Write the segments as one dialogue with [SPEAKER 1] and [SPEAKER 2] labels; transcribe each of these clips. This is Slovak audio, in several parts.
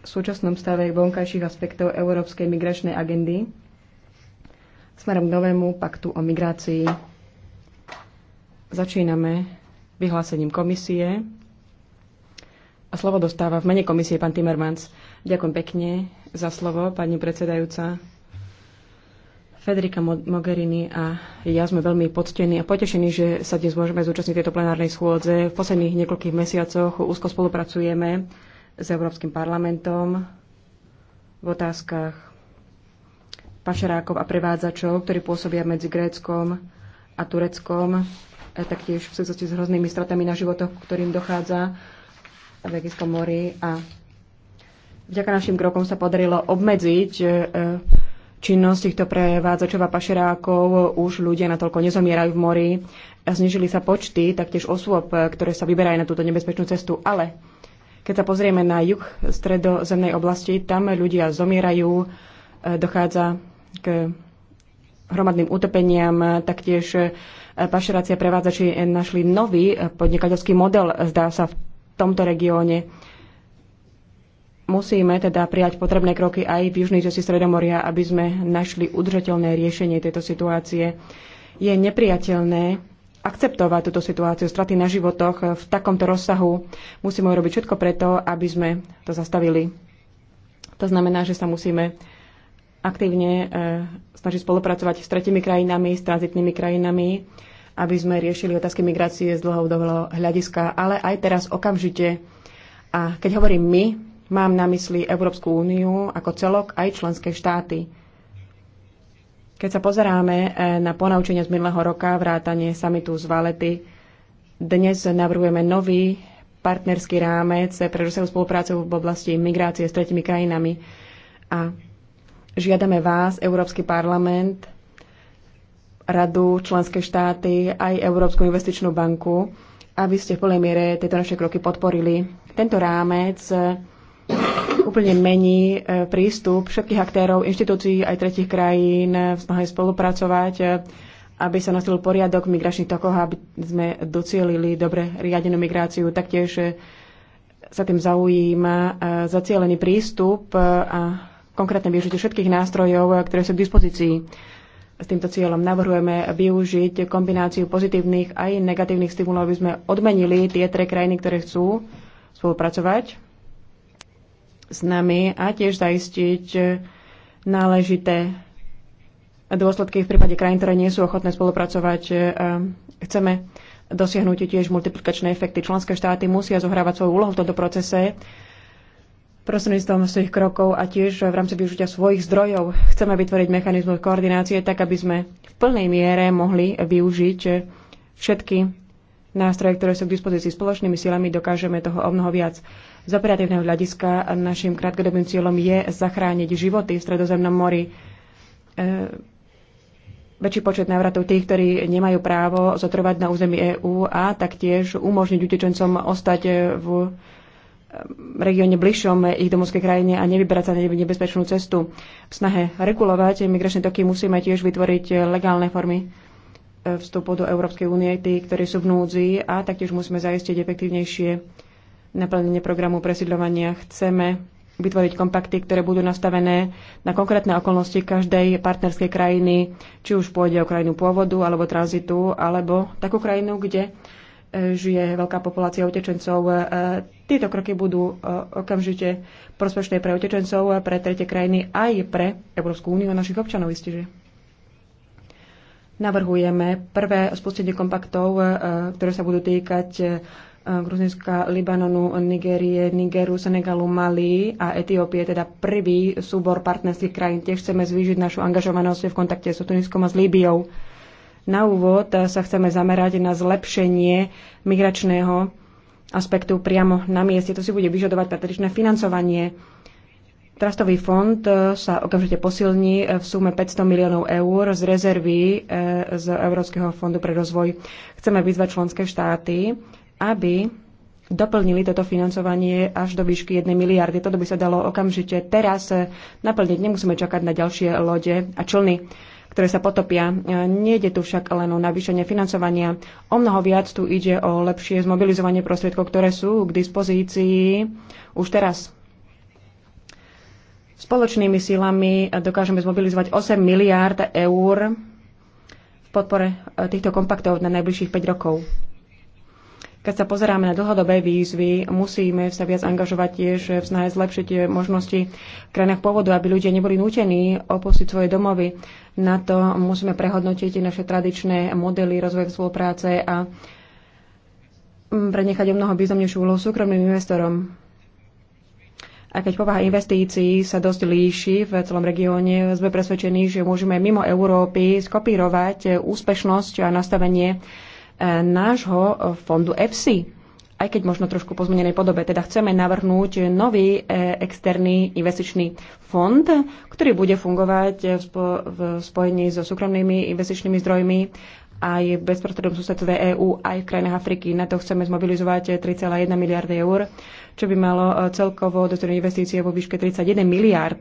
[SPEAKER 1] v súčasnom stave vonkajších aspektov Európskej migračnej agendy smerom k novému paktu o migrácii. Začíname vyhlásením komisie a slovo dostáva v mene komisie pán Timmermans. Ďakujem pekne za slovo, pani predsedajúca. Federica Mogherini a ja sme veľmi poctení a potešení, že sa dnes môžeme zúčastniť tejto plenárnej schôdze. V posledných niekoľkých mesiacoch úzko spolupracujeme s Európskym parlamentom v otázkach pašerákov a prevádzačov, ktorí pôsobia medzi Gréckom a Tureckom, a taktiež v súvislosti s hroznými stratami na životoch, ktorým dochádza v Egyptskom mori. A vďaka našim krokom sa podarilo obmedziť e, činnosť týchto prevádzačov a pašerákov. Už ľudia natoľko nezomierajú v mori. A znižili sa počty taktiež osôb, ktoré sa vyberajú na túto nebezpečnú cestu. Ale keď sa pozrieme na juh stredozemnej oblasti, tam ľudia zomierajú, e, dochádza k hromadným utopeniam, taktiež e, pašerácia prevádzači našli nový e, podnikateľský model, zdá sa, v tomto regióne. Musíme teda prijať potrebné kroky aj v južnej časti Stredomoria, aby sme našli udržateľné riešenie tejto situácie. Je nepriateľné, akceptovať túto situáciu straty na životoch v takomto rozsahu. Musíme urobiť všetko preto, aby sme to zastavili. To znamená, že sa musíme aktívne e, snažiť spolupracovať s tretimi krajinami, s tranzitnými krajinami, aby sme riešili otázky migrácie z dlhodobého hľadiska, ale aj teraz okamžite. A keď hovorím my, mám na mysli Európsku úniu ako celok aj členské štáty. Keď sa pozeráme eh, na ponaučenie z minulého roka, vrátanie samitu z Valety, dnes navrhujeme nový partnerský rámec pre rozsahu spoluprácu v oblasti migrácie s tretimi krajinami a žiadame vás, Európsky parlament, Radu, členské štáty, aj Európsku investičnú banku, aby ste v plnej miere tieto naše kroky podporili. Tento rámec úplne mení e, prístup všetkých aktérov, inštitúcií aj tretich krajín v snahe spolupracovať, e, aby sa nastavil poriadok v migračných tokoch, aby sme docielili dobre riadenú migráciu. Taktiež e, sa tým zaujíma zacielený prístup a konkrétne využitie všetkých nástrojov, ktoré sú k dispozícii. S týmto cieľom navrhujeme využiť kombináciu pozitívnych aj negatívnych stimulov, aby sme odmenili tie tre krajiny, ktoré chcú spolupracovať s nami a tiež zaistiť e, náležité dôsledky v prípade krajín, ktoré nie sú ochotné spolupracovať. E, chceme dosiahnuť tiež multiplikačné efekty. Členské štáty musia zohrávať svoju úlohu v tomto procese prostredníctvom svojich krokov a tiež v rámci využitia svojich zdrojov. Chceme vytvoriť mechanizmus koordinácie tak, aby sme v plnej miere mohli využiť všetky nástroje, ktoré sú k dispozícii spoločnými silami, dokážeme toho o mnoho viac. Z operatívneho hľadiska našim krátkodobým cieľom je zachrániť životy v Stredozemnom mori. E, väčší počet návratov tých, ktorí nemajú právo zotrvať na území EÚ a taktiež umožniť utečencom ostať v regióne bližšom ich domovskej krajine a nevyberať sa na nebezpečnú cestu. V snahe regulovať migračné toky musíme tiež vytvoriť legálne formy e, vstupu do Európskej únie, tí, ktorí sú v núdzi a taktiež musíme zaistiť efektívnejšie naplnenie programu presídľovania. Chceme vytvoriť kompakty, ktoré budú nastavené na konkrétne okolnosti každej partnerskej krajiny, či už pôjde o krajinu pôvodu alebo tranzitu, alebo takú krajinu, kde e, žije veľká populácia utečencov. E, tieto kroky budú e, okamžite prospešné pre utečencov, pre tretie krajiny aj pre Európsku úniu a našich občanov istiže. Navrhujeme prvé spustenie kompaktov, ktoré sa budú týkať Eh, Gruzinska, Libanonu, Nigérie, Nigeru, Senegalu, Mali a Etiópie, teda prvý súbor partnerských krajín. Tiež chceme zvýšiť našu angažovanosť v kontakte s Tuniskom a s Líbiou. Na úvod eh, sa chceme zamerať na zlepšenie migračného aspektu priamo na mieste. To si bude vyžadovať patričné financovanie. Trastový fond eh, sa okamžite posilní v sume 500 miliónov eur z rezervy z Európskeho fondu pre rozvoj. Chceme vyzvať členské štáty, aby doplnili toto financovanie až do výšky 1 miliardy. Toto by sa dalo okamžite teraz naplniť. Nemusíme čakať na ďalšie lode a člny, ktoré sa potopia. Nejde tu však len o navýšenie financovania. O mnoho viac tu ide o lepšie zmobilizovanie prostriedkov, ktoré sú k dispozícii už teraz. Spoločnými silami dokážeme zmobilizovať 8 miliárd eur v podpore týchto kompaktov na najbližších 5 rokov. Keď sa pozeráme na dlhodobé výzvy, musíme sa viac angažovať tiež v snahe zlepšiť možnosti v krajinách pôvodu, aby ľudia neboli nútení opustiť svoje domovy. Na to musíme prehodnotiť naše tradičné modely rozvoja spolupráce a prenechať o mnoho významnejšiu úlohu súkromným investorom. A keď povaha investícií sa dosť líši v celom regióne, sme presvedčení, že môžeme mimo Európy skopírovať úspešnosť a nastavenie nášho fondu EFSI, aj keď možno trošku zmenenej podobe. Teda chceme navrhnúť nový e, externý investičný fond, ktorý bude fungovať v, spo- v spojení so súkromnými investičnými zdrojmi aj v bezprostrednom susedstve EÚ, aj v krajinách Afriky. Na to chceme zmobilizovať 3,1 miliardy eur, čo by malo e, celkovo dostať investície vo výške 31 miliard.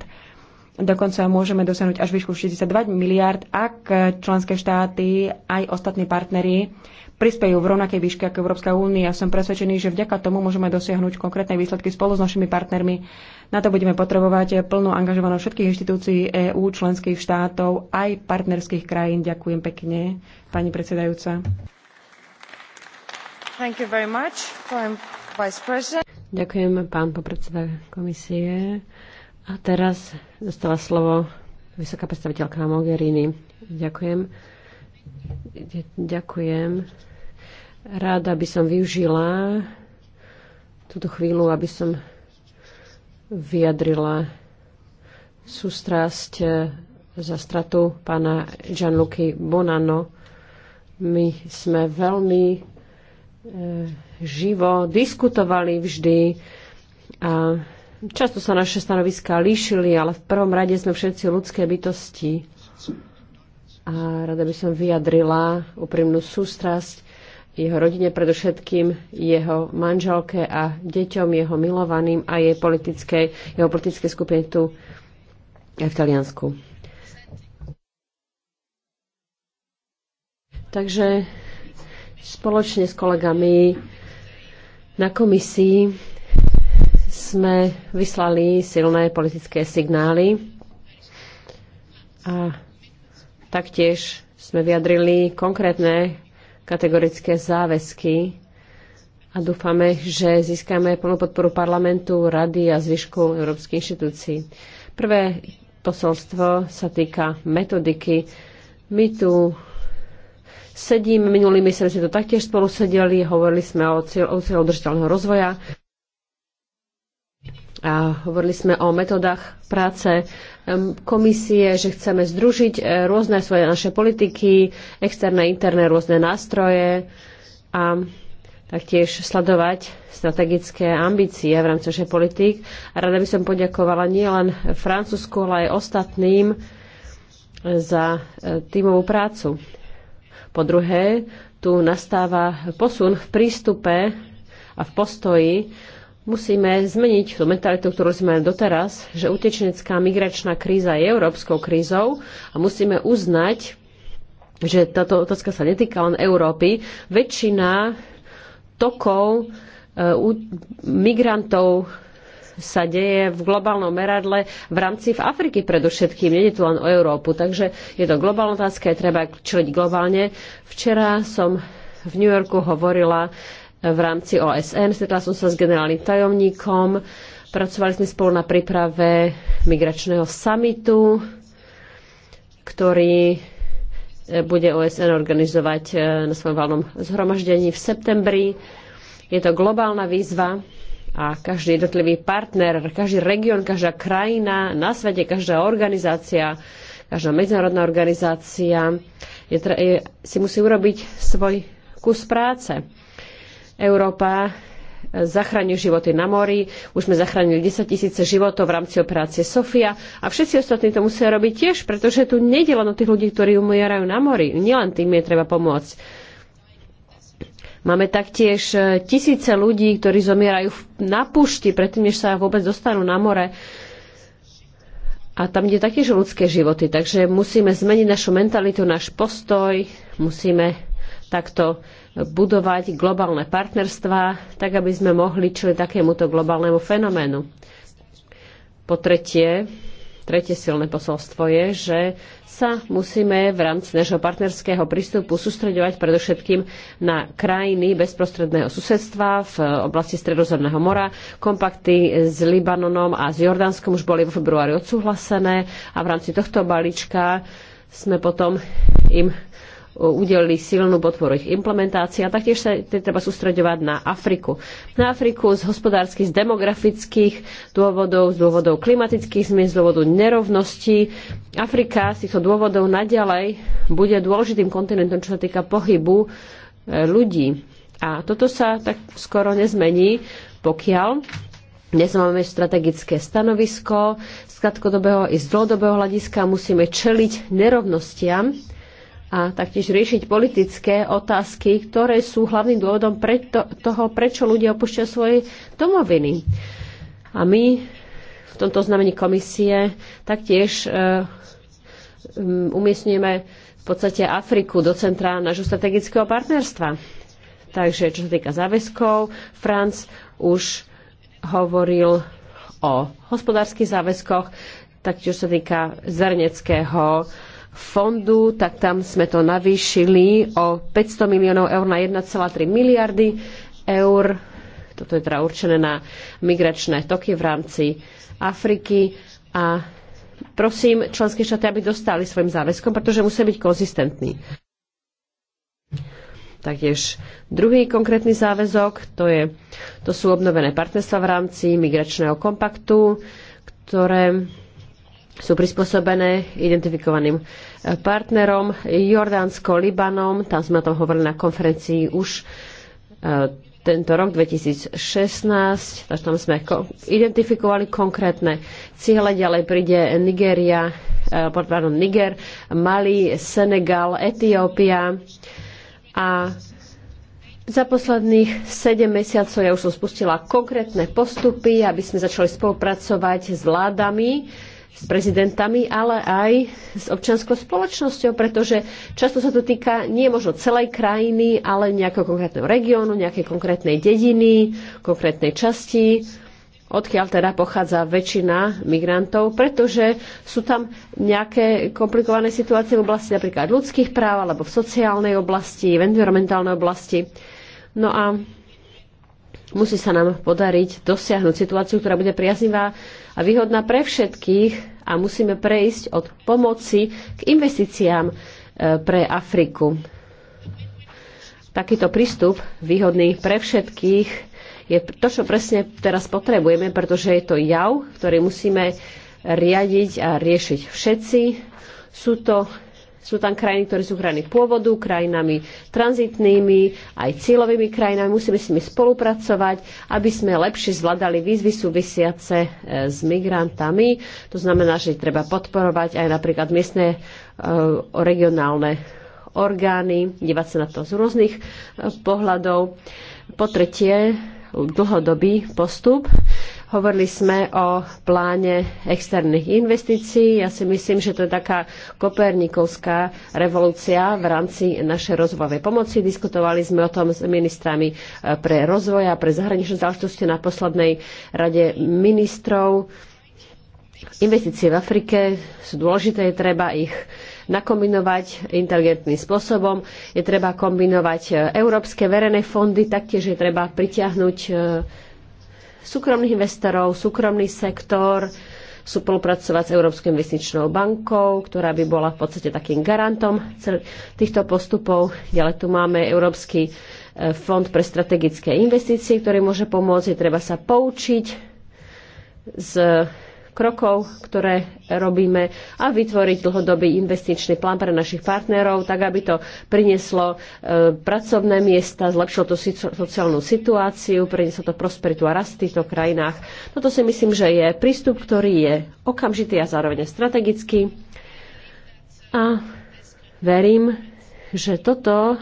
[SPEAKER 1] Dokonca môžeme dosiahnuť až výšku 62 miliard, ak členské štáty aj ostatní partnery prispejú v rovnakej výške ako Európska únia. Som presvedčený, že vďaka tomu môžeme dosiahnuť konkrétne výsledky spolu s našimi partnermi. Na to budeme potrebovať plnú angažovanosť všetkých inštitúcií EÚ, členských štátov, aj partnerských krajín. Ďakujem pekne, pani predsedajúca. Thank you very much, vice Ďakujem, pán popredseda komisie.
[SPEAKER 2] A teraz dostala slovo vysoká predstaviteľka Mogherini. Ďakujem. Ďakujem. Rada by som využila túto chvíľu, aby som vyjadrila sústrasť eh, za stratu pána Gianluca Bonano. My sme veľmi e, živo diskutovali vždy a často sa naše stanoviská líšili, ale v prvom rade sme všetci ľudské bytosti. A rada by som vyjadrila úprimnú sústrasť jeho rodine, predovšetkým jeho manželke a deťom, jeho milovaným a jej politickej, jeho politické skupine tu v Taliansku. Takže spoločne s kolegami na komisii sme vyslali silné politické signály a taktiež sme vyjadrili konkrétne kategorické záväzky a dúfame, že získame plnú podporu parlamentu, rady a zvyšku európskych inštitúcií. Prvé posolstvo sa týka metodiky. My tu sedím, minulý mesiac sme tu taktiež spolu sedeli, hovorili sme o cieľoch cieľ udržiteľného rozvoja a hovorili sme o metodách práce komisie, že chceme združiť e, rôzne svoje naše politiky, externé, interné, rôzne nástroje a taktiež sledovať strategické ambície v rámci našej politik. A rada by som poďakovala nielen Francúzsku, ale aj ostatným za e, tímovú prácu. Po druhé, tu nastáva posun v prístupe a v postoji Musíme zmeniť tú mentalitu, ktorú sme mali doteraz, že utečenecká migračná kríza je európskou krízou a musíme uznať, že táto otázka sa netýka len Európy. Väčšina tokov e, u migrantov sa deje v globálnom meradle v rámci v Afriky predovšetkým. Nie je tu len o Európu, takže je to globálna otázka, je treba čeliť globálne. Včera som v New Yorku hovorila v rámci OSN. Stretla som sa s generálnym tajomníkom. Pracovali sme spolu na príprave migračného samitu, ktorý eh, bude OSN organizovať eh, na svojom valnom zhromaždení v septembri. Je to globálna výzva a každý jednotlivý partner, každý región, každá krajina na svete, každá organizácia, každá medzinárodná organizácia je, je, si musí urobiť svoj kus práce. Európa e, zachránil životy na mori. Už sme zachránili 10 tisíce životov v rámci operácie Sofia a všetci ostatní to musia robiť tiež, pretože tu nejde len o tých ľudí, ktorí umierajú na mori. Nielen tým je treba pomôcť. Máme taktiež e, tisíce ľudí, ktorí zomierajú na pušti, predtým, než sa vôbec dostanú na more. A tam ide taktiež ľudské životy. Takže musíme zmeniť našu mentalitu, náš postoj. Musíme takto budovať globálne partnerstvá, tak aby sme mohli čili takémuto globálnemu fenoménu. Po tretie, tretie silné posolstvo je, že sa musíme v rámci nášho partnerského prístupu sústreďovať predovšetkým na krajiny bezprostredného susedstva v oblasti Stredozemného mora. Kompakty s Libanonom a s Jordánskom už boli v februári odsúhlasené a v rámci tohto balíčka sme potom im udelili silnú podporu ich implementácii a taktiež sa treba sústreďovať na Afriku. Na Afriku z hospodárskych, z demografických dôvodov, z dôvodov klimatických zmien, z dôvodu nerovností. Afrika z týchto dôvodov naďalej bude dôležitým kontinentom, čo sa týka pohybu e, ľudí. A toto sa tak skoro nezmení, pokiaľ dnes máme strategické stanovisko, z krátkodobého i z dlhodobého hľadiska musíme čeliť nerovnostiam, a taktiež riešiť politické otázky, ktoré sú hlavným dôvodom pre to, toho, prečo ľudia opúšťajú svoje domoviny. A my v tomto znamení komisie taktiež e, umiestňujeme v podstate Afriku do centra nášho strategického partnerstva. Takže čo sa týka záväzkov, Franc už hovoril o hospodárskych záväzkoch, taktiež sa týka zrneckého. uh, fondu, tak tam sme to navýšili o 500 miliónov eur na 1,3 miliardy eur. Toto je teda určené na migračné toky v rámci Afriky. A prosím členské štáty, aby dostali svojim záväzkom, pretože musia byť konzistentní. Taktiež druhý konkrétny záväzok, to, je, to sú obnovené partnerstva v rámci migračného kompaktu, ktoré sú prispôsobené identifikovaným partnerom Jordánsko, Libanom, tam sme o tom hovorili na konferencii už e, tento rok 2016, takže tam sme identifikovali konkrétne ciele, ďalej príde Nigeria, e, pardon, Niger, Mali, Senegal, Etiópia a za posledných 7 mesiacov ja už som spustila konkrétne postupy, aby sme začali spolupracovať s vládami s prezidentami, ale aj s občianskou spoločnosťou, pretože často sa to týka nie možno celej krajiny, ale nejakého konkrétneho regiónu, nejakej konkrétnej dediny, konkrétnej časti, odkiaľ teda pochádza väčšina migrantov, pretože sú tam nejaké komplikované situácie v oblasti napríklad ľudských práv alebo v sociálnej oblasti, v environmentálnej oblasti. No a Musí sa nám podariť dosiahnuť situáciu, ktorá bude priaznivá a výhodná pre všetkých a musíme prejsť od pomoci k investíciám e, pre Afriku. Takýto prístup výhodný pre všetkých je to, čo presne teraz potrebujeme, pretože je to jav, ktorý musíme riadiť a riešiť všetci. Sú to sú tam krajiny, ktoré sú krajiny pôvodu, krajinami tranzitnými, aj cieľovými krajinami. Musíme s nimi spolupracovať, aby sme lepšie zvládali výzvy súvisiace e, s migrantami. To znamená, že treba podporovať aj napríklad miestne e, regionálne orgány, dívať sa na to z rôznych e, pohľadov. Po tretie, dlhodobý postup. Hovorili sme o pláne externých investícií. Ja si myslím, že to je taká kopernikovská revolúcia v rámci našej rozvojovej pomoci. Diskutovali sme o tom s ministrami eh, pre rozvoj a pre zahraničné záležitosti na poslednej rade ministrov. Investície v Afrike sú dôležité, je treba ich nakombinovať inteligentným spôsobom. Je treba kombinovať eh, európske verejné fondy, taktiež je treba pritiahnuť eh, súkromných investorov, súkromný sektor, spolupracovať s Európskou investičnou bankou, ktorá by bola v podstate takým garantom týchto postupov. Ďalej tu máme Európsky e, fond pre strategické investície, ktorý môže pomôcť. Je treba sa poučiť z krokov, ktoré robíme a vytvoriť dlhodobý investičný plán pre našich partnerov, tak aby to prinieslo e, pracovné miesta, zlepšilo to sociálnu situáciu, prinieslo to prosperitu a rast v týchto krajinách. Toto si myslím, že je prístup, ktorý je okamžitý a zároveň strategický. A verím, že toto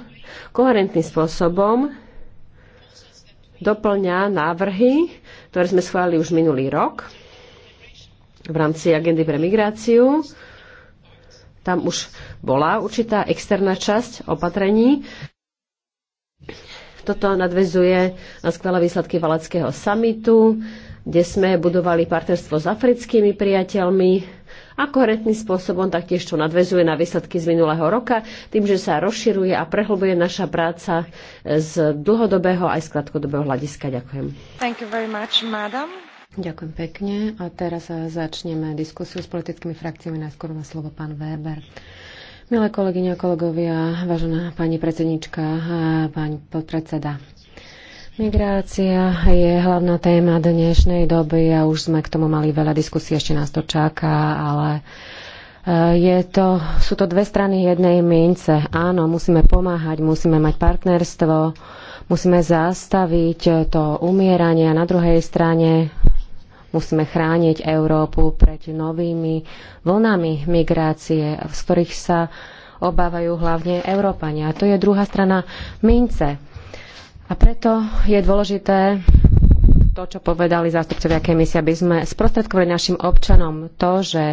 [SPEAKER 2] koherentným spôsobom doplňa návrhy, ktoré sme schválili už minulý rok v rámci agendy pre migráciu. Tam už bola určitá externá časť opatrení. Toto nadvezuje na skvelé výsledky Valackého samitu, kde sme budovali partnerstvo s africkými priateľmi, a koherentným spôsobom taktiež to nadvezuje na výsledky z minulého roka, tým, že sa rozširuje a prehlbuje naša práca z dlhodobého aj z krátkodobého hľadiska. Ďakujem.
[SPEAKER 3] Thank you very much, madam.
[SPEAKER 2] Ďakujem pekne. A teraz e,
[SPEAKER 4] začneme diskusiu s politickými frakciami. Najskôr má slovo pán Weber. Milé kolegyne a kolegovia, vážená pani predsednička, pani podpredseda. Migrácia je hlavná téma dnešnej doby a už sme k tomu mali veľa diskusí, ešte nás to čaká, ale e, je to, sú to dve strany jednej mince. Áno, musíme pomáhať, musíme mať partnerstvo, musíme zastaviť to umieranie a na druhej strane Musíme chrániť Európu pred novými vlnami migrácie, z ktorých sa obávajú hlavne Európania. A to je druhá strana mince. A preto je dôležité to, čo povedali zástupcovia komisia, aby sme sprostredkovali našim občanom to, že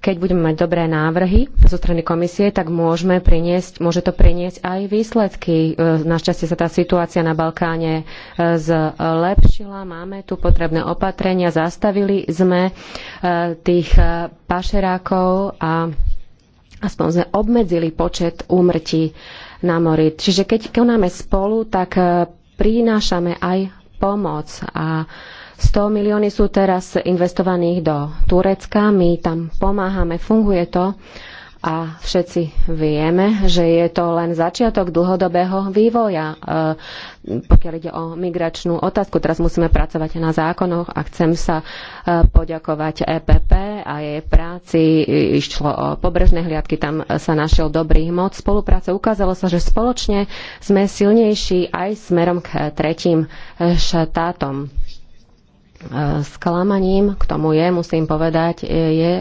[SPEAKER 4] keď budeme mať dobré návrhy zo strany komisie, tak môžeme priniesť, môže to priniesť aj výsledky. E, našťastie sa tá situácia na Balkáne e, zlepšila. Máme tu potrebné opatrenia. Zastavili sme e, tých pašerákov a aspoň sme obmedzili počet úmrtí na mori. Čiže keď konáme spolu, tak prinášame aj pomoc a 100 milióny sú teraz investovaných do Turecka, my tam pomáhame, funguje to a všetci vieme, že je to len začiatok dlhodobého vývoja, e, pokiaľ ide o migračnú otázku. Teraz musíme pracovať na zákonoch a chcem sa e, poďakovať EPP a jej práci. Išlo o pobrežné hliadky, tam sa našiel dobrý moc spolupráce. Ukázalo sa, že spoločne sme silnejší aj smerom k tretím štátom E, sklamaním k tomu je, musím povedať, e, je,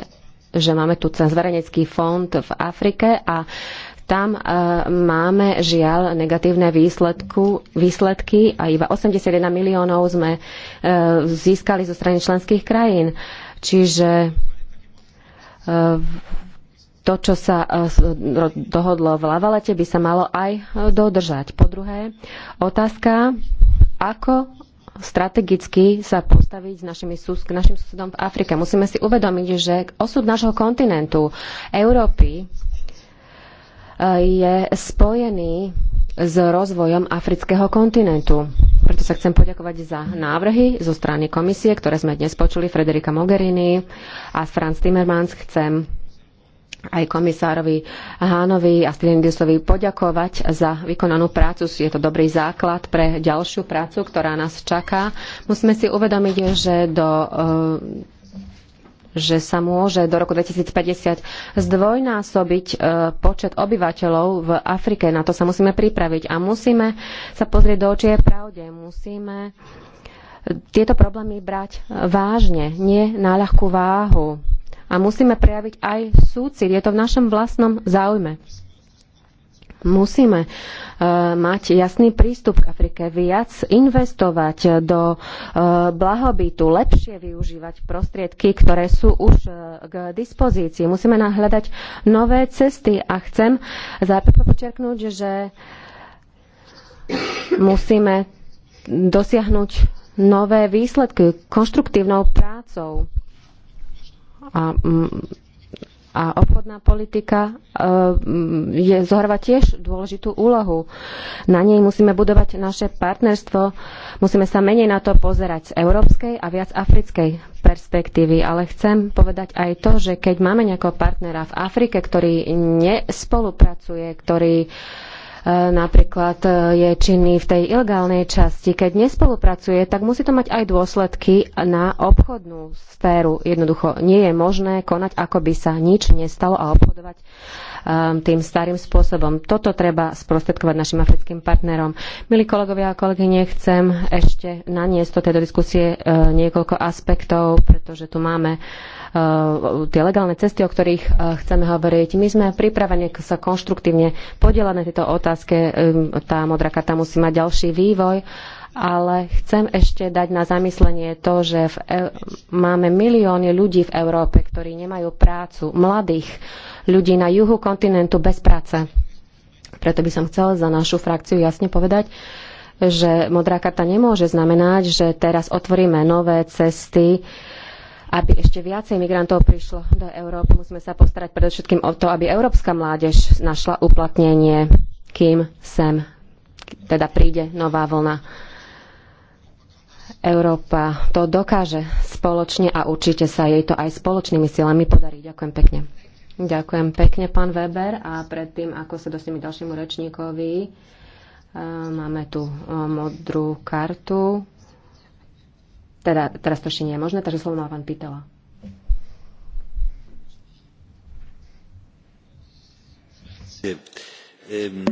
[SPEAKER 4] že máme tu cenzverenecký fond v Afrike a tam e, máme žiaľ negatívne výsledku, výsledky a iba 81 miliónov sme získali zo strany členských krajín. Čiže to, čo sa dohodlo v Lavalete, by sa malo aj dodržať. Po druhé, otázka, ako strategicky sa postaviť s našimi sus- k našim susedom v Afrike. Musíme si uvedomiť, že osud nášho kontinentu, Európy, e, je spojený s rozvojom afrického kontinentu. Preto sa chcem poďakovať za návrhy zo strany komisie, ktoré sme dnes počuli, Frederika Mogherini a Franz Timmermans. Chcem aj komisárovi Hánovi a Stylindisovi poďakovať za vykonanú prácu. Je to dobrý základ pre ďalšiu prácu, ktorá nás čaká. Musíme si uvedomiť, že do eh, že sa môže do roku 2050 zdvojnásobiť eh, počet obyvateľov v Afrike. Na to sa musíme pripraviť a musíme sa pozrieť do očie pravde. Musíme eh, tieto problémy brať vážne, nie na ľahkú váhu a musíme prejaviť aj súcit. Je to v našom vlastnom záujme. Musíme eh, mať jasný prístup k Afrike, viac investovať do eh, blahobytu, lepšie využívať prostriedky, ktoré sú už eh, k dispozícii. Musíme nahľadať nové cesty a chcem zároveň počerknúť, že musíme dosiahnuť nové výsledky konštruktívnou prácou a, mm, a obchodná politika e, mm, je, zohráva tiež dôležitú úlohu. Na nej musíme budovať naše partnerstvo. Musíme sa menej na to pozerať z európskej a viac africkej perspektívy. Ale chcem povedať aj to, že keď máme nejakého partnera v Afrike, ktorý nespolupracuje, ktorý uh, E, napríklad e, je činný v tej ilegálnej časti, keď nespolupracuje, tak musí to mať aj dôsledky na obchodnú sféru. Jednoducho nie je možné konať, ako by sa nič nestalo a obchodovať e, tým starým spôsobom. Toto treba sprostredkovať našim africkým partnerom. Milí kolegovia a kolegy, nechcem ešte naniesť do tejto diskusie niekoľko aspektov, pretože tu máme uh, Eh, tie legálne cesty, o ktorých eh, chceme hovoriť. My sme pripravení sa konštruktívne podielať na tieto otázke. Tá modrá karta musí mať ďalší vývoj ale chcem ešte dať na zamyslenie to, že v e- máme milióny ľudí v Európe, ktorí nemajú prácu, mladých ľudí na juhu kontinentu bez práce. Preto by som chcela za našu frakciu jasne povedať, že modrá karta nemôže znamenať, že teraz otvoríme nové cesty aby ešte viacej migrantov prišlo do Európy, musíme sa postarať predovšetkým o to, aby európska mládež našla uplatnenie, kým sem teda príde nová vlna. Európa to dokáže spoločne a určite sa jej to aj spoločnými silami podarí. Ďakujem pekne. Ďakujem pekne, pán Weber. A predtým, ako sa dostaneme ďalšiemu rečníkovi, eh, máme tu eh, modrú kartu. Teda teraz to ešte nie je možné, takže slovo má pán Pitela.
[SPEAKER 5] Eh, ehm,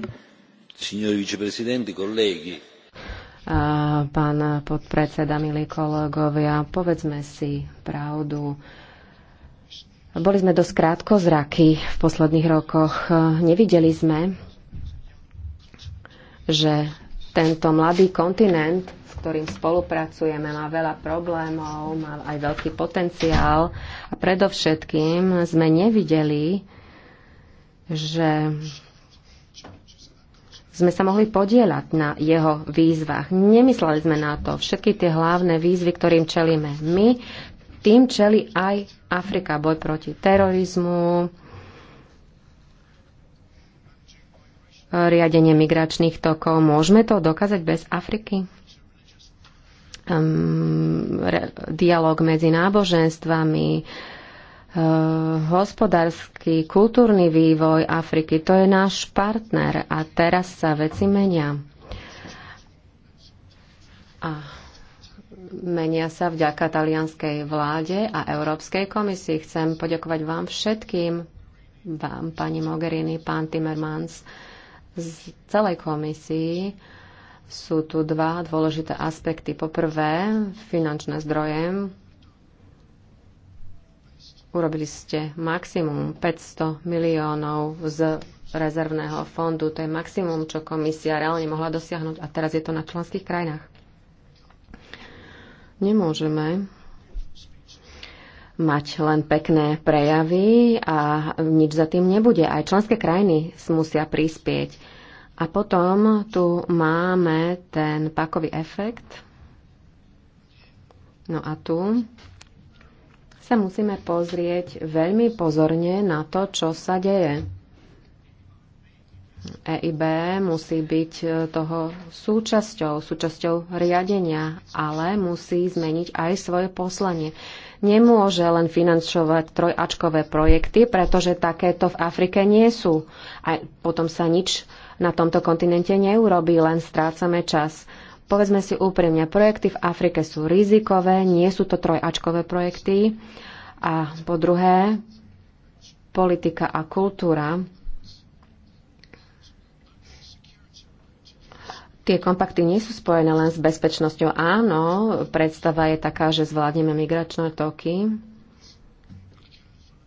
[SPEAKER 2] eh,
[SPEAKER 4] pán podpredseda, milí kolegovia, povedzme si pravdu. Boli sme dosť krátko zraky v posledných rokoch. Nevideli sme, že tento mladý kontinent ktorým spolupracujeme, má veľa problémov, má aj veľký potenciál a predovšetkým sme nevideli, že sme sa mohli podielať na jeho výzvach. Nemysleli sme na to. Všetky tie hlavné výzvy, ktorým čelíme my, tým čeli aj Afrika. Boj proti terorizmu, riadenie migračných tokov. Môžeme to dokázať bez Afriky? um, re, dialog medzi náboženstvami, uh, hospodársky, kultúrny vývoj Afriky. To je náš partner a teraz sa veci menia. A menia sa vďaka talianskej vláde a Európskej komisii. Chcem poďakovať vám všetkým, vám, pani Mogherini, pán Timmermans, z celej komisii, sú tu dva dôležité aspekty. Poprvé, finančné zdroje. Urobili ste maximum 500 miliónov z rezervného fondu. To je maximum, čo komisia reálne mohla dosiahnuť a teraz je to na členských krajinách. Nemôžeme mať len pekné prejavy a nič za tým nebude. Aj členské krajiny musia prispieť. A potom tu máme ten pakový efekt. No a tu sa musíme pozrieť veľmi pozorne na to, čo sa deje. EIB musí byť e, toho súčasťou, súčasťou riadenia, ale musí zmeniť aj svoje poslanie. Nemôže len financovať trojačkové projekty, pretože takéto v Afrike nie sú. A potom sa nič na tomto kontinente neurobí, len strácame čas. Povedzme si úprimne, projekty v Afrike sú rizikové, nie sú to trojačkové projekty. A po druhé, politika a kultúra Tie kompakty nie sú spojené len s bezpečnosťou. Áno, predstava je taká, že zvládneme migračné toky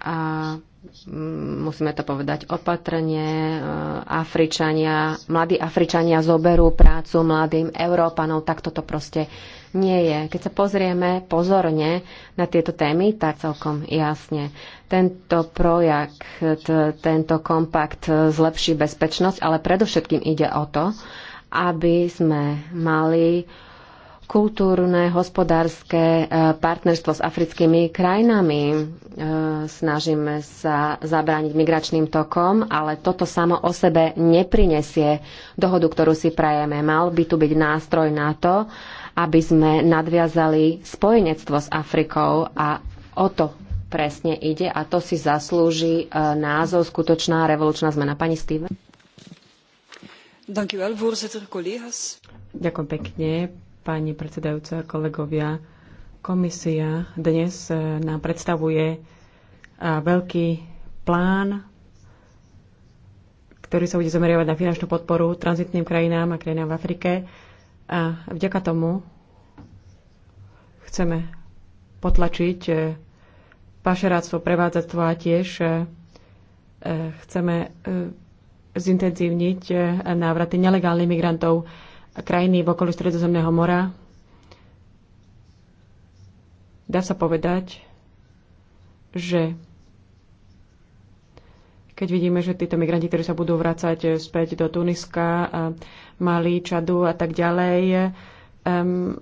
[SPEAKER 4] a Mm, musíme to povedať opatrne, eh, Afričania, mladí Afričania zoberú prácu mladým Európanov, tak toto proste nie je. Keď sa pozrieme pozorne na tieto témy, tak celkom jasne. Tento projekt, tento kompakt eh, zlepší bezpečnosť, ale predovšetkým ide o to, aby sme mali kultúrne, hospodárske e, partnerstvo s africkými krajinami. E, snažíme sa zabrániť migračným tokom, ale toto samo o sebe neprinesie dohodu, ktorú si prajeme. Mal by tu byť nástroj na to, aby sme nadviazali spojenectvo s Afrikou a o to presne ide a to si zaslúži e, názov Skutočná revolučná zmena. Pani Steve.
[SPEAKER 1] Ďakujem pekne, pani predsedajúca, kolegovia. Komisia dnes e, nám predstavuje e, veľký plán, ktorý sa bude zameriavať na finančnú podporu tranzitným krajinám a krajinám v Afrike. A vďaka tomu chceme potlačiť e, pašeráctvo, prevádzactvo a tiež chceme zintenzívniť návraty nelegálnych migrantov a krajiny v okolí Stredozemného mora, dá sa povedať, že keď vidíme, že títo migranti, ktorí sa budú vrácať späť do Tuniska, Mali, Čadu a tak ďalej, um,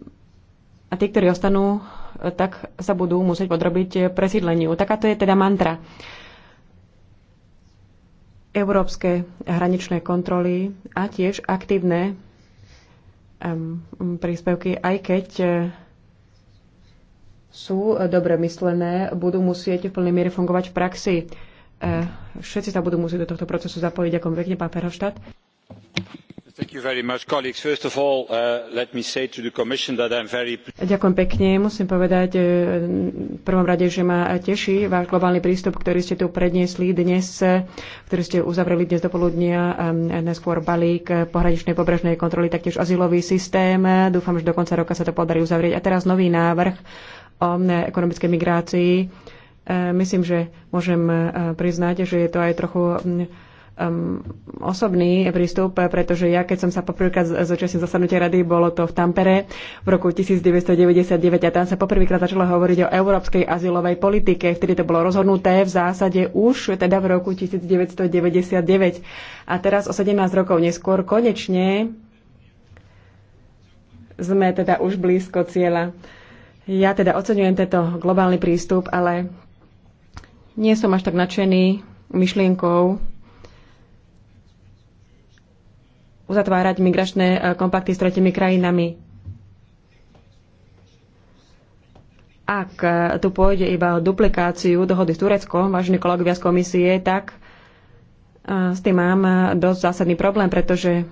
[SPEAKER 1] a tí, ktorí ostanú, tak sa budú musieť podrobiť presídleniu. Takáto je teda mantra. Európske hraničné kontroly a tiež aktívne príspevky, aj keď e, sú dobre myslené, budú musieť v plnej miere fungovať v praxi. E, všetci sa budú musieť do tohto procesu zapojiť. ako pekne, pán Perhoštát. Uh, Ďakujem pekne. Musím povedať e, v prvom rade, že ma teší váš globálny prístup, ktorý ste tu predniesli dnes, e, ktorý ste uzavreli dnes do poludnia, e, neskôr balík pohraničnej pobrežnej kontroly, taktiež azylový systém. Dúfam, že do konca roka sa to podarí uzavrieť. A teraz nový návrh o ekonomickej migrácii. Myslím, že môžem priznať, že je to aj trochu um, osobný prístup, pretože ja, keď som sa poprvýkrát zúčastnil zasadnutia rady, bolo to v Tampere v roku 1999 a tam sa poprvýkrát začalo hovoriť o európskej azylovej politike. Vtedy to bolo rozhodnuté v zásade už teda v roku 1999. A teraz o 17 rokov neskôr konečne sme teda už blízko cieľa. Ja teda oceňujem tento globálny prístup, ale nie som až tak nadšený myšlienkou uzatvárať migračné e, kompakty s tretimi krajinami. Ak e, tu pôjde iba o duplikáciu dohody s Tureckom, vážení kolegovia z komisie, tak e, s tým mám dosť zásadný problém, pretože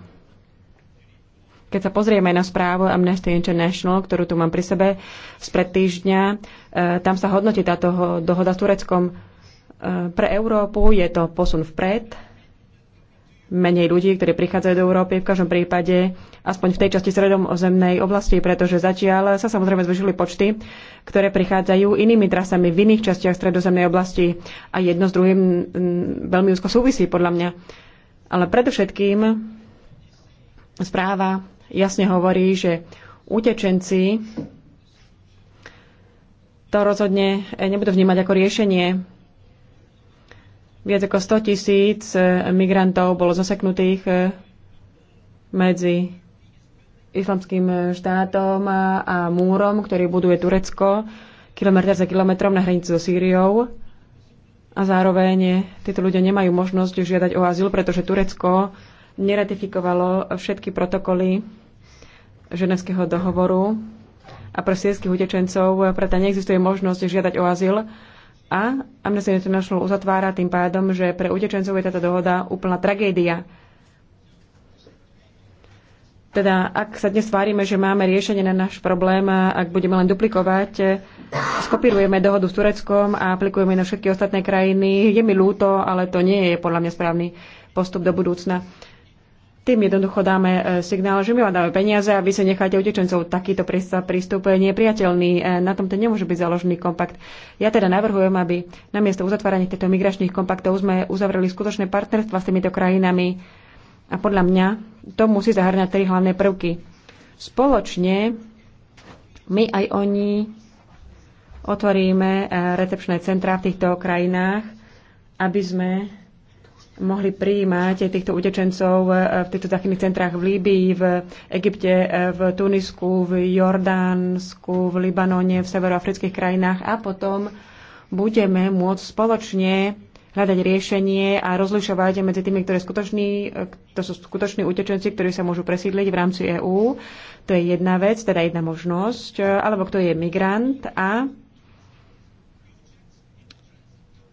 [SPEAKER 1] keď sa pozrieme na správu Amnesty International, ktorú tu mám pri sebe spred týždňa, tam sa hodnotí táto dohoda s Tureckom. Pre Európu je to posun vpred, menej ľudí, ktorí prichádzajú do Európy, v každom prípade aspoň v tej časti stredom ozemnej oblasti, pretože zatiaľ sa samozrejme zvyšili počty, ktoré prichádzajú inými trasami v iných častiach stredozemnej oblasti a jedno s druhým mm, veľmi úzko súvisí podľa mňa. Ale predovšetkým správa jasne hovorí, že utečenci to rozhodne e, nebudú vnímať ako riešenie Viac ako 100 tisíc e, migrantov bolo zaseknutých e, medzi islamským e, štátom a múrom, ktorý buduje Turecko kilometr za kilometrom na hranici so Sýriou. A zároveň títo ľudia nemajú možnosť žiadať o azyl, pretože Turecko neratifikovalo všetky protokoly ženevského dohovoru a pre sírskych utečencov preto neexistuje možnosť žiadať o azyl a Amnesty International uzatvára tým pádom, že pre utečencov je táto dohoda úplná tragédia. Teda, ak sa dnes tvárime, že máme riešenie na náš problém a ak budeme len duplikovať, skopírujeme dohodu s Tureckom a aplikujeme na všetky ostatné krajiny, je mi ľúto, ale to nie je podľa mňa správny postup do budúcna tým jednoducho dáme e, signál, že my vám dáme peniaze a vy si necháte utečencov. Takýto prístup je nepriateľný. E, na tom to nemôže byť založený kompakt. Ja teda navrhujem, aby namiesto uzatvárania týchto migračných kompaktov sme uzavreli skutočné partnerstva s týmito krajinami. A podľa mňa to musí zahrňať tri hlavné prvky. Spoločne my aj oni otvoríme e, recepčné centrá v týchto krajinách, aby sme mohli prijímať týchto utečencov eh, v týchto záchranných centrách v Líbii, v Egypte, eh, v Tunisku, v Jordánsku, v Libanone, v severoafrických krajinách a potom budeme môcť spoločne hľadať riešenie a rozlišovať medzi tými, ktoré skutoční, eh, to sú skutoční utečenci, ktorí sa môžu presídliť v rámci EÚ. To je jedna vec, teda jedna možnosť. Alebo kto je migrant a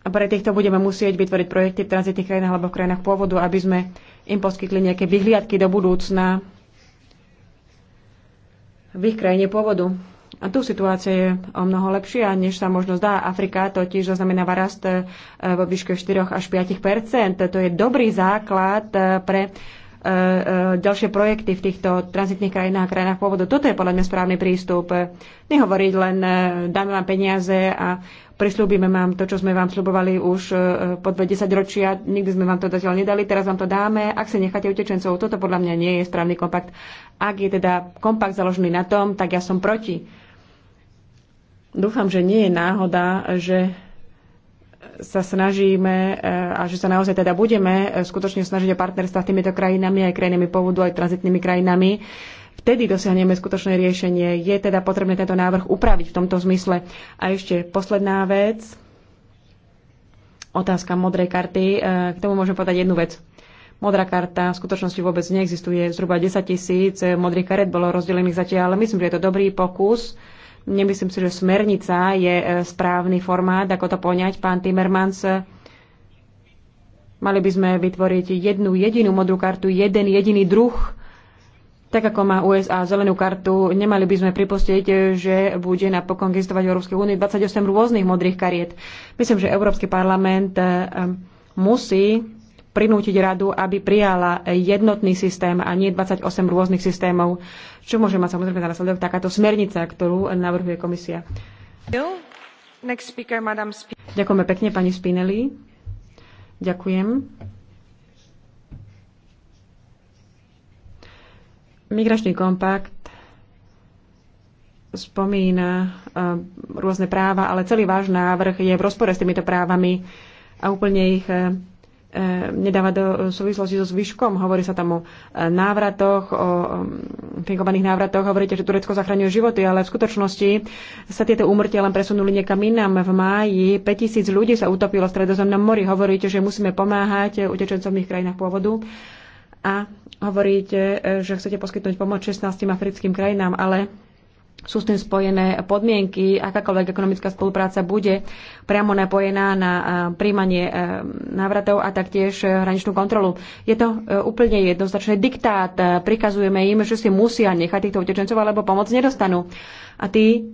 [SPEAKER 1] a pre týchto budeme musieť vytvoriť projekty v tranzitných krajinách alebo v krajinách pôvodu, aby sme im poskytli nejaké vyhliadky do budúcna v ich krajine pôvodu. A tu situácia je o mnoho lepšia, než sa možno zdá. Afrika totiž zaznamenáva rast eh, vo výške 4 až 5 To je dobrý základ eh, pre eh, ďalšie projekty v týchto tranzitných krajinách a krajinách pôvodu. Toto je podľa mňa správny prístup. Nehovoriť len dáme vám peniaze a prislúbime vám to, čo sme vám slubovali už e, po 20 ročia, nikdy sme vám to zatiaľ nedali, teraz vám to dáme, ak sa necháte utečencov, toto podľa mňa nie je správny kompakt. Ak je teda kompakt založený na tom, tak ja som proti. Dúfam, že nie je náhoda, že sa snažíme e, a že sa naozaj teda budeme e, skutočne snažiť o partnerstva s týmito krajinami, aj krajinami pôvodu, aj tranzitnými krajinami Vtedy dosiahneme skutočné riešenie. Je teda potrebné tento návrh upraviť v tomto zmysle. A ešte posledná vec. Otázka modrej karty. E, k tomu môžem povedať jednu vec. Modrá karta v skutočnosti vôbec neexistuje. Zhruba 10 tisíc modrých karet bolo rozdelených zatiaľ, ale myslím, že je to dobrý pokus. Nemyslím si, že smernica je e, správny formát, ako to poňať. Pán Timmermans, e, mali by sme vytvoriť jednu jedinú modrú kartu, jeden jediný druh tak ako má USA zelenú kartu, nemali by sme pripustiť, že bude napokon existovať v Európskej únii 28 rôznych modrých kariet. Myslím, že Európsky parlament eh, musí prinútiť radu, aby prijala jednotný systém a nie 28 rôznych systémov, čo môže mať samozrejme na následok takáto smernica, ktorú navrhuje komisia. Speaker, Ďakujeme pekne, pani Spinelli. Ďakujem. Migračný kompakt spomína eh, rôzne práva, ale celý váš návrh je v rozpore s týmito právami a úplne ich eh, eh, nedáva do súvislosti so zvyškom. Hovorí sa tam o návratoch, o mm, finkovaných návratoch. Hovoríte, že Turecko zachraňuje životy, ale v skutočnosti sa tieto úmrtia len presunuli niekam inám. V máji 5000 ľudí sa utopilo v stredozemnom mori. Hovoríte, že musíme pomáhať utečencom v ich krajinách pôvodu. A Hovoríte, e, že chcete poskytnúť pomoc 16 africkým krajinám, ale sú s tým spojené podmienky, akákoľvek ekonomická spolupráca bude priamo napojená na e, príjmanie e, návratov a taktiež hraničnú kontrolu. Je to úplne jednoznačný diktát. Prikazujeme im, že si musia nechať týchto utečencov, alebo pomoc nedostanú. A tí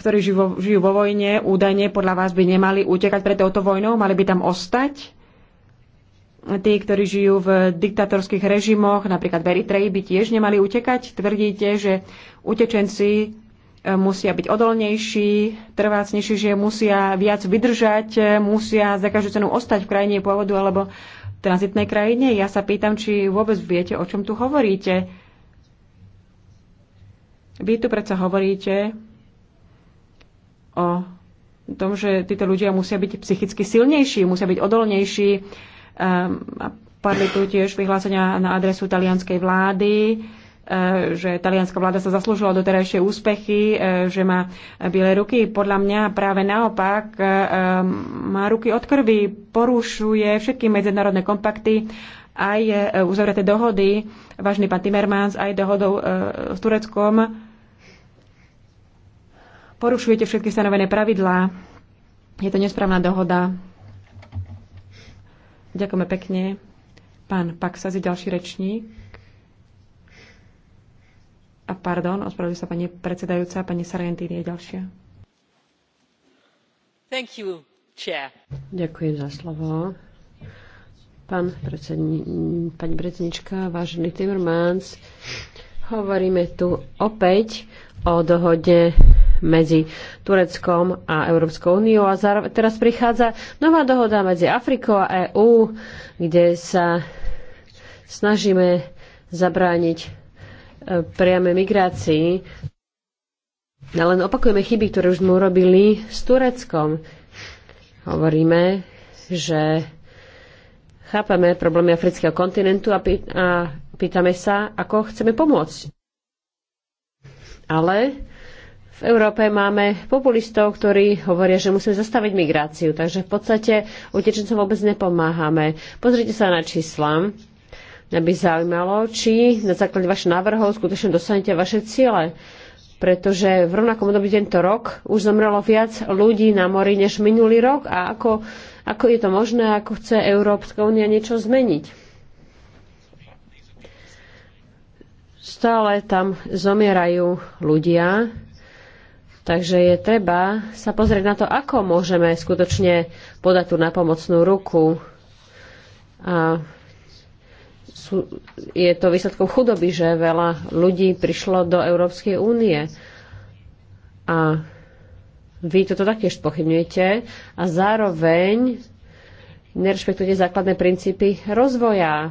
[SPEAKER 1] ktorí vo, žijú vo vojne, údajne podľa vás by nemali utekať pred touto vojnou, mali by tam ostať? Tí, ktorí žijú v diktatorských režimoch, napríklad v Eritreji, by tiež nemali utekať? Tvrdíte, že utečenci e, musia byť odolnejší, trvácnejší, že musia viac vydržať, e, musia za každú cenu ostať v krajine pôvodu alebo v tranzitnej krajine. Ja sa pýtam, či vôbec viete, o čom tu hovoríte. Vy tu predsa hovoríte o tom, že títo ľudia musia byť psychicky silnejší, musia byť odolnejší. Ehm, padli tu tiež vyhlásenia na adresu talianskej vlády, eh, že talianská vláda sa zaslúžila doterajšie úspechy, eh, že má biele ruky. Podľa mňa práve naopak eh, má ruky od krvi, porušuje všetky medzinárodné kompakty, aj uzavreté dohody, vážny pán Timmermans, aj dohodou s Tureckom, porušujete všetky stanovené pravidlá. Je to nesprávna dohoda. Ďakujeme pekne. Pán Paksas je ďalší rečník. A pardon, ospravedlňujem sa pani predsedajúca, pani Sargentini je ďalšia.
[SPEAKER 3] Thank you, chair.
[SPEAKER 1] Ďakujem
[SPEAKER 2] za slovo. Pán predsedni, pani predsednička, vážený Timmermans, hovoríme tu opäť o dohode medzi Tureckom a Európskou úniou a zároveň, teraz prichádza nová dohoda medzi Afrikou a EÚ, kde sa snažíme zabrániť e, priame migrácii. Ale len opakujeme chyby, ktoré už sme urobili s Tureckom. Hovoríme, že chápame problémy afrického kontinentu a, pý- a pýtame sa, ako chceme pomôcť. Ale v Európe máme populistov, ktorí hovoria, že musíme zastaviť migráciu, takže v podstate utečencom vôbec nepomáhame. Pozrite sa na čísla. Mňa by zaujímalo, či na základe vašich návrhov skutočne dostanete vaše ciele, pretože v rovnakom období tento rok už zomrelo viac ľudí na mori než minulý rok a ako, ako je to možné, ako chce Európska únia niečo zmeniť. stále tam zomierajú ľudia, Takže je treba sa pozrieť na to, ako môžeme skutočne podať tú napomocnú ruku. A sú, je to výsledkom chudoby, že veľa ľudí prišlo do Európskej únie. A vy toto taktiež pochybňujete a zároveň nerešpektujete základné princípy rozvoja.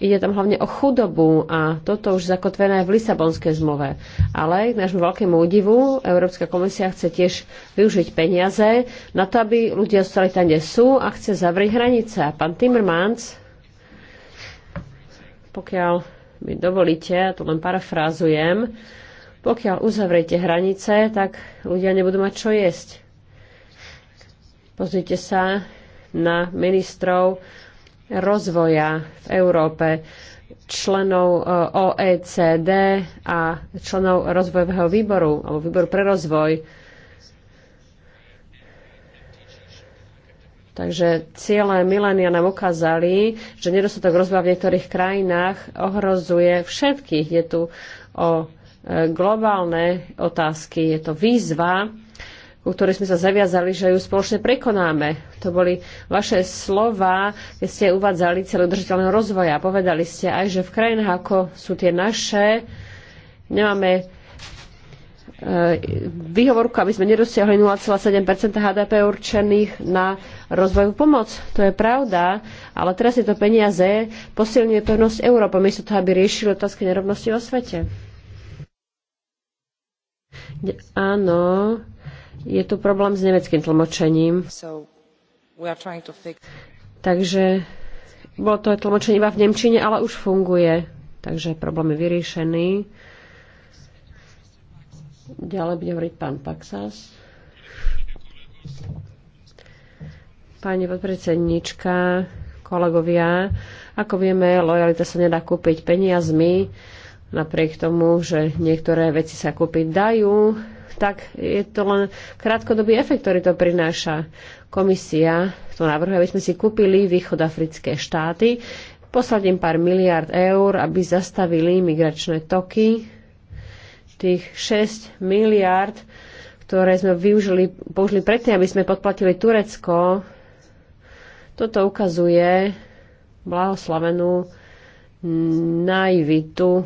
[SPEAKER 2] Ide tam hlavne o chudobu a toto už zakotvené v Lisabonskej zmluve. Ale k nášmu veľkému údivu Európska komisia chce tiež využiť peniaze na to, aby ľudia ostali tam, kde sú a chce zavrieť hranice. A pán Timmermans, pokiaľ mi dovolíte, ja to len parafrázujem, pokiaľ uzavriete hranice, tak ľudia nebudú mať čo jesť. Pozrite sa na ministrov rozvoja v Európe členov e, OECD a členov rozvojového výboru alebo výboru pre rozvoj. Takže ciele milénia nám ukázali, že nedostatok rozvoja v niektorých krajinách ohrozuje všetkých. Je tu o e, globálne otázky, je to výzva ku ktorej sme sa zaviazali, že ju spoločne prekonáme. To boli vaše slova, keď ste uvádzali celú držiteľného rozvoja. Povedali ste aj, že v krajinách, ako sú tie naše, nemáme e, výhovorku, aby sme nedosiahli 0,7 HDP určených na rozvojovú pomoc. To je pravda, ale teraz je to peniaze posilňuje pevnosť Európa, miesto toho, aby riešili otázky nerovnosti vo svete. Áno, je tu problém s nemeckým tlmočením.
[SPEAKER 1] So
[SPEAKER 6] fix...
[SPEAKER 2] Takže bolo to tlmočenie iba v Nemčine, ale už funguje. Takže problém je vyriešený. Ďalej bude hovoriť pán Paxas. Pani podpredsednička, kolegovia, ako vieme, lojalita sa nedá kúpiť peniazmi, napriek tomu, že niektoré veci sa kúpiť dajú tak je to len krátkodobý efekt, ktorý to prináša. Komisia to navrhuje, aby sme si kúpili východafrické štáty, posledním pár miliard eur, aby zastavili migračné toky. Tých 6 miliard, ktoré sme využili, použili predtým, aby sme podplatili Turecko, toto ukazuje blahoslavenú naivitu,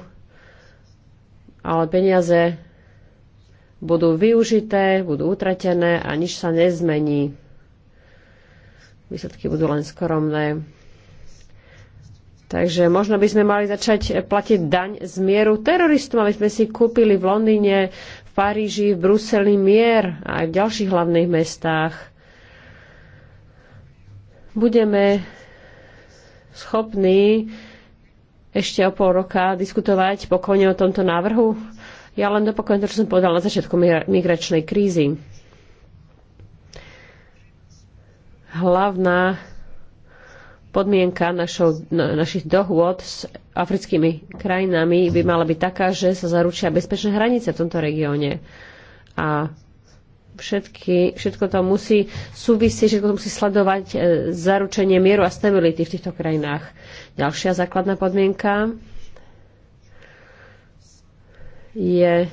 [SPEAKER 2] ale peniaze budú využité, budú utratené a nič sa nezmení. Výsledky budú len skromné. Takže možno by sme mali začať platiť daň z mieru teroristom, aby sme si kúpili v Londýne, v Paríži, v Bruseli mier a aj v ďalších hlavných mestách. Budeme schopní ešte o pol roka diskutovať pokojne o tomto návrhu? Ja len dopokojem to, čo som povedal na začiatku migračnej krízy. Hlavná podmienka našo, našich dohôd s africkými krajinami by mala byť taká, že sa zaručia bezpečné hranice v tomto regióne. A všetky, všetko to musí súvisieť, všetko to musí sledovať e, zaručenie mieru a stability v týchto krajinách. Ďalšia základná podmienka je,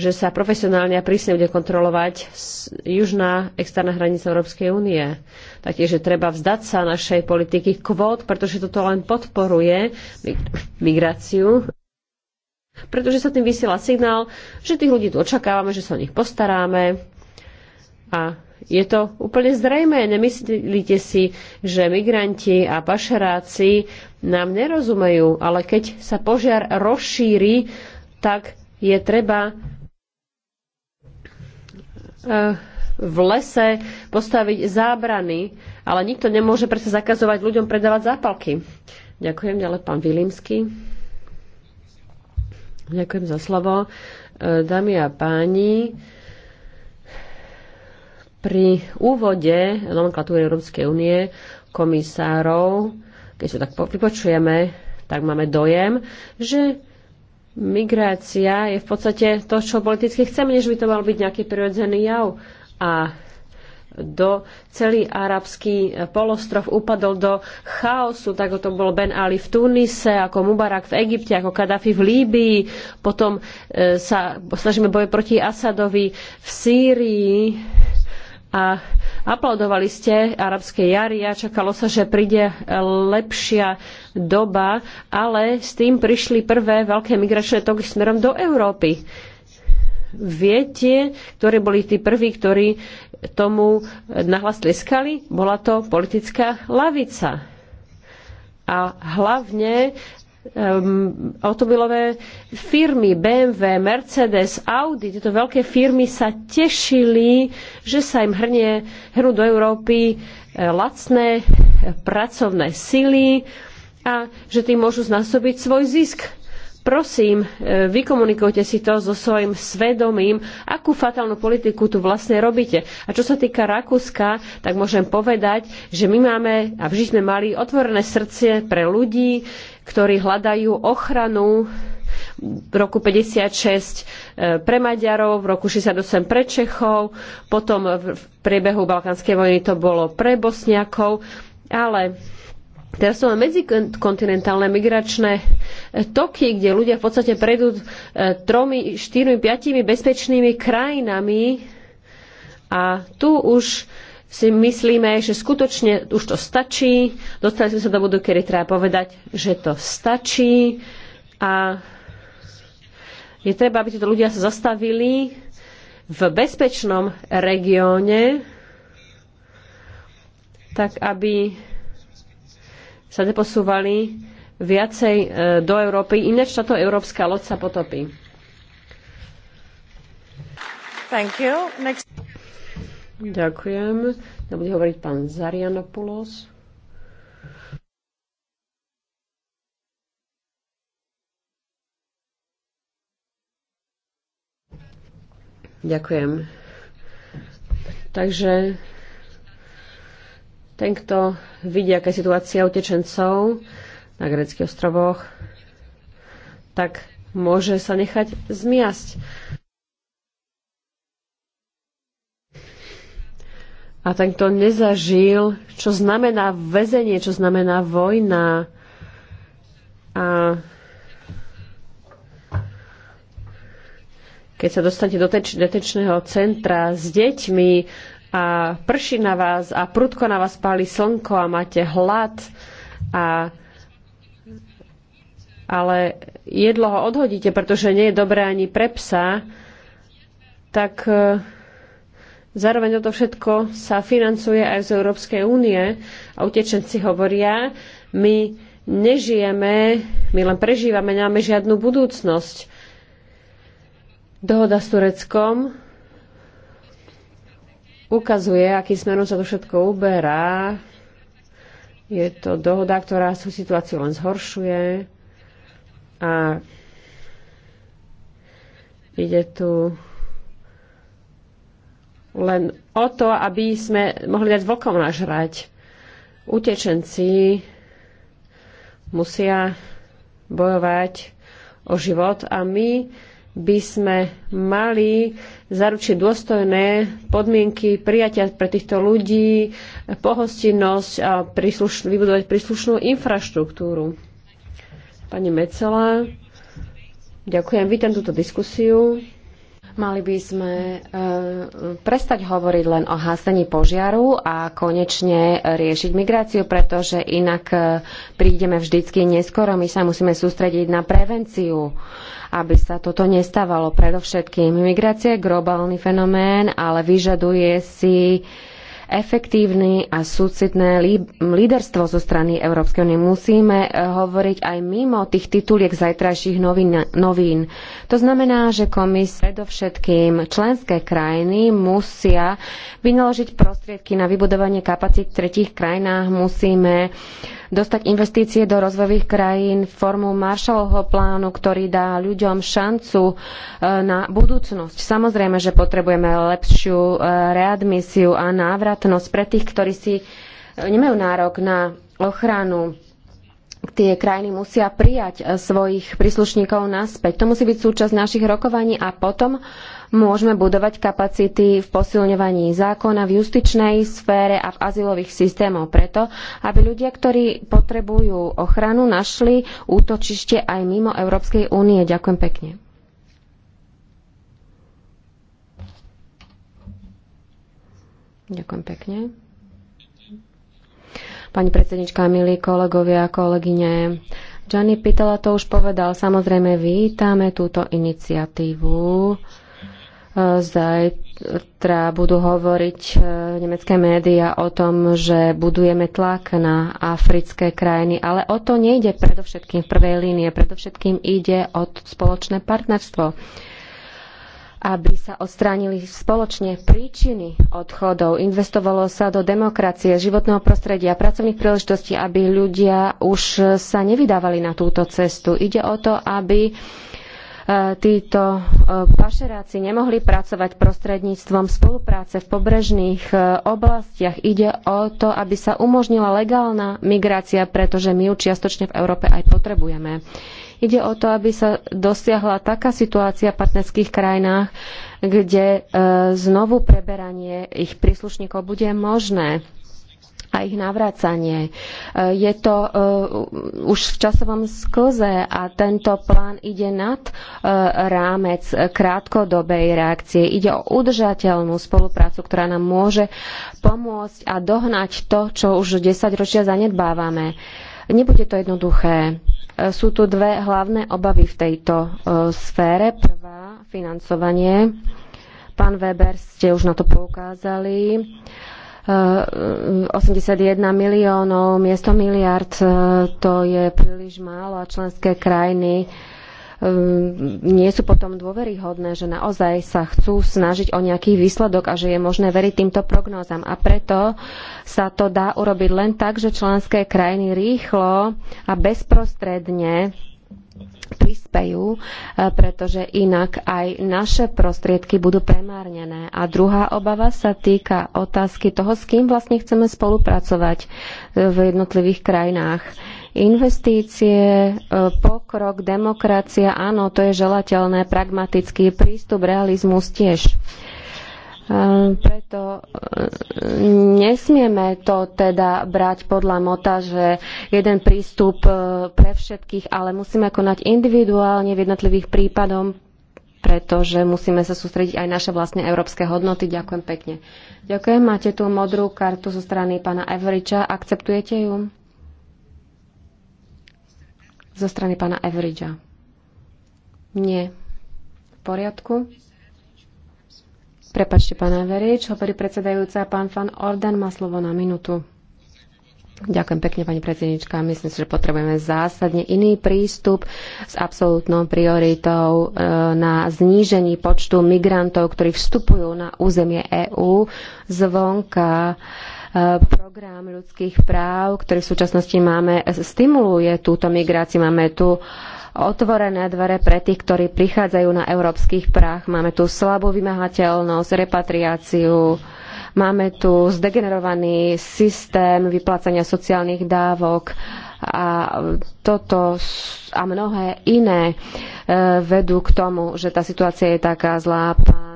[SPEAKER 2] že sa profesionálne a prísne bude kontrolovať južná externá hranica Európskej únie. Taktiež, že treba vzdať sa našej politiky kvót, pretože toto len podporuje migráciu. Pretože sa tým vysiela signál, že tých ľudí tu očakávame, že sa o nich postaráme. A je to úplne zrejmé. Nemyslíte si, že migranti a pašeráci nám nerozumejú, ale keď sa požiar rozšíri, tak je treba eh, v lese postaviť zábrany, ale nikto nemôže predsa zakazovať ľuďom predávať zápalky. Ďakujem ďalej, pán Vilimsky. Ďakujem za slovo. Eh, dámy a páni, pri úvode nomenklatúry Európskej únie komisárov, keď sa tak vypočujeme, tak máme dojem, že migrácia je v podstate to, čo politicky chceme, než by to mal byť nejaký prirodzený jav. A do celý arabský polostrov upadol do chaosu, tak to bol Ben Ali v Tunise, ako Mubarak v Egypte, ako Kadafi v Líbii, potom e, sa snažíme boje proti Asadovi v Sýrii a aplaudovali ste arabskej jari a čakalo sa, že príde lepšia doba, ale s tým prišli prvé veľké migračné toky smerom do Európy. Viete, ktorí boli tí prví, ktorí tomu nahlas tlieskali? Bola to politická lavica. A hlavne um, automobilové firmy, BMW, Mercedes, Audi, tieto veľké firmy sa tešili, že sa im hrnie, hrnú do Európy e, lacné e, pracovné sily a že tým môžu znásobiť svoj zisk. Prosím, e, vykomunikujte si to so svojím svedomím, akú fatálnu politiku tu vlastne robíte. A čo sa týka Rakúska, tak môžem povedať, že my máme a vždy sme mali otvorené srdce pre ľudí, ktorí hľadajú ochranu v roku 56 e, pre Maďarov, v roku 68 pre Čechov, potom v priebehu Balkánskej vojny to bolo pre Bosniakov, ale Teraz sú medzikontinentálne migračné toky, kde ľudia v podstate prejdú e, tromi, štyrmi, piatimi bezpečnými krajinami a tu už si myslíme, že skutočne už to stačí. Dostali sme sa do bodu, kedy treba povedať, že to stačí a je treba, aby títo ľudia sa zastavili v bezpečnom regióne, tak aby sa neposúvali viacej e, do Európy, ináč táto európska loď sa potopí. Thank you. Next... Ďakujem. To bude hovoriť pán Zarianopoulos. Ďakujem. Takže ten, kto vidí, aká je situácia utečencov na greckých ostrovoch, tak môže sa nechať zmiasť. A ten, kto nezažil, čo znamená väzenie, čo znamená vojna. A keď sa dostanete do detečného centra s deťmi, a prší na vás a prudko na vás pálí slnko a máte hlad, a, ale jedlo ho odhodíte, pretože nie je dobré ani pre psa, tak e, Zároveň toto všetko sa financuje aj z Európskej únie a utečenci hovoria, my nežijeme, my len prežívame, nemáme žiadnu budúcnosť. Dohoda s Tureckom ukazuje, akým smerom sa to všetko uberá. Je to dohoda, ktorá sú situáciu len zhoršuje a ide tu len o to, aby sme mohli dať vlkom nažrať. Utečenci musia bojovať o život a my by sme mali zaručiť dôstojné podmienky prijatia pre týchto ľudí, pohostinnosť a prísluš- vybudovať príslušnú infraštruktúru. Pani Mecela, ďakujem, vítam túto diskusiu. Mali by
[SPEAKER 4] sme eh, prestať hovoriť len o hasení požiaru a konečne riešiť migráciu, pretože inak eh, prídeme vždycky neskoro. My sa musíme sústrediť na prevenciu, aby sa toto nestávalo. Predovšetkým migrácia je globálny fenomén, ale vyžaduje si efektívne a súcitné líderstvo zo strany Európskej únie. Musíme eh, hovoriť aj mimo tých tituliek zajtrajších novín, novín. To znamená, že Komisie predovšetkým členské krajiny musia vynaložiť prostriedky na vybudovanie kapacít v tretích krajinách. Musíme dostať investície do rozvojových krajín formou Marshallovho plánu, ktorý dá ľuďom šancu eh, na budúcnosť. Samozrejme, že potrebujeme lepšiu eh, readmisiu a návrat platnosť pre tých, ktorí si e, nemajú nárok na ochranu. Tie krajiny musia prijať e, svojich príslušníkov naspäť. To musí byť súčasť našich rokovaní a potom môžeme budovať kapacity v posilňovaní zákona, v justičnej sfére a v azylových systémoch preto, aby ľudia, ktorí potrebujú ochranu, našli útočište aj mimo Európskej únie. Ďakujem pekne. Ďakujem pekne. Pani predsednička, milí kolegovia a kolegyne, Gianni Pitala to už povedal. Samozrejme, vítame túto iniciatívu. Zajtra budú hovoriť e, nemecké médiá o tom, že budujeme tlak na africké krajiny, ale o to nejde predovšetkým v prvej línie. Predovšetkým ide o spoločné partnerstvo aby sa odstránili spoločne príčiny odchodov. Investovalo sa do demokracie, životného prostredia, pracovných príležitostí, aby ľudia už sa nevydávali na túto cestu. Ide o to, aby e, títo e, pašeráci nemohli pracovať prostredníctvom spolupráce v pobrežných e, oblastiach. Ide o to, aby sa umožnila legálna migrácia, pretože my ju čiastočne v Európe aj potrebujeme. Ide o to, aby sa dosiahla taká situácia v partnerských krajinách, kde e, znovu preberanie ich príslušníkov bude možné a ich navracanie. E, je to uh, už v časovom sklze a tento plán ide nad uh, rámec krátkodobej reakcie. Ide o udržateľnú spoluprácu, ktorá nám môže pomôcť a dohnať to, čo už 10 ročia zanedbávame. Nebude to jednoduché. Sú tu dve hlavné obavy v tejto e, sfére. Prvá, financovanie. Pán Weber, ste už na to poukázali. 81 e, e, miliónov miesto miliard, to je príliš málo a členské krajiny Ehm, nie sú potom dôveryhodné, že naozaj sa chcú snažiť o nejaký výsledok a že je možné veriť týmto prognózam. A preto sa to dá urobiť len tak, že členské krajiny rýchlo a bezprostredne prispejú, e, pretože inak aj naše prostriedky budú premárnené. A druhá obava sa týka otázky toho, s kým vlastne chceme spolupracovať e, v jednotlivých krajinách Investície, e, pokrok, demokracia, áno, to je želateľné, pragmatický prístup, realizmus tiež. E, preto e, nesmieme to teda brať podľa mota, že jeden prístup pre všetkých, ale musíme konať individuálne v jednotlivých prípadoch pretože musíme sa sústrediť aj naše vlastné európske hodnoty. Ďakujem pekne. Ďakujem. Máte tu modrú kartu zo strany pána Everiča. Akceptujete ju? zo strany pána Everidža. Nie. V poriadku. Prepačte, pán Everidž, hovorí predsedajúca, pán Fan Orden má slovo na minútu. Ďakujem pekne, pani predsednička. Myslím si, že potrebujeme zásadne iný prístup s absolútnou prioritou e, na znížení počtu migrantov, ktorí vstupujú na územie EÚ zvonka program ľudských práv, ktorý v súčasnosti máme, stimuluje túto migráciu. Máme tu otvorené dvere pre tých, ktorí prichádzajú na európskych prách. Máme tu slabú vymahateľnosť, repatriáciu, máme tu zdegenerovaný systém vyplácania sociálnych dávok a toto a mnohé iné eh, vedú k tomu, že tá situácia je taká zlá. Pán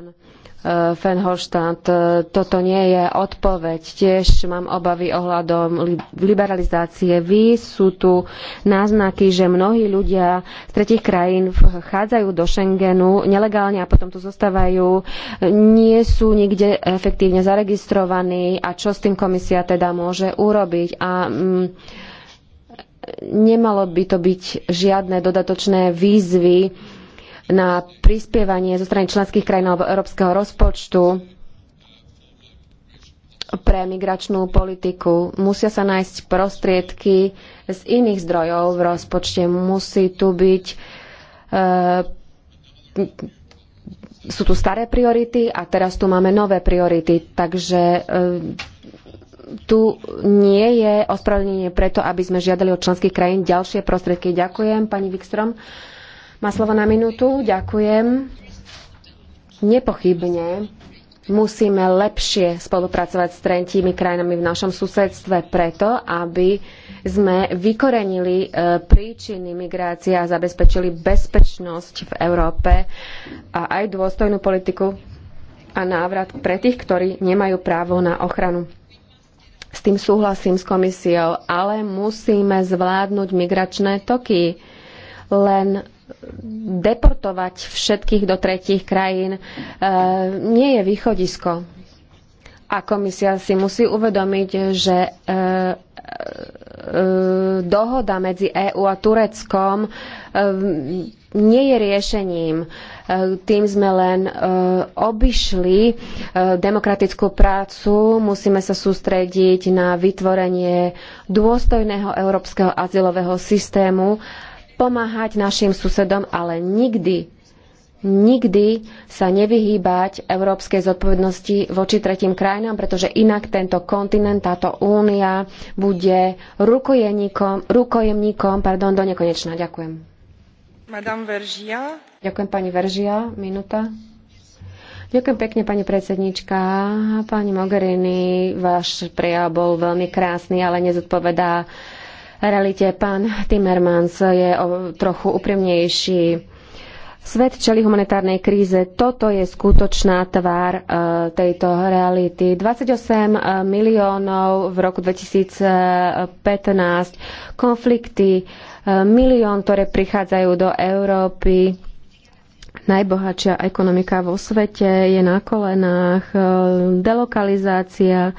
[SPEAKER 4] Eh, Fenholštát. Eh, toto nie je odpoveď. Tiež mám obavy ohľadom liberalizácie víz. Sú tu náznaky, že mnohí ľudia z tretich krajín vchádzajú do Schengenu nelegálne a potom tu zostávajú. Nie sú nikde efektívne zaregistrovaní a čo s tým komisia teda môže urobiť. A mm, nemalo by to byť žiadne dodatočné výzvy na prispievanie zo strany členských krajín alebo európskeho rozpočtu pre migračnú politiku. Musia sa nájsť prostriedky z iných zdrojov v rozpočte. Musí tu byť e, sú tu staré priority a teraz tu máme nové priority. Takže e, tu nie je ospravedlnenie preto, aby sme žiadali od členských krajín ďalšie prostriedky. Ďakujem, pani Wikstrom. Má slovo na minútu. Ďakujem. Nepochybne musíme lepšie spolupracovať s tretími krajinami v našom susedstve preto, aby sme vykorenili e, príčiny migrácie a zabezpečili bezpečnosť v Európe a aj dôstojnú politiku a návrat pre tých, ktorí nemajú právo na ochranu. S tým súhlasím s komisiou, ale musíme zvládnuť migračné toky. Len deportovať všetkých do tretích krajín e, nie je východisko. A komisia si musí uvedomiť, že e, e, dohoda medzi EÚ a Tureckom nie je riešením. Tým sme len obišli demokratickú prácu. Musíme sa sústrediť na vytvorenie dôstojného európskeho azylového systému pomáhať našim susedom, ale nikdy, nikdy sa nevyhýbať európskej zodpovednosti voči tretím krajinám, pretože inak tento kontinent, táto únia bude rukojemníkom, rukojemníkom pardon, do nekonečna. Ďakujem.
[SPEAKER 3] Madame Veržia.
[SPEAKER 4] Ďakujem pani Veržia. Minúta. Ďakujem pekne, pani predsednička. Pani Mogherini, váš prejav bol veľmi krásny, ale nezodpovedá realite. Pán Timmermans je o, trochu úprimnejší. Svet čeli humanitárnej kríze. Toto je skutočná tvár e, tejto reality. 28 e, miliónov v roku 2015, konflikty, e, milión, ktoré prichádzajú do Európy. Najbohatšia ekonomika vo svete je na kolenách, delokalizácia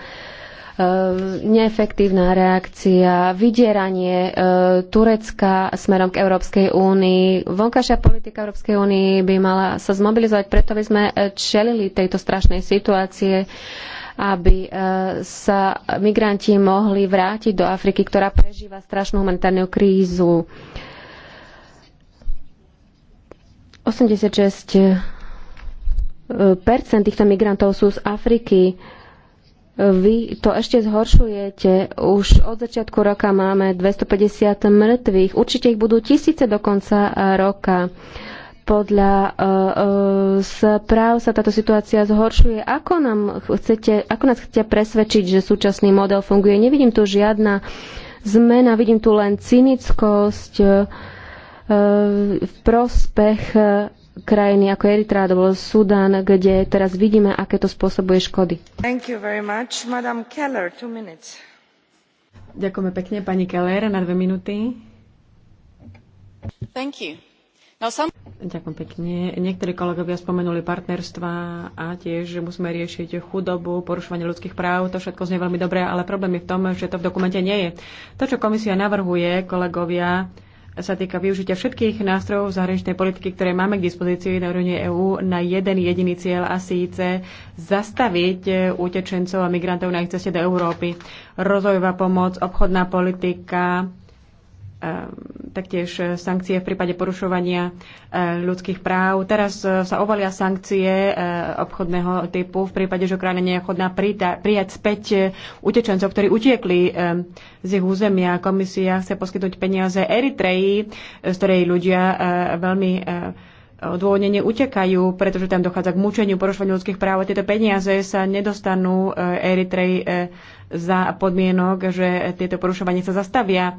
[SPEAKER 4] Ehm, neefektívna reakcia, vydieranie ehm, Turecka smerom k Európskej únii. Vonkajšia politika Európskej únii by mala sa zmobilizovať, preto by sme eh, čelili tejto strašnej situácie aby eh, sa migranti mohli vrátiť do Afriky, ktorá prežíva strašnú humanitárnu krízu. 86 eh, týchto migrantov sú z Afriky vy to ešte zhoršujete. Už od začiatku roka máme 250 mŕtvych. Určite ich budú tisíce do konca e, roka. Podľa uh, uh, správ sa táto situácia zhoršuje. Ako, nám chcete, ako nás chcete presvedčiť, že súčasný model funguje? Nevidím tu žiadna zmena, vidím tu len cynickosť uh, v prospech krajiny ako Eritrea, to bol Sudan, kde teraz vidíme,
[SPEAKER 1] aké to spôsobuje škody.
[SPEAKER 3] Much, Keller,
[SPEAKER 1] Ďakujeme pekne, pani Keller, na dve minúty. Some... Ďakujem pekne. Niektorí kolegovia spomenuli partnerstva a tiež, že musíme riešiť chudobu, porušovanie ľudských práv. To všetko znie veľmi dobre, ale problém je v tom, že to v dokumente nie je. To, čo komisia navrhuje, kolegovia, sa týka využitia všetkých nástrojov zahraničnej politiky, ktoré máme k dispozícii na úrovni EÚ na jeden jediný cieľ a síce zastaviť e, utečencov a migrantov na ich ceste do Európy. Rozvojová pomoc, obchodná politika, Ehm, taktiež e, sankcie v prípade porušovania e, ľudských práv. Teraz e, sa ovalia sankcie obchodného typu v prípade, že Ukrajina nie je chodná prijať späť utečencov, ktorí utiekli z ich územia. Komisia chce poskytnúť peniaze Eritreji, z ktorej ľudia veľmi odôvodnenie utekajú, pretože tam dochádza k mučeniu, porušovaniu ľudských práv. a Tieto peniaze sa nedostanú Eritrej za podmienok, že tieto porušovanie sa zastavia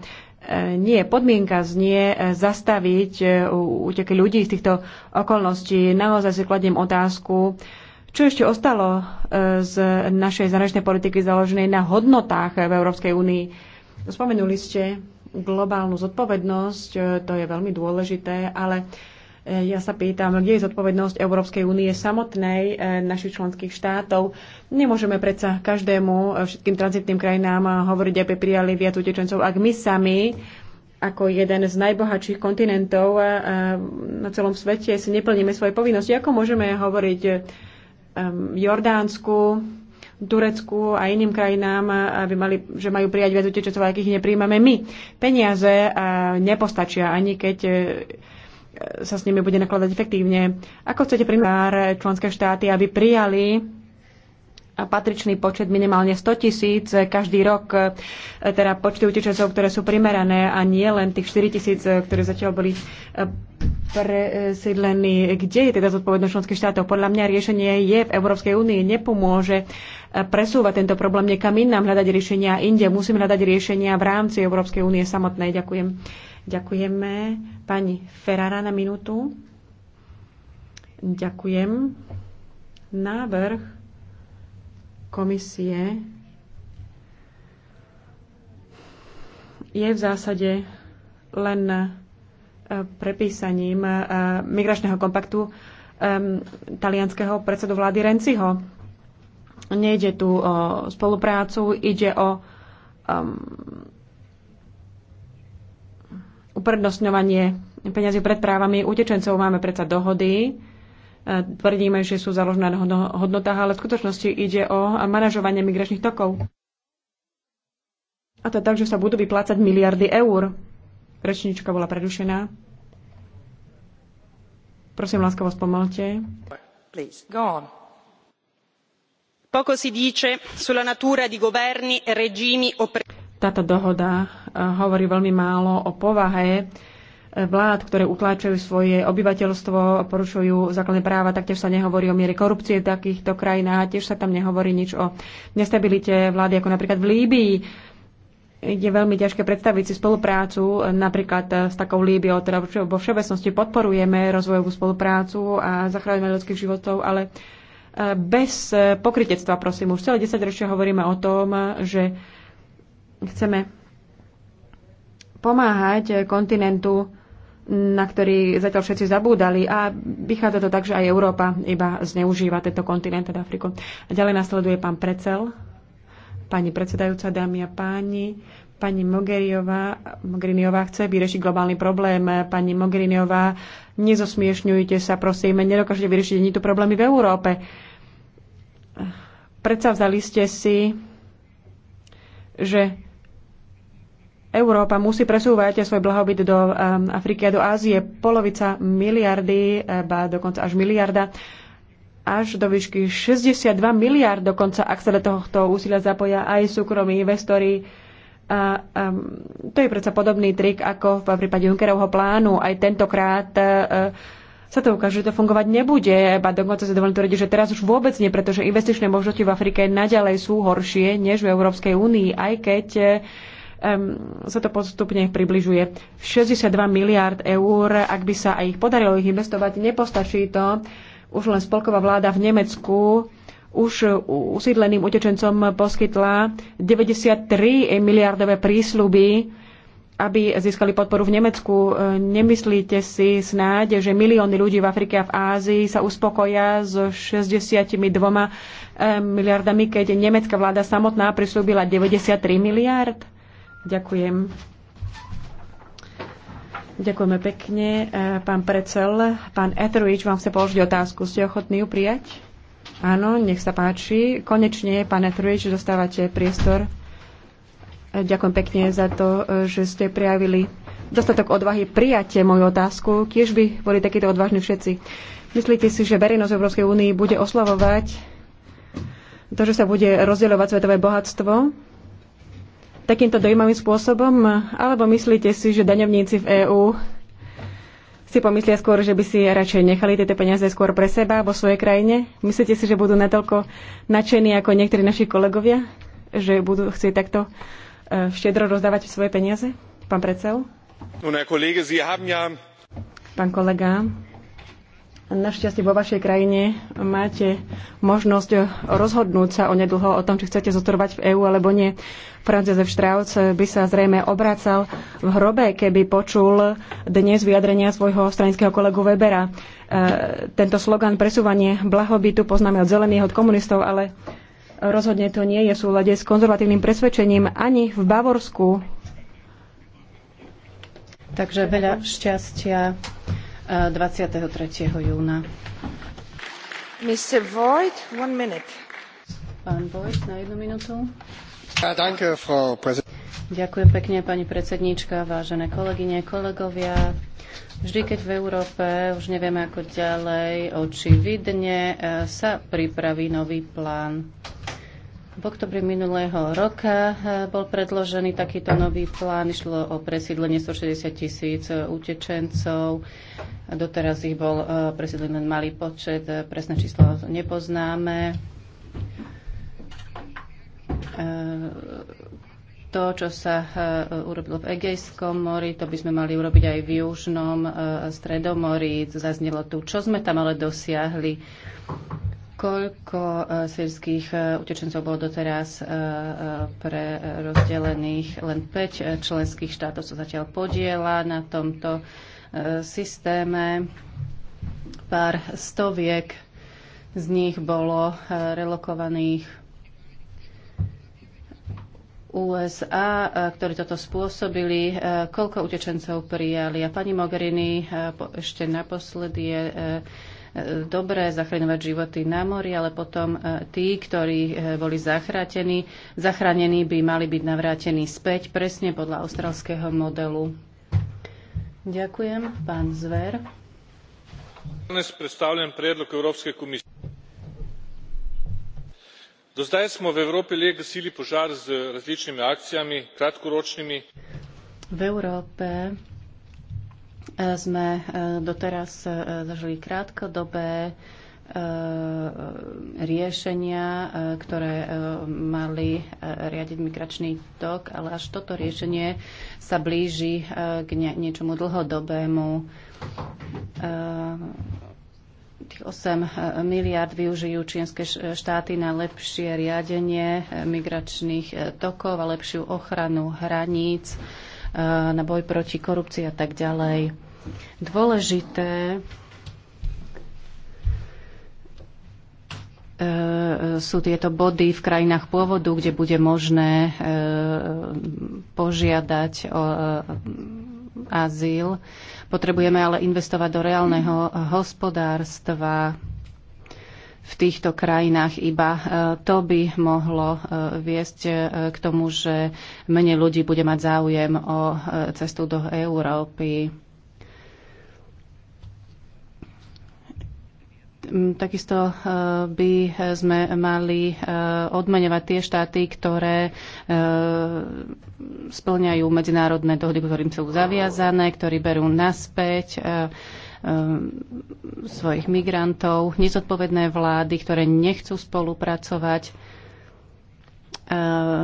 [SPEAKER 1] nie, podmienka znie e, zastaviť úteky e, ľudí z týchto okolností. Naozaj si kladiem otázku, čo ešte ostalo e, z našej zahraničnej politiky založenej na hodnotách v Európskej únii. Spomenuli ste globálnu zodpovednosť, to je veľmi dôležité, ale E, ja sa pýtam, kde je zodpovednosť Európskej únie samotnej, e, našich členských štátov. Nemôžeme predsa každému, e, všetkým tranzitným krajinám hovoriť, aby prijali viac utečencov, ak my sami ako jeden z najbohatších kontinentov na celom svete si neplníme svoje povinnosti. Ako môžeme hovoriť Jordánsku, Turecku a iným krajinám, aby mali, že majú prijať viac utečencov, akých nepríjmame my. Peniaze nepostačia, ani keď sa s nimi bude nakladať efektívne. Ako chcete primár členské štáty, aby prijali patričný počet minimálne 100 tisíc každý rok, teda počty utečencov, ktoré sú primerané a nie len tých 4 tisíc, ktoré zatiaľ boli eh, presídlení. Kde je teda zodpovednosť členských štátov? Podľa mňa riešenie je v Európskej únii. Nepomôže eh, presúvať tento problém niekam inám, hľadať riešenia inde. Musím hľadať riešenia v rámci Európskej únie samotnej. Ďakujem. Ďakujeme. Pani Ferrara na minútu. Ďakujem. Návrh komisie je v zásade len e, prepísaním e, migračného kompaktu e, talianského predsedu vlády Renciho. Nejde tu o spoluprácu, ide o um, uprednostňovanie peňazí pred právami utečencov. Máme predsa dohody, e, tvrdíme, že sú založené na hodnotách, ale v skutočnosti ide o manažovanie migračných tokov. A to tak, že sa budú vyplácať miliardy eur. Rečnička bola predušená. Prosím, láskavo spomalte. poco si dice sulla natura di governi e táto dohoda hovorí veľmi málo o povahe e, vlád, ktoré utláčajú svoje obyvateľstvo, porušujú základné práva, taktiež sa nehovorí o miere korupcie v takýchto krajinách, tiež sa tam nehovorí nič o nestabilite vlády, ako napríklad v Líbii. Je veľmi ťažké predstaviť si spoluprácu napríklad e, s takou Líbiou, teda vo všeobecnosti podporujeme rozvojovú spoluprácu a zachráňujeme ľudských životov, ale e, bez pokritectva, prosím, už celé 10 ročia hovoríme o tom, že chceme pomáhať kontinentu, na ktorý zatiaľ všetci zabúdali a vychádza to tak, že aj Európa iba zneužíva tento kontinent, teda Afriku. A ďalej nasleduje pán Precel, pani predsedajúca, dámy a páni. Pani Mogeriová, Mogheriniová chce vyriešiť globálny problém. Pani Mogheriniová, nezosmiešňujte sa, prosím, nedokážete vyriešiť ani tu problémy v Európe. Predsa vzali ste si, že Európa musí presúvať svoj blahobyt do um, Afriky a do Ázie. Polovica miliardy, eh, ba dokonca až miliarda, až do výšky 62 miliard dokonca, ak sa do tohto úsilia zapoja aj súkromí investori. A, a um, to je predsa podobný trik ako v prípade Junckerovho plánu. Aj tentokrát a, eh, a, sa to ukáže, že to fungovať nebude. Ba dokonca sa dovolím tvrdiť, že teraz už vôbec nie, pretože investičné možnosti v Afrike naďalej sú horšie než v Európskej únii, aj keď a, eh, sa to postupne približuje. 62 miliard eur, ak by sa aj ich podarilo ich investovať, nepostačí to. Už len spolková vláda v Nemecku už usídleným utečencom poskytla 93 miliardové prísľuby, aby získali podporu v Nemecku. Nemyslíte si snáď, že milióny ľudí v Afrike a v Ázii sa uspokoja so 62 miliardami, keď nemecká vláda samotná prislúbila 93 miliard? Ďakujem. Ďakujeme pekne. E, pán Precel, pán Etherwich, vám chce položiť otázku. Ste ochotní ju prijať? Áno, nech sa páči. Konečne, pán Etherwich, dostávate priestor. E, ďakujem pekne za to, e, že ste prijavili dostatok odvahy prijate moju otázku. Kiež by boli takíto odvážni všetci. Myslíte si, že verejnosť Európskej únii bude oslavovať to, že sa bude rozdielovať svetové bohatstvo? takýmto dojímavým spôsobom? Alebo myslíte si, že daňovníci v EÚ si pomyslia skôr, že by si radšej nechali tieto peniaze skôr pre seba vo svojej krajine? Myslíte si, že budú natoľko nadšení ako niektorí naši kolegovia, že budú chcieť takto e, štedro rozdávať svoje peniaze? Pán predsel? Pán kolega, Našťastie vo vašej krajine máte možnosť rozhodnúť sa onedlho o tom, či chcete zotrvať v EÚ alebo nie. Franz Josef Strauss by sa zrejme obracal v hrobe, keby počul dnes vyjadrenia svojho stranického kolegu Webera. E, tento slogan presúvanie blahobytu poznáme od zelených, od komunistov, ale rozhodne to nie je v súlade s konzervatívnym presvedčením ani v Bavorsku.
[SPEAKER 7] Takže veľa šťastia 23. júna.
[SPEAKER 3] Mr. Voigt, one
[SPEAKER 7] minute. Pán Voigt, na jednu minútu.
[SPEAKER 5] Ja, danke, Frau
[SPEAKER 7] Ďakujem pekne, pani predsedníčka, vážené kolegyne, kolegovia. Vždy, keď v Európe už nevieme ako ďalej, očividne e, sa pripraví nový plán v oktobri minulého roka e, bol predložený takýto nový plán. Išlo o presídlenie 160 tisíc utečencov. Doteraz ich bol e, presídlený len malý počet. E, presné číslo nepoznáme. To, čo sa urobilo v Egejskom mori, to by sme mali urobiť aj v Južnom Stredomorí. Zaznelo tu, čo sme tam ale dosiahli Koľko e, sírských e, utečencov bolo doteraz e, pre rozdelených? Len 5 členských štátov sa zatiaľ podiela na tomto systéme. Pár stoviek z nich bolo relokovaných USA, ktorí toto spôsobili, koľko utečencov prijali. A pani Mogherini ešte naposledy je dobré zachraňovať životy na mori, ale potom e, tí, ktorí e, boli zachrátení, zachránení by mali byť navrátení späť presne podľa australského modelu. Ďakujem. Pán Zver.
[SPEAKER 6] Dnes predstavujem predlog Európskej komisie. Do zdaj smo v Evropi le gasili požar z različnimi akcijami,
[SPEAKER 5] kratkoročnimi.
[SPEAKER 7] V Európe sme e, doteraz e, zažili krátkodobé e, riešenia, ktoré mali riadiť migračný tok, ale až toto riešenie sa blíži k niečomu dlhodobému. Tých 8 miliard využijú čínske štáty na lepšie riadenie migračných tokov a lepšiu ochranu hraníc, na boj proti korupcii a tak ďalej dôležité e, sú tieto body v krajinách pôvodu, kde bude možné e, požiadať o e, azyl. Potrebujeme ale investovať do reálneho hospodárstva v týchto krajinách iba. To by mohlo viesť k tomu, že menej ľudí bude mať záujem o cestu do Európy. Mm, takisto e, by sme mali e, odmeňovať tie štáty, ktoré e, splňajú medzinárodné dohody, ktorým sú zaviazané, ktorí berú naspäť svojich migrantov, nezodpovedné vlády, ktoré nechcú spolupracovať Eh,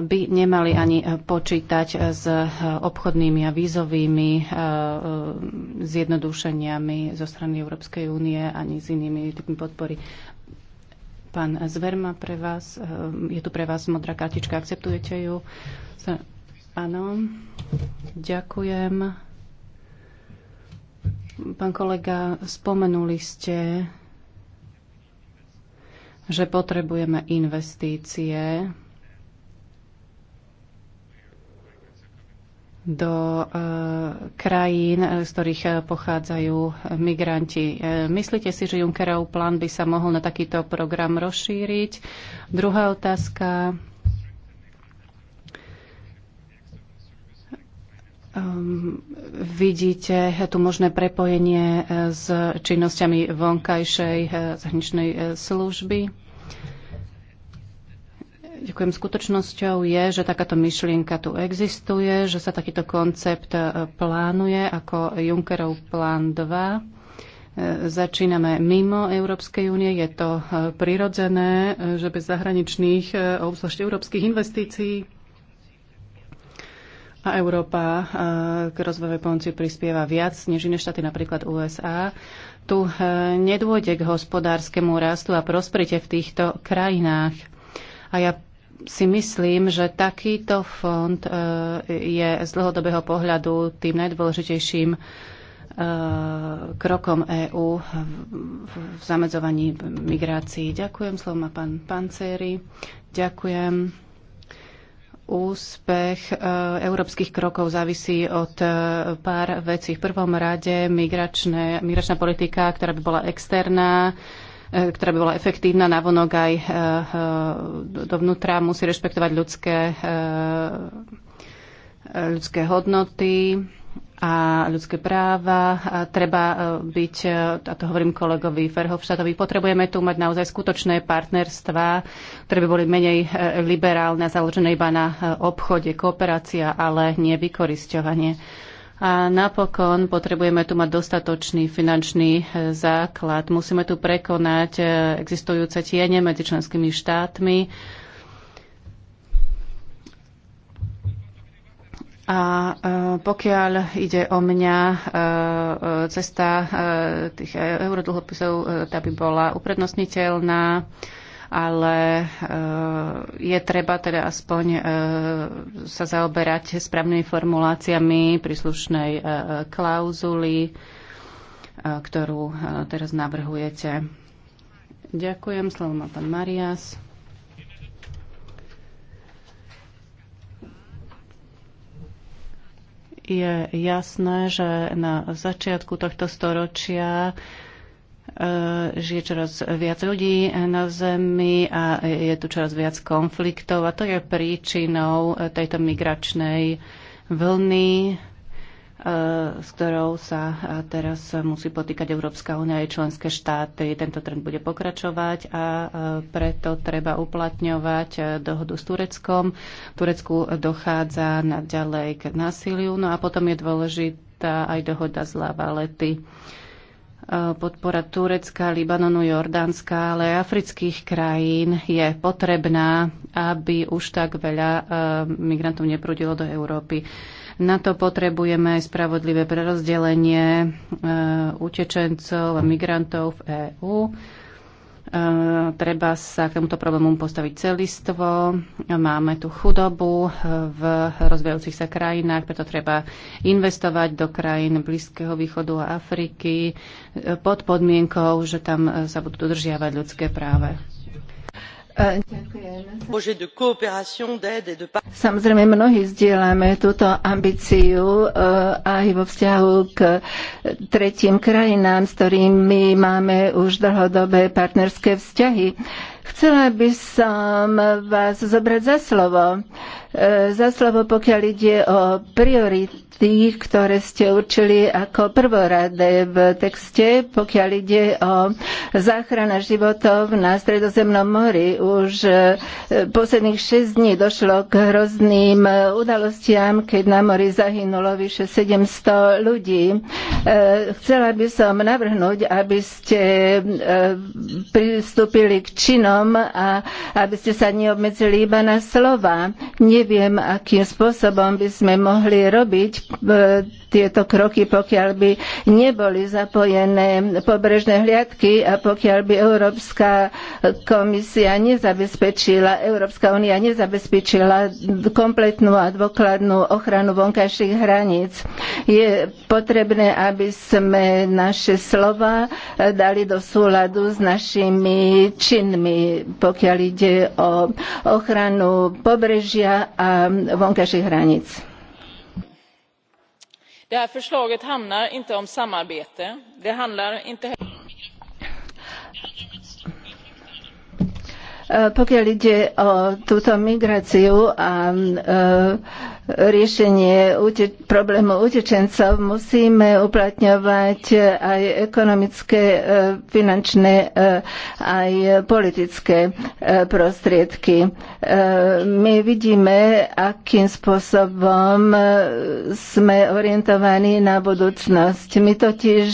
[SPEAKER 7] by nemali ani eh, počítať eh, s obchodnými a vízovými zjednodušeniami zo strany Európskej únie ani s inými typmi podpory. Pán Zver má pre vás, je tu pre vás modrá kartička, akceptujete ju? Áno, ďakujem. Pán kolega, spomenuli ste, že potrebujeme investície do eh, krajín, eh, z ktorých eh, pochádzajú migranti. Myslíte si, že Junckerov plán by sa mohol na takýto program rozšíriť? Druhá otázka. Um, vidíte tu možné prepojenie s činnosťami vonkajšej zahraničnej služby? Ďakujem. Skutočnosťou je, že takáto myšlienka tu existuje, že sa takýto koncept e, plánuje ako Junckerov plán 2. E, začíname mimo Európskej únie. Je to e, prirodzené, že bez zahraničných, obzvlášť európskych investícií, a Európa k rozvojovej pomoci prispieva viac než iné štáty, napríklad USA. Tu nedôjde k hospodárskemu rastu a prosperite v týchto krajinách. A ja si myslím, že takýto fond e, je z dlhodobého pohľadu tým najdôležitejším e, krokom EÚ v zamedzovaní migrácií. Ďakujem, slovo má pán Pancéry. Ďakujem. Úspech e, európskych krokov závisí od pár vecí. V prvom rade migračné, migračná politika, ktorá by bola externá, E, ktorá by bola efektívna na vonok aj e, e, dovnútra, musí rešpektovať ľudské, ľudské hodnoty a ľudské práva. A treba byť, a to hovorím kolegovi Ferhovštátovi, potrebujeme tu mať naozaj skutočné partnerstva, ktoré by boli menej liberálne a založené iba na obchode, kooperácia, ale nie vykorisťovanie. A napokon potrebujeme tu mať dostatočný finančný eh, základ. Musíme tu prekonať eh, existujúce tiene medzi členskými štátmi. A eh, pokiaľ ide o mňa, cesta tých eurodlhopisov, tá by bola uprednostniteľná ale eh, je treba teda aspoň eh, sa zaoberať správnymi formuláciami príslušnej eh, klauzuly, ktorú teraz navrhujete. Ďakujem. Slovo má pán Marias. Je jasné, že na začiatku tohto storočia E, žije čoraz viac ľudí na Zemi a je tu čoraz viac konfliktov a to je príčinou e, tejto migračnej vlny, e, s ktorou sa teraz musí potýkať Európska únia aj členské štáty. Tento trend bude pokračovať a preto treba uplatňovať dohodu s Tureckom. V Turecku dochádza naďalej k násiliu, no a potom je dôležitá aj dohoda z Lavalety. lety podpora Turecka, Libanonu, Jordánska, ale aj afrických krajín je potrebná, aby už tak veľa eh, migrantov neprudilo do Európy. Na to potrebujeme aj spravodlivé prerozdelenie eh, utečencov a migrantov v EÚ. Eh, treba sa k tomuto problému postaviť celistvo. Máme tu chudobu eh, v rozvíjajúcich sa krajinách, preto treba investovať do krajín Blízkeho východu a Afriky eh, pod podmienkou, že tam sa budú dodržiavať ľudské práve.
[SPEAKER 3] Samozrejme, mnohí zdieľame túto ambíciu e, aj vo vzťahu k tretím krajinám, s ktorými máme už dlhodobé partnerské vzťahy. Chcela by som vás zobrať za slovo. E, za slovo, pokiaľ ide o priority, ktoré ste určili ako prvoradé v texte, pokiaľ ide o záchrana životov na Stredozemnom mori. Už e, posledných 6 dní došlo k hrozným e, udalostiam, keď na mori zahynulo vyše 700 ľudí. Chcela by som navrhnúť, aby ste pristúpili k činom písmenom a aby ste sa neobmedzili iba na slova. Neviem, akým spôsobom by sme mohli robiť e, tieto kroky, pokiaľ by neboli zapojené pobrežné hliadky a pokiaľ by Európska komisia nezabezpečila, Európska únia nezabezpečila kompletnú a dôkladnú ochranu vonkajších hraníc. Je potrebné, aby sme naše slova dali do súladu s našimi činmi pokiaľ ide o ochranu pobrežia a vonkajších hraníc. Det här förslaget handlar inte om samarbete. Det handlar inte Pokiaľ ide o túto migráciu a e, riešenie problému utečencov musíme uplatňovať aj ekonomické, e, finančné, e, aj politické prostriedky. My vidíme, akým spôsobom sme orientovaní na budúcnosť. My totiž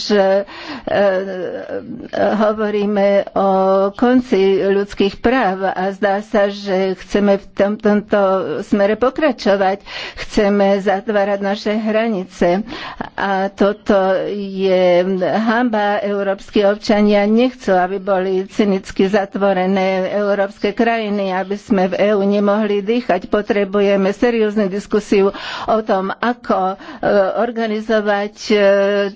[SPEAKER 3] hovoríme o konci ľudských práv a zdá sa, že chceme v tom, tomto smere pokračovať. Chceme zatvárať naše hranice a toto je hamba. Európsky občania nechcú, aby boli cynicky zatvorené európske krajiny, aby sme v EÚ nemohli dýchať. Potrebujeme serióznu diskusiu o tom, ako e, organizovať e,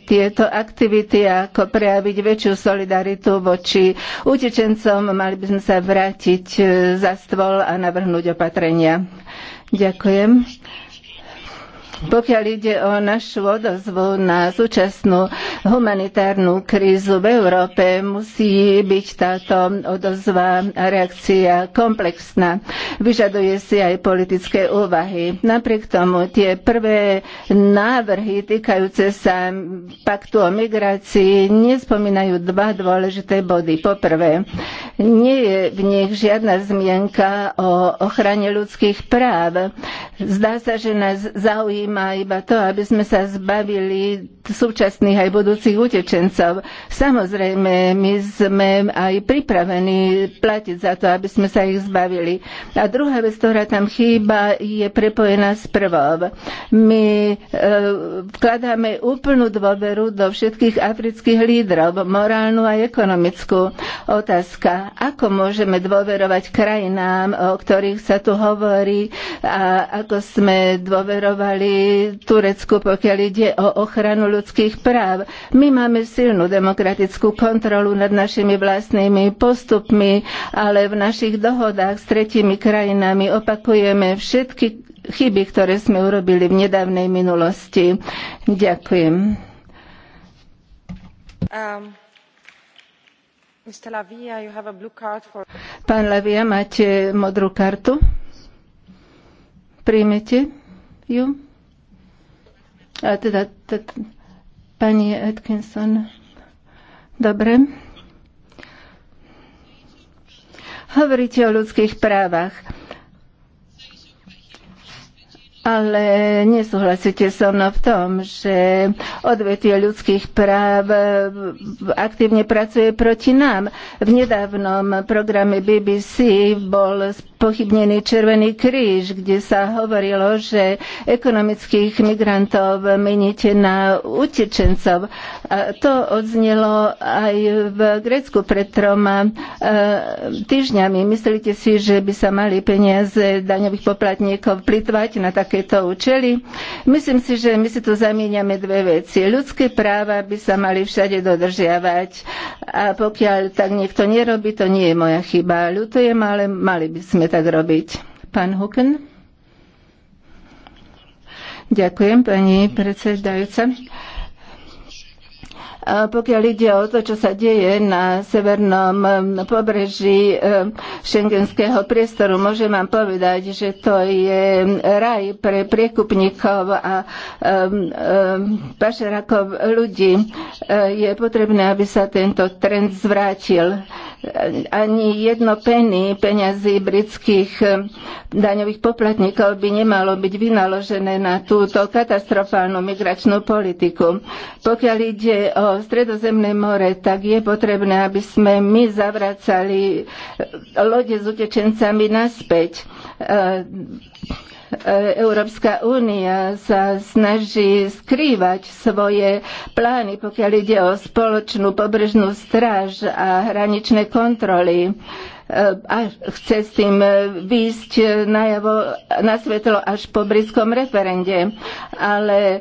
[SPEAKER 3] tieto aktivity, ako prejaviť väčšiu solidaritu voči utečencom. Mali by sme sa vrátiť vrátiť e, za stôl a navrhnúť opatrenia. Ďakujem. Pokiaľ ide o našu odozvu na súčasnú humanitárnu krízu v Európe, musí byť táto odozva a reakcia komplexná. Vyžaduje si aj politické úvahy. Napriek tomu tie prvé návrhy týkajúce sa paktu o migrácii nespomínajú dva dôležité body. Poprvé, nie je v nich žiadna zmienka o ochrane ľudských práv. Zdá sa, že nás zaujíma zaujíma iba to, aby sme sa zbavili súčasných aj budúcich utečencov. Samozrejme, my sme aj pripravení platiť za to, aby sme sa ich zbavili. A druhá vec, ktorá tam chýba, je prepojená s prvou. My e, vkladáme úplnú dôveru do všetkých afrických lídrov, morálnu a ekonomickú. Otázka, ako môžeme dôverovať krajinám, o ktorých sa tu hovorí a ako sme dôverovali Turecku, pokiaľ ide o ochranu ľudských práv. My máme silnú demokratickú kontrolu nad našimi vlastnými postupmi, ale v našich dohodách s tretimi krajinami opakujeme všetky chyby, ktoré sme urobili v nedávnej minulosti. Ďakujem.
[SPEAKER 1] Um. Lavia, for...
[SPEAKER 3] Pán Lavia, máte modrú kartu? Príjmete ju? E, teda, teda pani Atkinson. Dobre. Hovoríte o ľudských právach ale nesúhlasíte so mnou v tom, že odvetie ľudských práv e, aktívne pracuje proti nám. V nedávnom programe BBC bol pochybnený Červený kríž, kde sa hovorilo, že ekonomických migrantov meníte na utečencov. A to odznelo aj v Grécku pred troma e, týždňami. Myslíte si, že by sa mali peniaze daňových poplatníkov plitvať na tak takéto účely? Myslím si, že my si tu zamieňame dve veci. Ľudské práva by sa mali všade dodržiavať a pokiaľ tak niekto nerobí, to nie je moja chyba. Ľutujem, ale mali by sme tak robiť. Pán Huken? Ďakujem, pani predsedajúca. Pokiaľ ide o to, čo sa deje na severnom um, pobreží um, šengenského priestoru, môžem vám povedať, že to je raj pre priekupníkov a um, pašerakov ľudí. E, je potrebné, aby sa tento trend zvrátil ani jedno penny peňazí britských daňových poplatníkov by nemalo byť vynaložené na túto katastrofálnu migračnú politiku. Pokiaľ ide o stredozemné more, tak je potrebné, aby sme my zavracali eh, lode s utečencami naspäť. Eh, eh, Európska únia sa snaží skrývať svoje plány, pokiaľ ide o spoločnú pobrežnú stráž a hraničné kontroly a chce s tým e, výjsť e, najavo, na svetlo až po britskom referende. Ale e,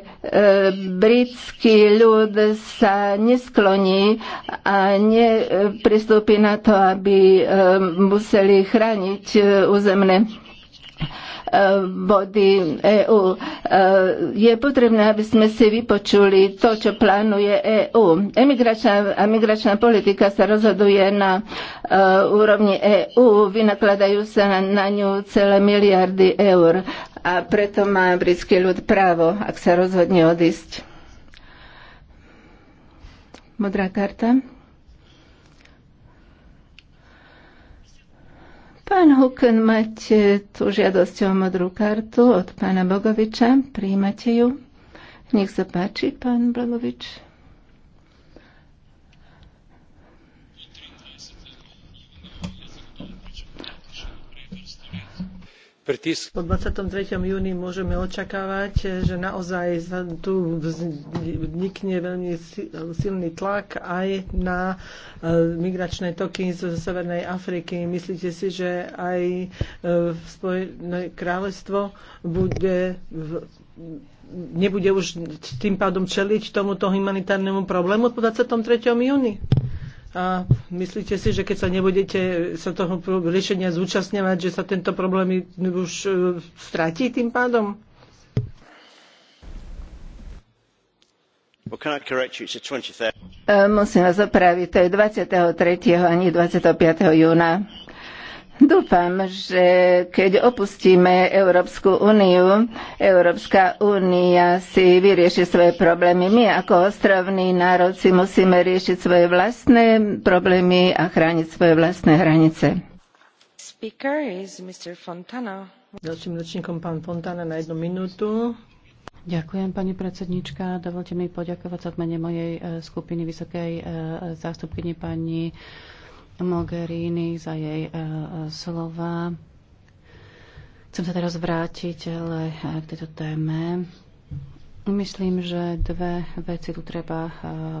[SPEAKER 3] britský ľud sa neskloní a nepristúpi na to, aby museli chrániť územné body EÚ. E, je potrebné, aby sme si vypočuli to, čo plánuje EÚ. Emigračná a migračná politika sa rozhoduje na e, úrovni EÚ, vynakladajú sa na ňu celé miliardy eur a preto má britský ľud právo, ak sa rozhodne odísť. Modrá karta. Pán Huken, máte tu žiadosť o modrú kartu od pána Bogoviča. Príjmate ju? Nech sa páči, pán Blagovič.
[SPEAKER 6] pritisk. Po 23. júni môžeme očakávať, že naozaj tu vznikne veľmi silný tlak aj na e, migračné toky zo Severnej Afriky. Myslíte si, že aj e, Spojené kráľovstvo bude v nebude už tým pádom čeliť tomuto humanitárnemu problému po 23. júni? A myslíte si, že keď sa nebudete sa toho riešenia zúčastňovať, že sa tento problém už e, stratí tým pádom?
[SPEAKER 5] E,
[SPEAKER 3] musím vás opraviť, to je 23. ani 25. júna. Dúfam, že keď opustíme Európsku úniu, Európska únia si vyrieši svoje problémy. My ako ostrovný národ si musíme riešiť svoje vlastné problémy a chrániť svoje vlastné hranice.
[SPEAKER 7] Ďalším ročníkom pán Fontana na jednu minútu. Ďakujem, pani predsednička. Dovolte mi poďakovať sa v mene mojej eh, skupiny vysokej eh, zástupkyni pani Mogherini za jej e, slova. Chcem sa teraz vrátiť ale e, k tejto téme. Myslím, že dve veci tu treba e,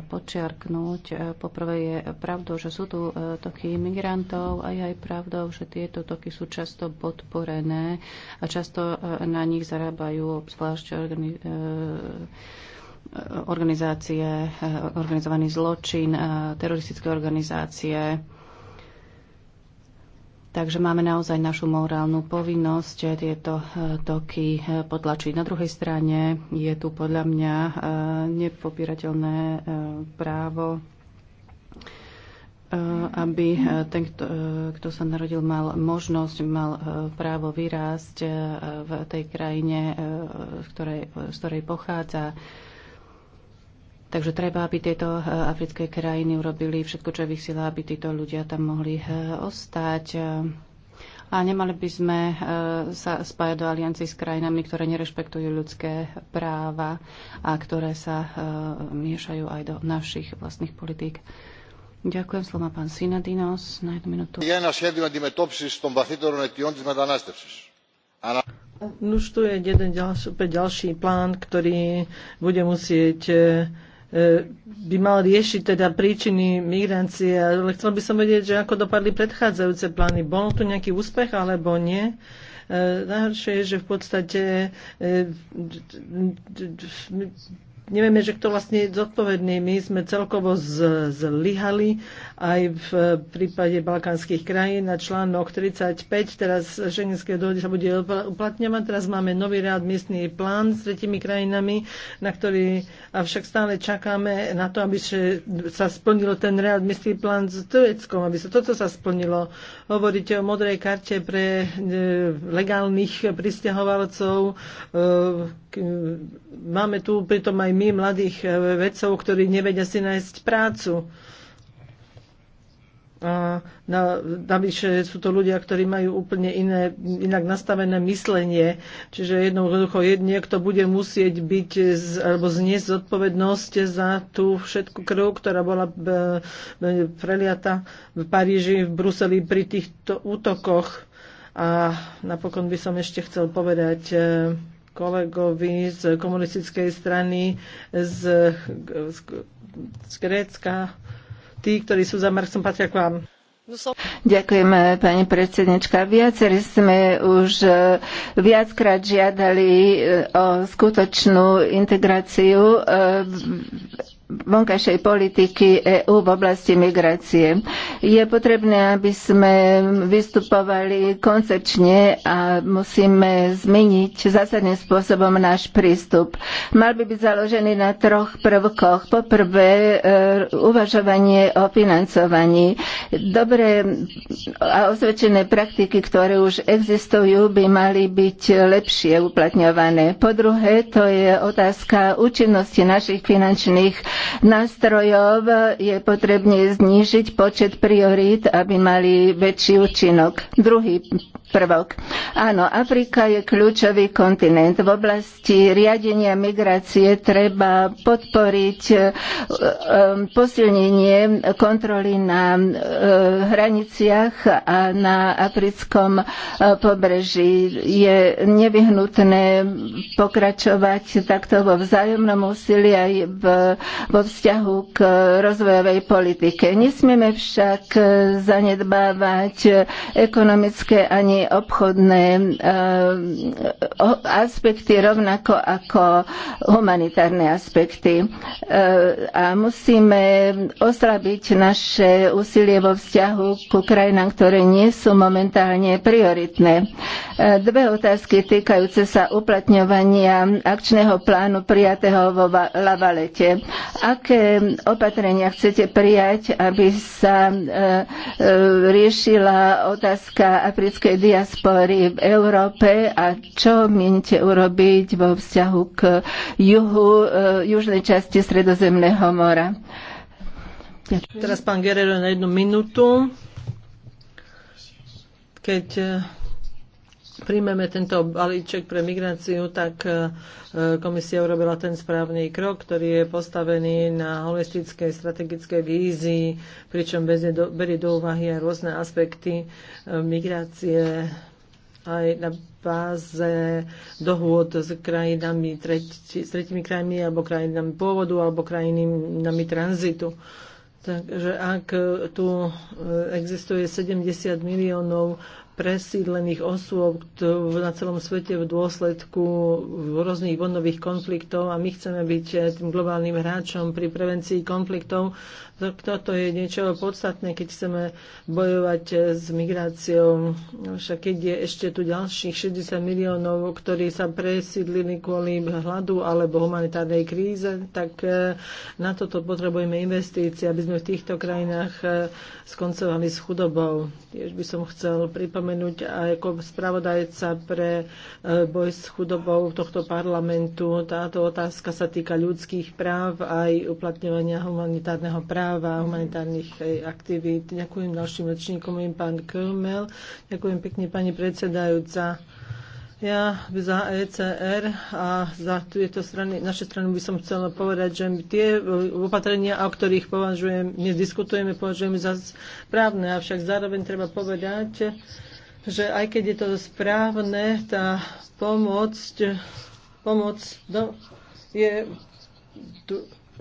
[SPEAKER 7] počiarknúť. Poprvé je pravdou, že sú tu toky imigrantov a je aj pravdou, že tieto toky sú často podporené a často na nich zarábajú obzvlášť organi- organizácie, organizovaný zločin, teroristické organizácie Takže máme naozaj našu morálnu povinnosť eh, tieto eh, toky eh, potlačiť. Na druhej strane je tu podľa mňa nepopierateľné právo aby ten, kto, kto sa narodil, mal možnosť, mal právo vyrásť v tej krajine, z ktorej, z ktorej pochádza Takže treba, aby tieto eh, africké krajiny urobili všetko, čo je v aby títo ľudia tam mohli eh, ostať. A nemali by sme eh, sa spájať do aliancií s krajinami, ktoré nerešpektujú ľudské práva a ktoré sa miešajú aj do našich vlastných politík. Ďakujem slova pán Sinadinos na jednu minútu. Nuž tu je jeden ďalší, ďalší
[SPEAKER 6] plán, ktorý bude musieť E, by mal riešiť teda príčiny migrácie. Ale chcel by som vedieť, že ako dopadli predchádzajúce plány. Bol tu nejaký úspech alebo nie? E, najhoršie je, že v podstate e, nevieme, že kto vlastne je zodpovedný. My sme celkovo z, zlyhali aj v prípade balkánskych krajín na článok 35. Teraz šengenské dohody sa bude uplatňovať. Teraz máme nový rád miestný plán s tretimi krajinami, na ktorý avšak stále čakáme na to, aby sa splnilo ten rád miestný plán s Tureckom, aby sa toto sa splnilo. Hovoríte o modrej karte pre e, legálnych pristahovalcov e, E, máme tu pritom aj my mladých e, vedcov, ktorí nevedia si nájsť prácu. A na, navyše sú to ľudia, ktorí majú úplne iné, inak nastavené myslenie. Čiže jednoducho niekto bude musieť byť z, alebo zniesť zodpovednosť za tú všetku krv, ktorá bola b, e, b, preliata v Paríži, v Bruseli pri týchto útokoch. A napokon by som ešte chcel povedať, e, kolegovi z komunistickej strany z, z, z Grécka. Tí, ktorí sú za Marxom, patria k vám.
[SPEAKER 3] Ďakujem, pani predsednička. Viacerí sme už e, viackrát žiadali e, o skutočnú integráciu e, vonkajšej politiky EÚ v oblasti migrácie. Je potrebné, aby sme vystupovali koncepčne a musíme zmeniť zásadným spôsobom náš prístup. Mal by byť založený na troch prvkoch. Poprvé, e, uvažovanie o financovaní. Dobré a osvedčené praktiky, ktoré už existujú, by mali byť lepšie uplatňované. Po druhé, to je otázka účinnosti našich finančných nástrojov je potrebné znížiť počet priorít, aby mali väčší účinok. Druhý prvok. Áno, Afrika je kľúčový kontinent. V oblasti riadenia migrácie treba podporiť e, e, posilnenie kontroly na e, hraniciach a na africkom pobreží. Je nevyhnutné pokračovať takto vo vzájomnom úsilí aj v vo vzťahu k rozvojovej politike. Nesmieme však zanedbávať ekonomické ani obchodné eh, aspekty rovnako ako humanitárne aspekty. Eh, a musíme oslabiť naše úsilie vo vzťahu k krajinám, ktoré nie sú momentálne prioritné. Eh, dve otázky týkajúce sa uplatňovania akčného plánu prijatého vo Lavalete. Aké opatrenia chcete prijať, aby sa e, e, riešila otázka africkej diaspory v Európe a čo mienite urobiť vo vzťahu k juhu, e, južnej časti Stredozemného mora? Ďakujem.
[SPEAKER 6] Teraz pán Guerrero na jednu minútu. Keď príjmeme tento balíček pre migráciu, tak e, komisia urobila ten správny krok, ktorý je postavený na holistickej strategickej vízii, pričom berie do úvahy aj rôzne aspekty e, migrácie aj na báze dohôd s krajinami, tretí, s tretimi krajinami alebo krajinami pôvodu alebo krajinami tranzitu. Takže ak tu e, existuje 70 miliónov presídlených osôb na celom svete v dôsledku rôznych vojnových konfliktov a my chceme byť eh, tým globálnym hráčom pri prevencii konfliktov. Toto je niečo podstatné, keď chceme bojovať eh, s migráciou. Však keď je ešte tu ďalších 60 miliónov, ktorí sa presídlili kvôli hladu alebo humanitárnej kríze, tak eh, na toto potrebujeme investície, aby sme v týchto krajinách skoncovali s chudobou. Tiež by som chcel pripomenúť, spomenúť ako spravodajca pre e, boj s chudobou tohto parlamentu. Táto otázka sa týka ľudských práv aj uplatňovania humanitárneho práva, a humanitárnych e, aktivít. Ďakujem ďalším rečníkom, im pán Körmel. Ďakujem pekne pani predsedajúca. Ja za ECR a za tieto strany, naše strany by som chcela povedať, že tie opatrenia, o ktorých považujem, dnes diskutujeme, považujeme za správne, avšak zároveň treba povedať, že aj keď je to správne, tá pomoc, pomoc no, je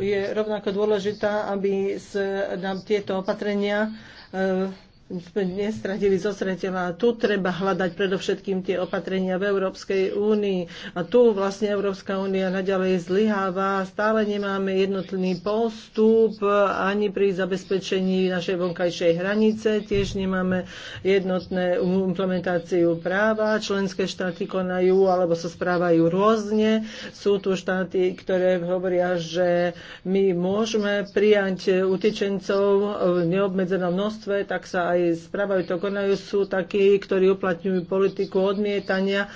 [SPEAKER 6] je rovnako dôležitá, aby nám tieto opatrenia e, sme nestratili zo zreteľa. Tu treba hľadať predovšetkým tie opatrenia v Európskej únii. A tu vlastne Európska únia naďalej zlyháva. Stále nemáme jednotný postup ani pri zabezpečení našej vonkajšej hranice. Tiež nemáme jednotné implementáciu práva. Členské štáty konajú alebo sa správajú rôzne. Sú tu štáty, ktoré hovoria, že my môžeme prijať utečencov v neobmedzenom množstve, tak sa aj správajú to, konajú, sú takí, ktorí uplatňujú politiku odmietania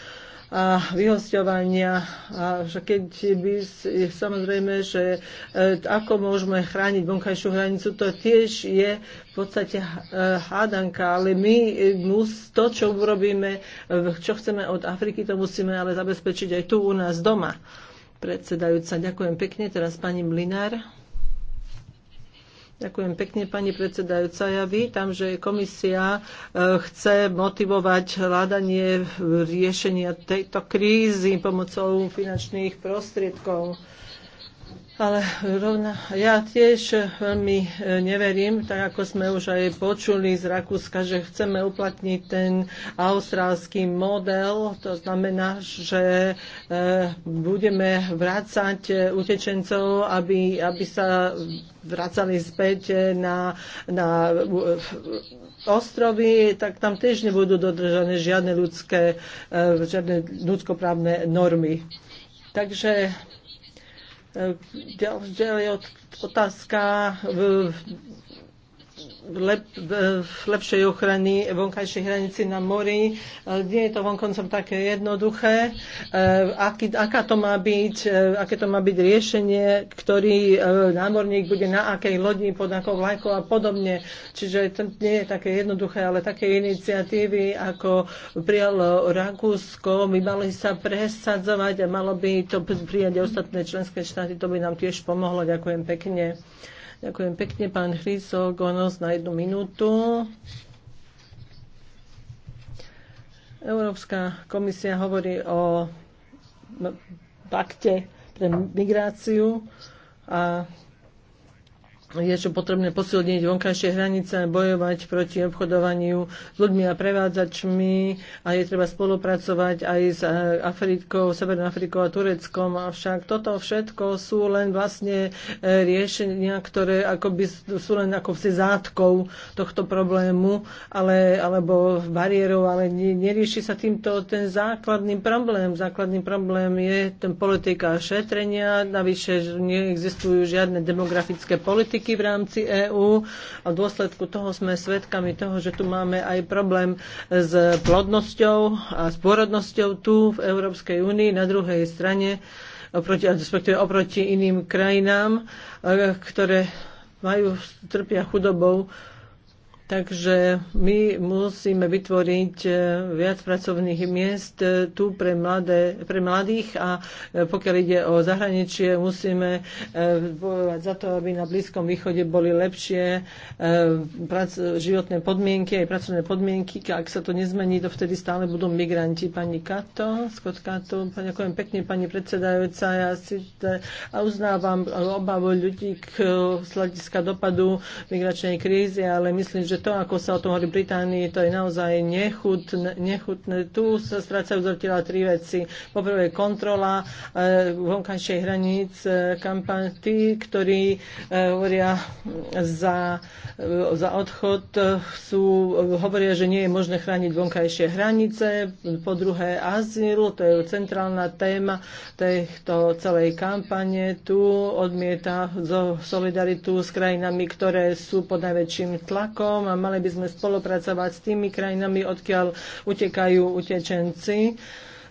[SPEAKER 6] a vyhosťovania. A keď by, samozrejme, že e, ako môžeme chrániť vonkajšiu hranicu, to tiež je v podstate e, hádanka, ale my e, mus, to, čo urobíme, čo chceme od Afriky, to musíme ale zabezpečiť aj tu u nás doma. Predsedajúca, ďakujem pekne. Teraz pani Mlinár. Ďakujem pekne, pani predsedajúca. Ja vítam, že komisia e, chce motivovať hľadanie riešenia tejto krízy pomocou finančných prostriedkov. Ale rovna, ja tiež veľmi e, neverím, tak ako sme už aj počuli z Rakúska, že chceme uplatniť ten austrálsky model. To znamená, že e, budeme vrácať e, utečencov, aby, aby sa vracali späť na, na ostrovy, tak tam tiež nebudú dodržané žiadne ľudské, žiadne ľudskoprávne normy. Takže E, ďalej otázka lep, lepšej ochrany vonkajšej hranici na mori. Nie je to vonkoncom také jednoduché. E, aký, aká to má byť, e, aké to má byť riešenie, ktorý e, námorník bude na akej lodi, pod akou vlajkou a podobne. Čiže to nie je také jednoduché, ale také iniciatívy, ako prijalo Rakúsko, my mali sa presadzovať a malo by to prijať ostatné členské štáty. To by nám tiež pomohlo. Ďakujem pekne. Ďakujem pekne, pán Chryso Gonos, na jednu minútu. Európska komisia hovorí o pakte pre migráciu a je, že potrebné posilniť vonkajšie hranice, bojovať proti obchodovaniu s ľuďmi a prevádzačmi a je treba spolupracovať aj s eh, Afrikou, Severnou Afrikou a Tureckom. Avšak toto všetko sú len vlastne eh, riešenia, ktoré akoby sú len ako si zátkou tohto problému ale, alebo bariérov, ale nerieši sa týmto ten základný problém. Základný problém je ten politika šetrenia, navyše neexistujú žiadne demografické politiky, politiky v rámci EÚ a v dôsledku toho sme svedkami toho, že tu máme aj problém s plodnosťou a s pôrodnosťou tu v Európskej únii. Na druhej strane oproti, respektíve oproti iným krajinám, e, ktoré majú, trpia chudobou, Takže my musíme vytvoriť e, viac pracovných miest e, tu pre, mladé, pre mladých a e, pokiaľ ide o zahraničie, musíme bojovať za to, aby na Blízkom východe boli lepšie životné podmienky aj pracovné podmienky. Ak sa to nezmení, to vtedy stále budú migranti. Pani Kato, Scott Kato, ďakujem pekne, pani predsedajúca. Ja si a uznávam obavu ľudí k sladiska dopadu migračnej krízy, ale myslím, že že to, ako sa o tom hovorí v Británii, to je naozaj nechutné. nechutné. Tu sa strácajú zrtila tri veci. Poprvé kontrola e, vonkajšej hraníc, e, eh, kampaň tí, ktorí e, hovoria za, e, za odchod, sú, hovoria, že nie je možné chrániť vonkajšie hranice. Po druhé azyl, to je centrálna téma tejto celej kampane. Tu odmieta zo solidaritu s krajinami, ktoré sú pod najväčším tlakom a mali by sme spolupracovať s tými krajinami, odkiaľ utekajú utečenci e,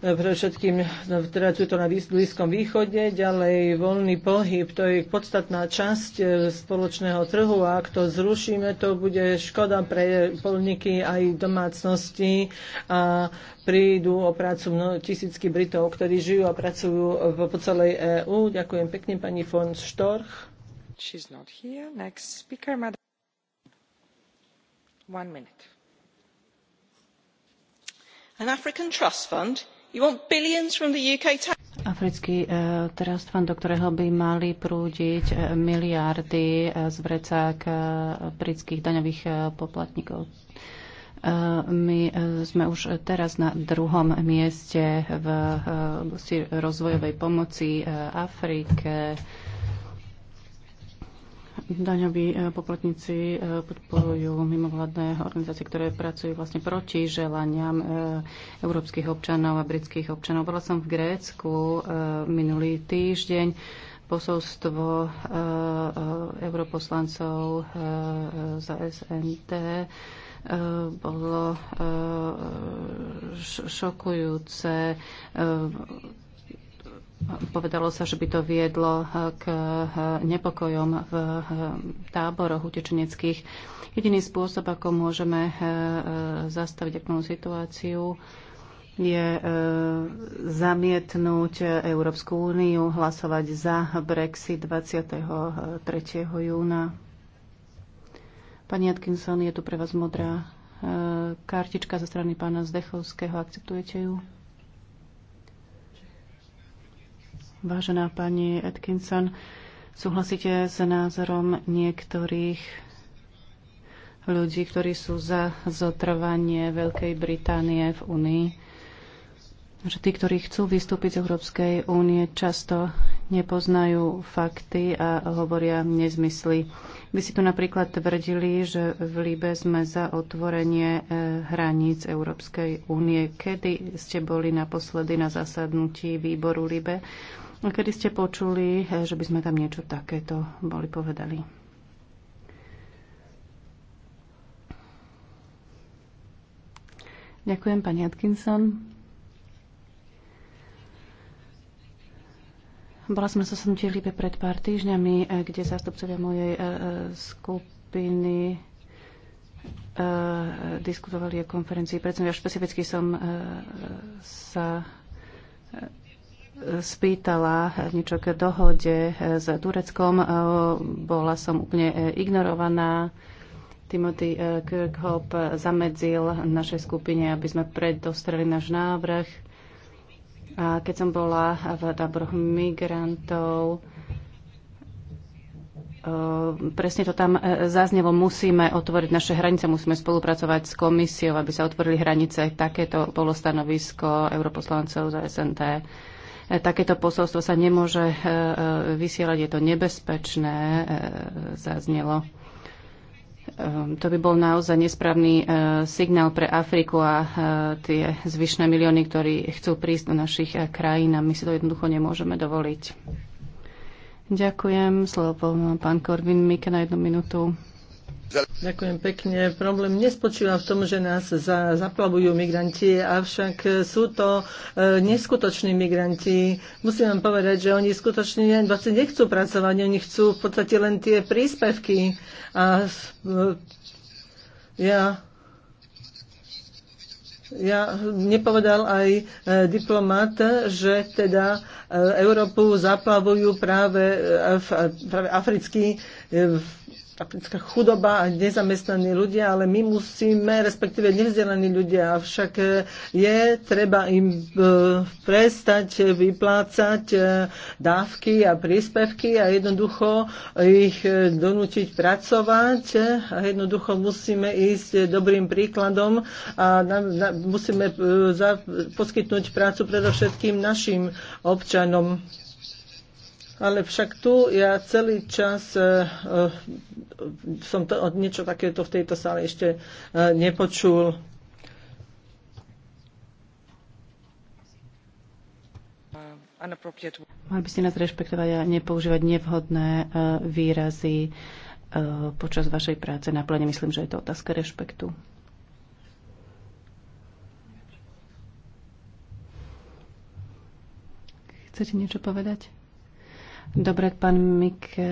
[SPEAKER 6] pre všetkým e, teda to na Blízkom východe, ďalej voľný pohyb, to je podstatná časť e, spoločného trhu a ak to zrušíme, to bude škoda pre polníky aj domácnosti a prídu o prácu mno, tisícky Britov, ktorí žijú a pracujú po celej EÚ. Ďakujem pekne pani von Storch. She's not here. Next speaker, madam one minute.
[SPEAKER 3] an african trust fund you want billions from the uk
[SPEAKER 7] tax Africký e, trust fund, do ktorého by mali prúdiť e, miliardy e, z vrecák britských daňových poplatníkov. My sme už teraz na druhom mieste v rozvojovej pomoci Afrike. Daňoví e, poplatníci e, podporujú mimovládne organizácie, ktoré pracujú vlastne proti želaniam e, európskych občanov a britských občanov. Bola som v Grécku minulý týždeň posolstvo europoslancov za SNT bolo šokujúce. Povedalo sa, že by to viedlo eh, k eh, nepokojom v eh, táboroch utečeneckých. Jediný spôsob, ako môžeme zastaviť aktuálnu situáciu, je zamietnúť Európsku úniu, hlasovať za Brexit 23. júna. Pani Atkinson, je tu pre vás modrá kartička zo strany pána Zdechovského. Akceptujete ju? Vážená pani Atkinson, súhlasíte s názorom niektorých ľudí, ktorí sú za zotrvanie Veľkej Británie v Únii, že tí, ktorí chcú vystúpiť z Európskej únie, často nepoznajú fakty a hovoria nezmysly. Vy si tu napríklad tvrdili, že v Líbe sme za otvorenie e, hraníc Európskej únie. Kedy ste boli naposledy na zasadnutí výboru Líbe? Kedy ste počuli, eh, že by sme tam niečo takéto boli povedali? Ďakujem, pani Atkinson. Bola som sa som v pred pár týždňami, eh, kde zástupcovia mojej eh, skupiny diskutovali o konferencii. Predtým ja špecificky som sa spýtala niečo k dohode s Tureckom. E, bola som úplne e, ignorovaná. Timothy e, Kirkhope zamedzil našej skupine, aby sme predostreli náš návrh. A keď som bola v táboroch migrantov, presne to tam zaznelo, musíme otvoriť naše hranice, musíme spolupracovať s komisiou, aby sa otvorili hranice. Takéto bolo stanovisko europoslancov za SNT. E, takéto posolstvo sa nemôže e, e, vysielať, je to nebezpečné, zaznelo. Ehm, to by bol naozaj nesprávny signál pre Afriku a tie zvyšné milióny, ktorí chcú prísť do našich krajín a my si to jednoducho nemôžeme dovoliť. Ďakujem. Slovo pán Korvin Mike na jednu minútu.
[SPEAKER 6] Ďakujem pekne. Problém nespočíva v tom, že nás za, zaplavujú migranti, avšak sú to e, neskutoční migranti. Musím vám povedať, že oni skutočne vlastne nechcú pracovať, oni chcú v podstate len tie príspevky. A e, ja ja nepovedal aj e, diplomat, že teda e, Európu zaplavujú práve, e, práve africkí e, africká chudoba a nezamestnaní ľudia, ale my musíme, respektíve nevzdelaní ľudia, avšak e, je treba im e, prestať vyplácať e, dávky a príspevky a jednoducho ich donútiť pracovať a jednoducho musíme ísť dobrým príkladom a musíme poskytnúť prácu predovšetkým našim občanom. Ale však tu ja celý čas uh, uh, som to, od niečo takéto v tejto sále ešte uh, nepočul.
[SPEAKER 7] Mali by ste nás rešpektovať a nepoužívať nevhodné uh, výrazy uh, počas vašej práce na plene. Myslím, že je to otázka rešpektu. Chcete niečo povedať? Dobre, pán Mike, e,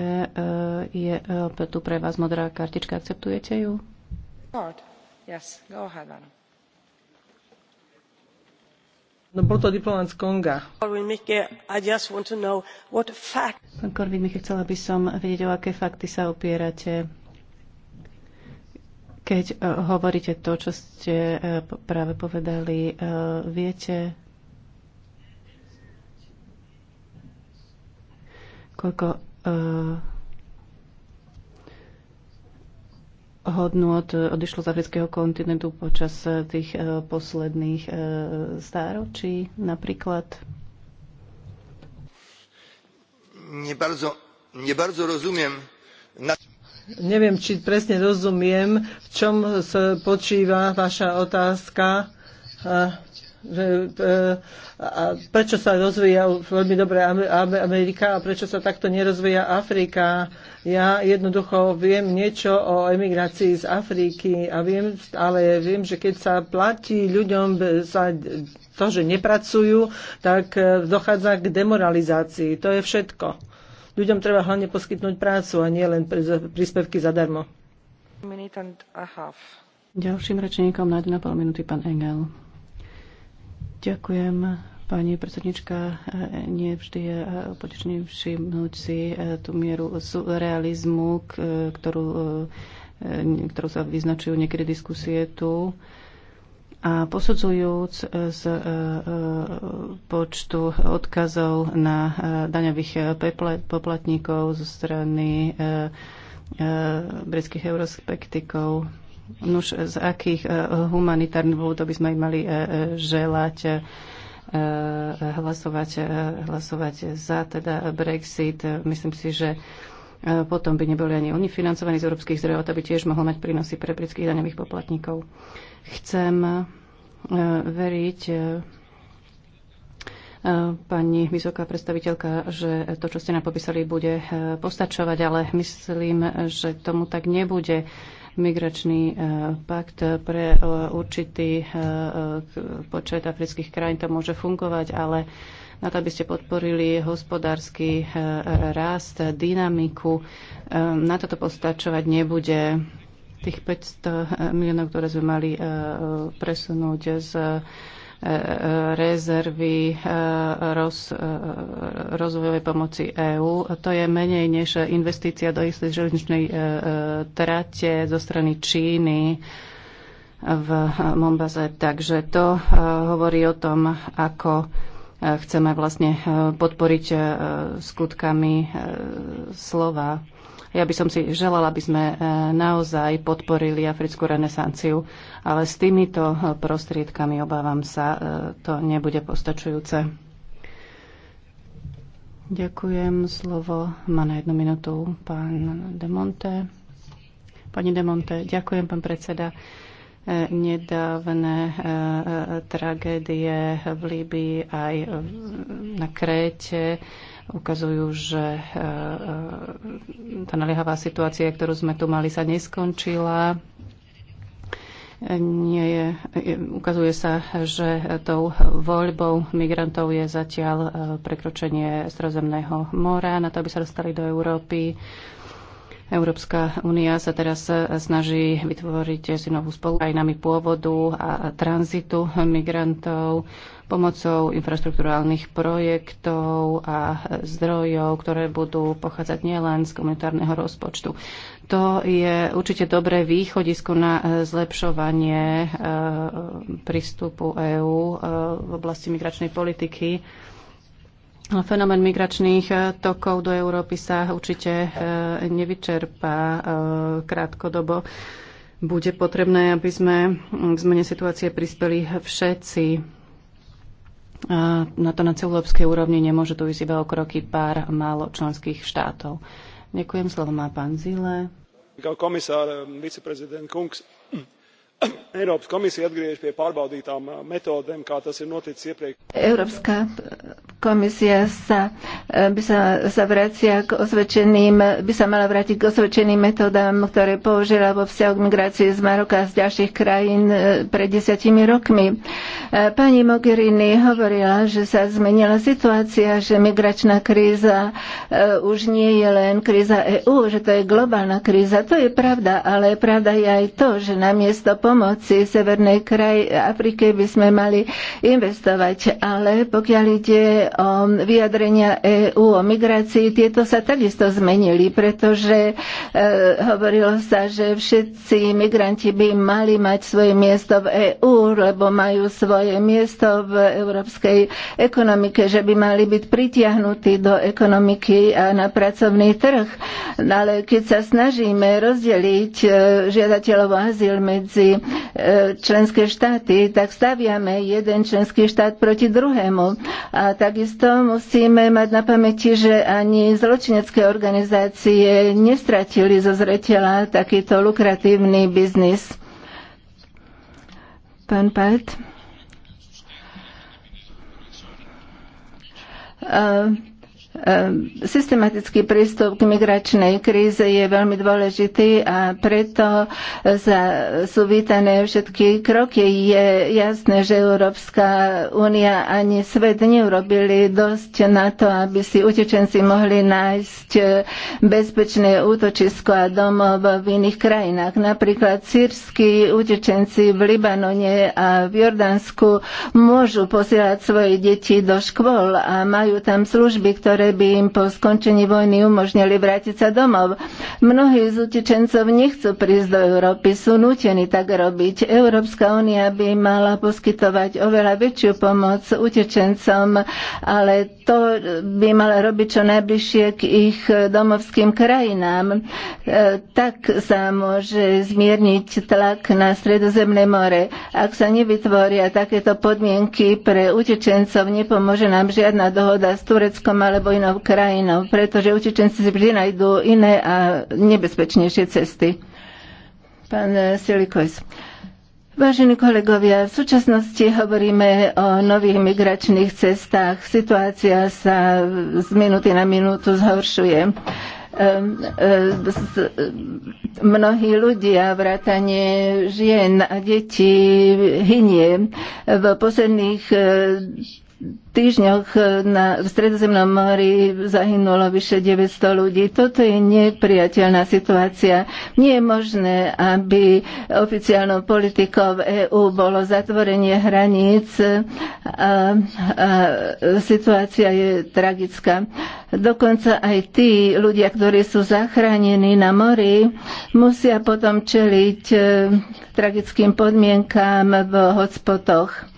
[SPEAKER 7] je e, tu pre vás modrá kartička. Akceptujete ju?
[SPEAKER 6] Yes, go ahead, madam. No, bol to diplomat z Konga. Pán
[SPEAKER 7] Korvin Mikke, chcela by som vedieť, o aké fakty sa opierate, keď e, hovoríte to, čo ste práve povedali. Viete, koľko eh, hodnot odišlo z afrického kontinentu počas eh, tých eh, posledných stáročí napríklad? Nebardzo, nebardzo rozumiem. Na... Neviem, či presne
[SPEAKER 6] rozumiem, v čom spočíva vaša otázka. E, a prečo sa rozvíja veľmi dobre Amerika a prečo sa takto nerozvíja Afrika. Ja jednoducho viem niečo o emigrácii z Afriky, a viem, ale viem, že keď sa platí ľuďom za to, že nepracujú, tak e, dochádza k demoralizácii. To je všetko. Ľuďom treba hlavne poskytnúť prácu a nie len príspevky zadarmo.
[SPEAKER 7] Ďalším rečníkom na pol minúty pán Engel. Ďakujem, pani predsednička. Nie vždy je eh, potečne všimnúť si eh, tú mieru realizmu, eh, ktorú, ktorú sa vyznačujú niekedy diskusie tu. A posudzujúc z počtu odkazov na daňových poplatníkov zo strany britských eurospektikov, Nuž, z akých e, humanitárnych dôvodov by sme im mali e, e, želať hlasovať, hlasovať za teda Brexit. Myslím si, že potom by neboli ani oni financovaní z európskych zdrojov, to by tiež mohlo mať prínosy pre britských daňových poplatníkov. Chcem veriť pani vysoká predstaviteľka, že to, čo ste nám popísali, bude postačovať, ale myslím, že tomu tak nebude migračný e, pakt pre e, určitý e, počet afrických krajín to môže fungovať, ale na to, aby ste podporili hospodársky rast, dynamiku, na toto postačovať nebude tých 500 miliónov, ktoré sme mali presunúť z rezervy e, roz, e, rozvojovej pomoci EÚ. To je menej než investícia do istej železničnej e, trate zo strany Číny v Mombaze. Takže to hovorí o tom, ako chceme vlastne podporiť skutkami slova ja by som si želala, aby sme e, naozaj podporili africkú renesanciu, ale s týmito e, prostriedkami, obávam sa, e, to nebude postačujúce. Ďakujem. Slovo má na jednu minútu pán Demonte. Pani Demonte, ďakujem, pán predseda nedávne tragédie v Líbii aj na Kréte ukazujú, že e, e, tá naliehavá situácia, ktorú sme tu mali, sa neskončila. Nie je, ukazuje sa, že tou voľbou migrantov je zatiaľ e, prekročenie Strozemného mora na to, aby sa dostali do Európy. Európska únia sa teraz snaží vytvoriť si novú spolu pôvodu a tranzitu migrantov pomocou infraštruktúrálnych projektov a zdrojov, ktoré budú pochádzať nielen z komunitárneho rozpočtu. To je určite dobré východisko na zlepšovanie eh, prístupu EÚ eh, v oblasti migračnej politiky. Fenomén migračných eh, tokov do Európy sa určite nevyčerpá krátkodobo. Bude potrebné, aby sme k zmene situácie prispeli všetci na to na celoeurópskej úrovni nemôže to ísť iba o kroky pár málo členských štátov. Ďakujem, slovo má pán Zile. Komisár, viceprezident Kungs, Eiropas komisija atgriežas pie pārbaudītām eh, metodēm, kā tas ir noticis iepriekš.
[SPEAKER 3] Európska komisia sa, eh, by sa, sa vracia k osvedčeným, by sa mala vrátiť k osvedčeným metodám, ktoré použila vo vzťahu k migrácii z Maroka z ďalších krajín eh, pred desiatimi rokmi. Pani Mogherini hovorila, že sa zmenila situácia, že migračná kríza už nie je len kríza EÚ, že to je globálna kríza. To je pravda, ale pravda je aj to, že namiesto pomoci pomoci Severnej kraj Afrike by sme mali investovať, ale pokiaľ ide o vyjadrenia EÚ o migrácii, tieto sa takisto zmenili, pretože e, hovorilo sa, že všetci migranti by mali mať svoje miesto v EÚ, lebo majú svoje miesto v európskej ekonomike, že by mali byť pritiahnutí do ekonomiky a na pracovný trh. Ale keď sa snažíme rozdeliť e, žiadateľov azyl medzi členské štáty, tak staviame jeden členský štát proti druhému. A takisto musíme mať na pamäti, že ani zločinecké organizácie nestratili zo zretela takýto lukratívny biznis. Pán Pát. Ehm, systematický prístup k migračnej kríze je veľmi dôležitý a preto sa eh, sú vítané všetky kroky. Je jasné, že Európska únia ani svet neurobili dosť na to, aby si utečenci mohli nájsť eh, bezpečné útočisko a domov v iných krajinách. Napríklad sírsky utečenci v Libanone a v Jordánsku môžu posielať svoje deti do škôl a majú tam služby, ktoré ktoré by im po skončení vojny umožnili vrátiť sa domov. Mnohí z utečencov nechcú prísť do Európy, sú nútení tak robiť. Európska únia by mala poskytovať oveľa väčšiu pomoc utečencom, ale to by mala robiť čo najbližšie k ich domovským krajinám. E, tak sa môže zmierniť tlak na Stredozemné more. Ak sa nevytvoria takéto podmienky pre utečencov, nepomôže nám žiadna dohoda s Tureckom alebo inou krajinou, pretože utečenci si vždy nájdú iné a nebezpečnejšie cesty. Pán Silikojs. Vážení kolegovia, v súčasnosti hovoríme o nových migračných cestách. Situácia sa z minúty na minútu zhoršuje ehm, ehm, mnohí ľudia, vrátanie žien a detí hynie. V posledných týždňoch e, na, v Stredozemnom mori zahynulo vyše 900 ľudí. Toto je nepriateľná situácia. Nie je možné, aby oficiálnou politikou EÚ bolo zatvorenie hraníc. A, a situácia je tragická. Dokonca aj tí ľudia, ktorí sú zachránení na mori, musia potom čeliť e, tragickým podmienkám v hotspotoch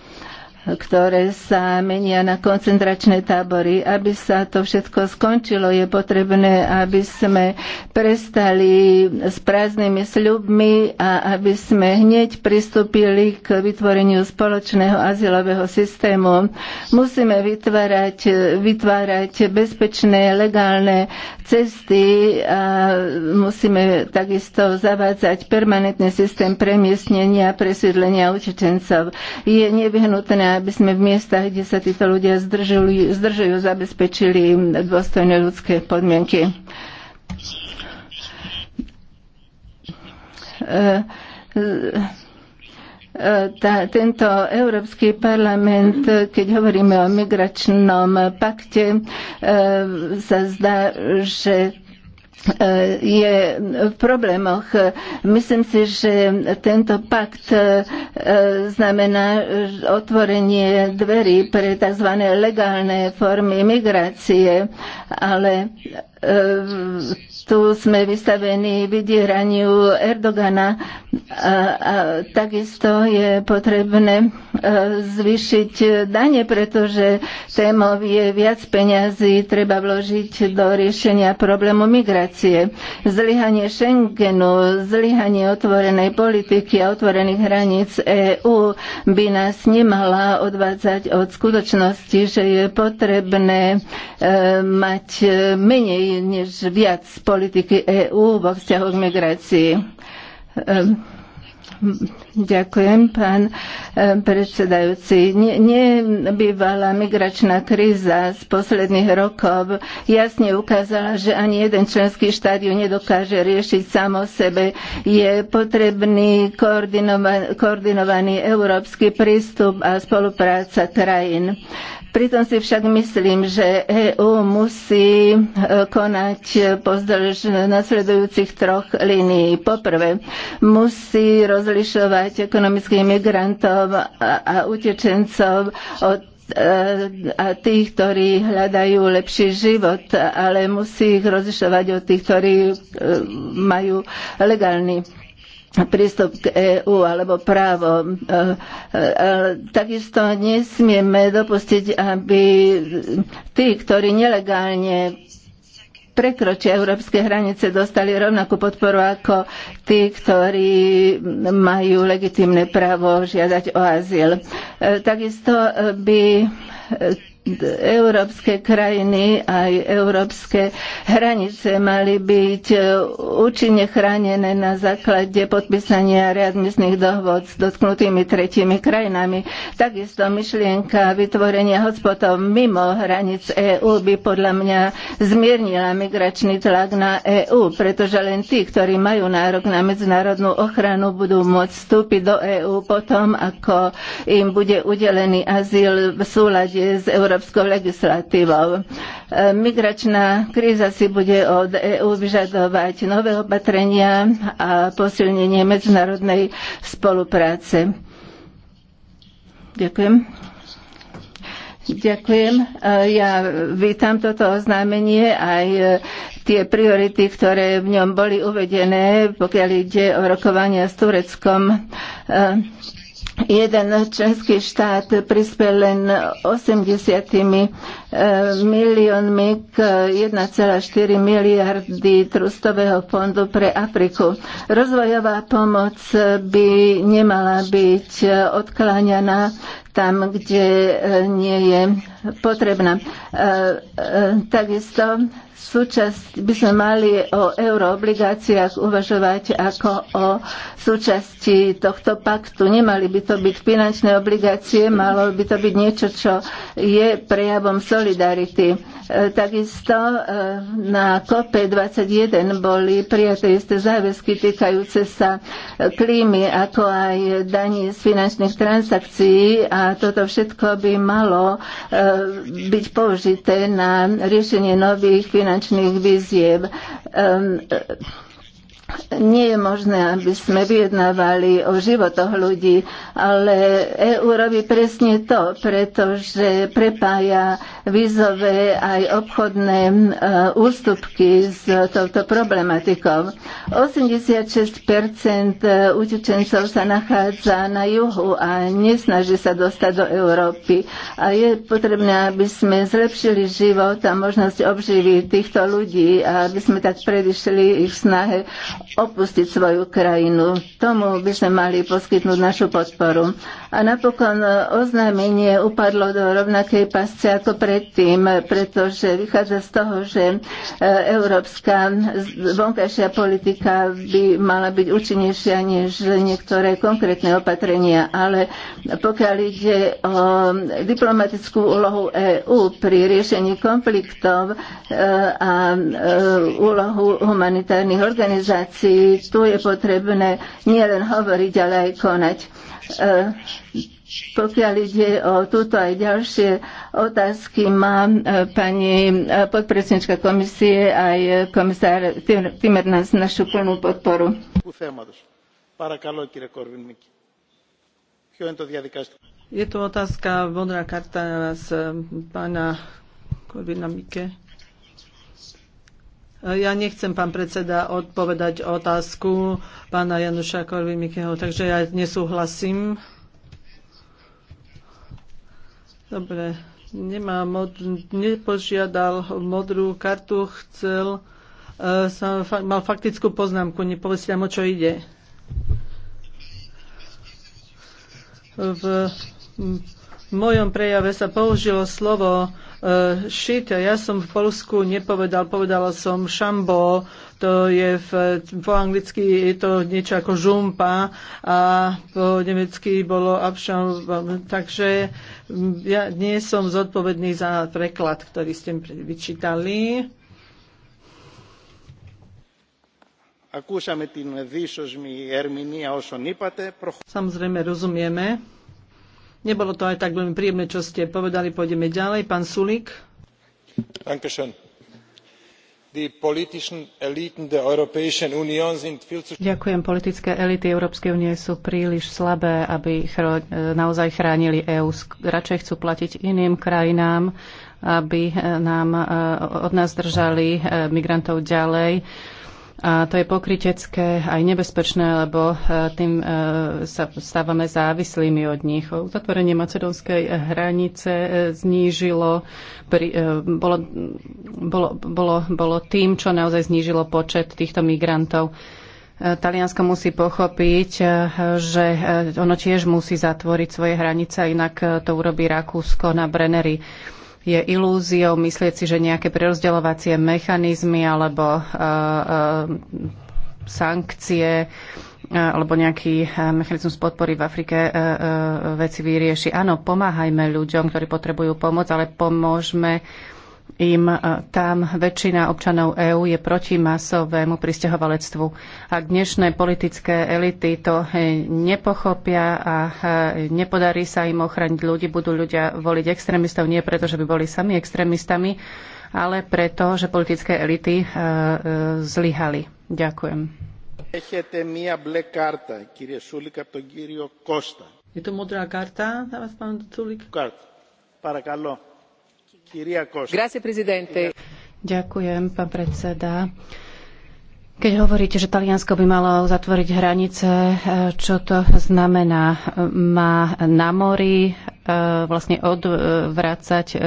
[SPEAKER 3] ktoré sa menia na koncentračné tábory. Aby sa to všetko skončilo, je potrebné, aby sme prestali s prázdnymi sľubmi a aby sme hneď pristúpili k vytvoreniu spoločného azylového systému. Musíme vytvárať, vytvárať bezpečné, legálne cesty a musíme takisto zavádzať permanentný systém premiestnenia a presídlenia utečencov. Je nevyhnutné, aby sme v miestach, kde sa títo ľudia zdržujú, zdržujú zabezpečili dôstojné ľudské podmienky. E, e, tá, tento Európsky parlament, keď hovoríme o migračnom pakte, e, sa zdá, že Eh, je v problémoch. Myslím si, že tento pakt eh, znamená otvorenie dverí pre tzv. legálne formy migrácie, ale Ehm, tu sme vystavení vydieraniu Erdogana a, a takisto je potrebné e, zvýšiť dane, pretože témov je viac peňazí, treba vložiť do riešenia problému migrácie. Zlyhanie Schengenu, zlyhanie otvorenej politiky a otvorených hraníc EÚ by nás nemala odvádzať od skutočnosti, že je potrebné e, mať menej menej než viac politiky EÚ vo vzťahu k migrácii. Ehm, ďakujem, pán ehm, predsedajúci. Nebývalá migračná kríza z posledných rokov jasne ukázala, že ani jeden členský štát ju nedokáže riešiť samo sebe. Je potrebný koordinovaný, koordinovaný európsky prístup a spolupráca krajín. Pritom si však myslím, že EÚ musí e, konať pozdĺž nasledujúcich troch línií. Poprvé, musí rozlišovať ekonomických migrantov a utečencov od e, a tých, ktorí hľadajú lepší život, ale musí ich rozlišovať od tých, ktorí e, majú legálny prístup k EÚ alebo právo. E, e, e, takisto nesmieme dopustiť, aby tí, ktorí nelegálne prekročia európske hranice, dostali rovnakú podporu ako tí, ktorí majú legitimné právo žiadať o azyl. Takisto by európske krajiny aj európske hranice mali byť e, účinne chránené na základe podpísania readmisných dohôd s dotknutými tretími krajinami. Takisto myšlienka vytvorenia hotspotov mimo hranic EÚ by podľa mňa zmiernila migračný tlak na EÚ, pretože len tí, ktorí majú nárok na medzinárodnú ochranu, budú môcť vstúpiť do EÚ potom, ako im bude udelený azyl v súlade s Európskym európskou legislatívou. E, migračná kríza si bude od EÚ vyžadovať nové opatrenia a posilnenie medzinárodnej spolupráce. Ďakujem. Ďakujem. E, ja vítam toto oznámenie aj e, tie priority, ktoré v ňom boli uvedené, pokiaľ ide o rokovania s Tureckom. Jeden členský štát prispel len 80 e, miliónmi k 1,4 miliardy trustového fondu pre Afriku. Rozvojová pomoc by nemala byť odkláňaná tam, kde e, nie je potrebná. E, e, takisto súčasť, by sme mali o euroobligáciách uvažovať ako o súčasti tohto paktu. Nemali by to byť finančné obligácie, malo by to byť niečo, čo je prejavom solidarity. Takisto na COP21 boli prijaté isté záväzky týkajúce sa klímy, ako aj daní z finančných transakcií a a toto všetko by malo e, byť použité na riešenie nových finančných výziev nie je možné, aby sme vyjednávali o životoch ľudí, ale EU robí presne to, pretože prepája vízové aj obchodné e, ústupky s touto problematikou. 86 e, utečencov sa nachádza na juhu a nesnaží sa dostať do Európy. A je potrebné, aby sme zlepšili život a možnosť obživy týchto ľudí a aby sme tak predišli ich snahe opustiť svoju krajinu. Tomu by sme mali poskytnúť našu podporu. A napokon e, oznámenie upadlo do rovnakej pasce ako predtým, pretože vychádza z toho, že e, európska vonkajšia politika by mala byť účinnejšia než niektoré konkrétne opatrenia. Ale pokiaľ ide o diplomatickú úlohu EÚ pri riešení konfliktov e, a úlohu humanitárnych organizácií, tu je potrebné nielen hovoriť, ale aj konať. Eh, pokiaľ ide o túto aj ďalšie otázky, má eh, pani eh, podpredsednička komisie aj komisár Timmermans našu plnú podporu.
[SPEAKER 5] Je to otázka
[SPEAKER 6] modrá karta na vás pána Korvina Mike. Ja nechcem, pán predseda, odpovedať otázku pána Januša Korvimikého, takže ja nesúhlasím. Dobre, nemá mod, nepožiadal modrú kartu, chcel, uh, sa, fa, mal faktickú poznámku, nepovedzte o čo ide. V, v mojom prejave sa použilo slovo Eh, shit, ja som v Polsku nepovedal, povedala som šambo, to je v, po anglicky je to niečo ako žumpa a po nemecky bolo abšam, takže mm, ja nie som zodpovedný za preklad, ktorý ste vyčítali. Samozrejme, rozumieme. Nebolo to aj tak veľmi príjemné, čo ste povedali. Pôjdeme ďalej. Pán Sulík.
[SPEAKER 7] Ďakujem. Politické elity Európskej únie sú príliš slabé, aby e, naozaj chránili EÚ. Radšej chcú platiť iným krajinám, aby e, nám e, od nás držali migrantov ďalej a to je pokrytecké aj nebezpečné, lebo e, tým e, sa stávame závislými od nich. Zatvorenie macedónskej hranice e, znížilo, bolo, bolo, bolo, bolo tým, čo naozaj znížilo počet týchto migrantov. Taliansko musí pochopiť, že ono tiež musí zatvoriť svoje hranice, inak to urobí Rakúsko na Brennery je ilúziou myslieť si, že nejaké prerozdeľovacie mechanizmy alebo e, e, sankcie e, alebo nejaký mechanizmus podpory v Afrike veci vyrieši. Áno, pomáhajme ľuďom, ktorí potrebujú pomoc, ale pomôžme im e, tam väčšina občanov EÚ je proti masovému pristahovalectvu. Ak dnešné politické elity to e, nepochopia a e, nepodarí sa im ochraniť ľudí, budú ľudia voliť extrémistov nie preto, že by boli sami extrémistami, ale preto, že politické elity zlyhali. Ďakujem.
[SPEAKER 5] Je to modrá karta na vás, pán Sulik? Karta. Parakalo.
[SPEAKER 7] Ďakujem, pán predseda. Keď hovoríte, že Taliansko by malo zatvoriť hranice, e, čo to znamená? Má na mori e, vlastne odvracať e,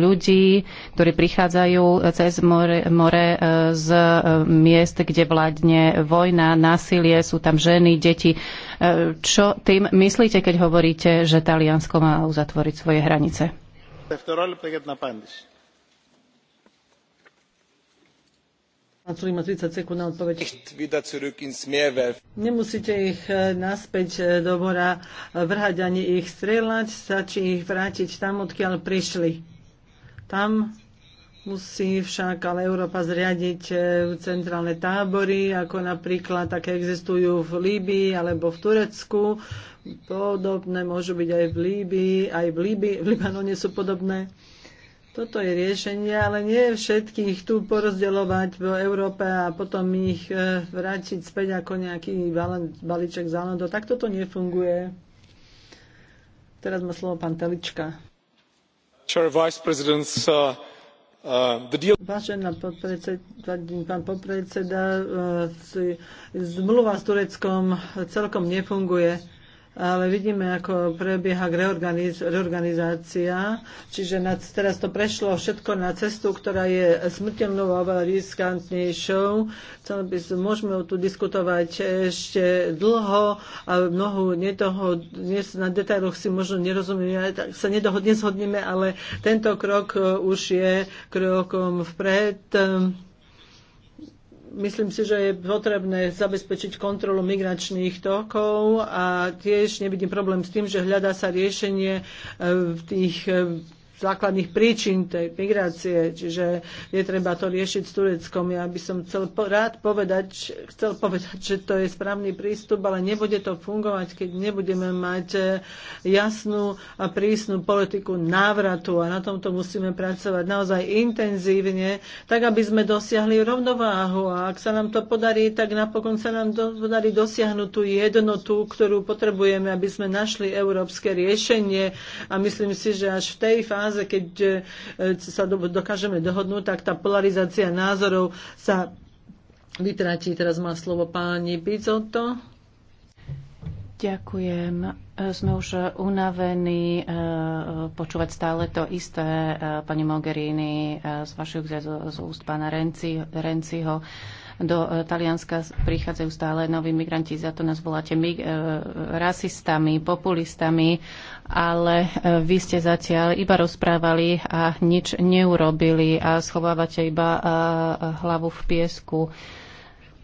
[SPEAKER 7] ľudí, ktorí prichádzajú cez more, more z miest, kde vládne vojna, násilie, sú tam ženy, deti. Čo tým myslíte, keď hovoríte, že Taliansko má uzatvoriť svoje
[SPEAKER 5] hranice?
[SPEAKER 6] Nemusíte ich e, naspäť e, do mora e, vrhať ani ich strieľať, stačí ich vrátiť tam, odkiaľ prišli. Tam musí však ale Európa zriadiť centrálne tábory, ako napríklad také existujú v Líbii alebo v Turecku, Podobné môžu byť aj v Líbii, aj v, Líbii, v Libanone sú podobné. Toto je riešenie, ale nie všetkých tu porozdeľovať v Európe a potom ich e, vrátiť späť ako nejaký balíček zálondo. Tak toto nefunguje. Teraz má slovo pán Telička.
[SPEAKER 3] Vice uh, uh
[SPEAKER 6] Vážená pán podpredseda, e, zmluva s Tureckom celkom nefunguje ale vidíme, ako prebieha reorganiz- reorganizácia, čiže na, teraz to prešlo všetko na cestu, ktorá je smrteľnou a oveľa riskantnejšou. by, môžeme tu diskutovať ešte dlho a mnoho netoho, dnes na detailoch si možno nerozumieme, tak sa nedohodne zhodneme, ale tento krok už je krokom vpred myslím si, že je potrebné zabezpečiť kontrolu migračných tokov a tiež nevidím problém s tým, že hľadá sa riešenie e, v tých e, základných príčin tej migrácie, čiže je treba to riešiť s Tureckom. Ja by som chcel po, rád povedať, chcel povedať, že to je správny prístup, ale nebude to fungovať, keď nebudeme mať e, jasnú a prísnu politiku návratu a na tomto musíme pracovať naozaj intenzívne, tak aby sme dosiahli rovnováhu a ak sa nám to podarí, tak napokon sa nám do, podarí dosiahnuť tú jednotu, ktorú potrebujeme, aby sme našli európske riešenie a myslím si, že až v tej fáze fáze, keď e, e, sa dokážeme dohodnúť, tak tá polarizácia názorov sa vytratí. Teraz má slovo páni Bizotto.
[SPEAKER 7] Ďakujem. E, sme už unavení počúvať stále to isté, pani Mogherini, z vašich z úst pána Renci, Renciho do e, Talianska prichádzajú stále noví migranti, za to nás voláte mig- e, rasistami, populistami, ale e, vy ste zatiaľ iba rozprávali a nič neurobili a schovávate iba hlavu v piesku.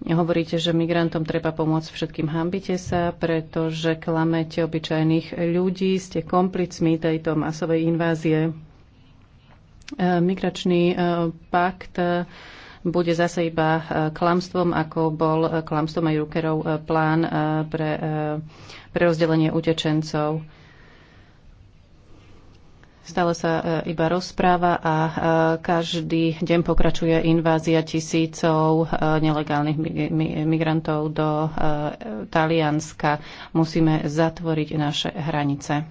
[SPEAKER 7] Hovoríte, že migrantom treba pomôcť všetkým. Hambite sa, pretože klamete obyčajných ľudí, ste komplicmi tejto masovej invázie. Migračný pakt bude zase iba e, klamstvom, ako bol e, klamstvom aj Junckerov e, plán pre, pre rozdelenie utečencov. Stále sa iba rozpráva a každý deň pokračuje invázia tisícov nelegálnych migrantov do Talianska. Musíme zatvoriť naše hranice.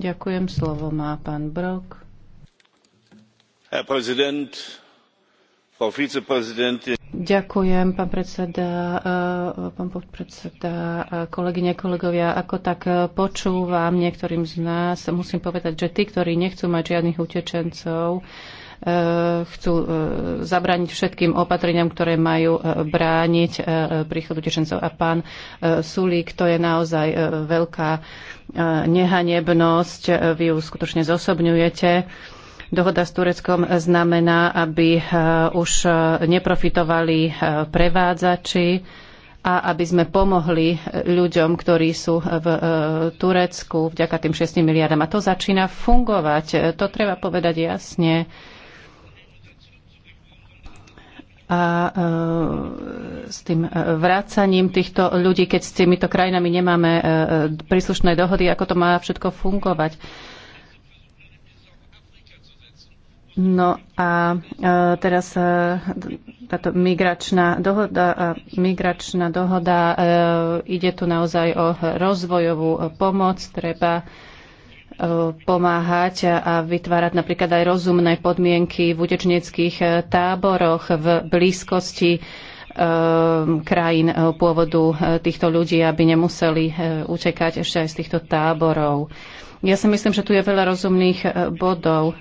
[SPEAKER 7] Ďakujem, slovo má pán Brok. Ďakujem, pán predseda, eh, pán podpredseda, eh, kolegyne, kolegovia. Ako tak eh, počúvam niektorým z nás, musím povedať, že tí, ktorí nechcú mať žiadnych utečencov, chcú zabrániť všetkým opatreniam, ktoré majú brániť príchod utečencov. A pán Sulík, to je naozaj veľká nehanebnosť. Vy ju skutočne zosobňujete Dohoda s Tureckom znamená, aby eh, už eh, neprofitovali eh, prevádzači a aby sme pomohli ľuďom, ktorí sú v Turecku vďaka tým 6 miliardám. A to začína fungovať. To treba povedať jasne. A s tým vrácaním týchto ľudí, keď s týmito krajinami nemáme príslušné dohody, ako to má všetko fungovať. No a e, teraz e, táto migračná dohoda, uh, migračná dohoda ide tu naozaj o rozvojovú pomoc. Treba pomáhať a vytvárať napríklad aj rozumné podmienky v utečneckých táboroch v blízkosti krajín pôvodu týchto ľudí, aby nemuseli utekať ešte aj z týchto táborov. Ja si myslím, že tu je veľa rozumných bodov.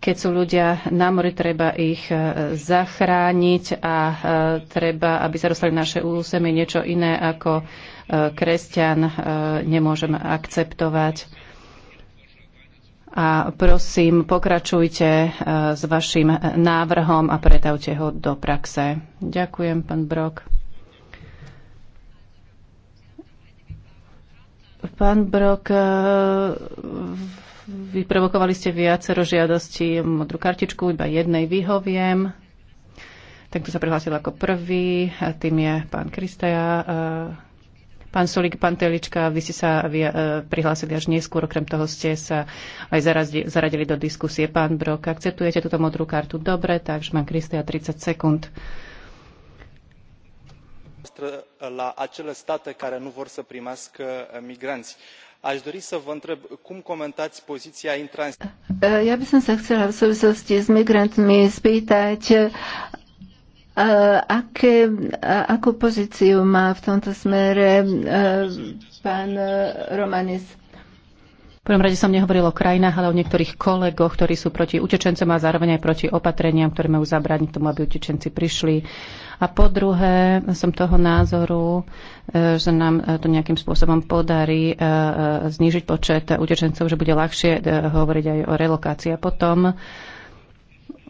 [SPEAKER 7] Keď sú ľudia na mori, treba ich e, zachrániť a e, treba, aby sa dostali naše územie niečo iné ako e, kresťan nemôžeme akceptovať. A prosím, pokračujte s vašim návrhom a pretavte ho do praxe. Ďakujem, pán Brok. Pán Brok, Vyprovokovali ste viacero žiadostí, modrú kartičku, iba jednej vyhoviem. Tak to sa prihlásil ako prvý, a tým je pán Kristaja. Pán Solík, pán Telička, vy ste sa e, prihlásili až neskôr, okrem toho ste sa aj zaradili do diskusie. Pán Brok, akceptujete túto modrú kartu? Dobre, takže mám Kristaja 30 sekúnd
[SPEAKER 5] la acele state care nu
[SPEAKER 6] vor să primească e, migranți. Aș dori să vă întreb cum komentați poziția
[SPEAKER 3] intrans... Eh, ja by som sa chcela v súvislosti s migrantmi spýtať, eh, aké, akú pozíciu má v tomto smere eh, pán Romanis?
[SPEAKER 7] V prvom rade som nehovoril o krajinách, ale o niektorých kolegoch, ktorí sú proti utečencom a zároveň aj proti opatreniam, ktoré majú zabrániť tomu, aby utečenci prišli a po druhé, som toho názoru, e, že nám e, to nejakým spôsobom podarí e, znížiť počet utečencov, že bude ľahšie hovoriť aj o relokácii. A potom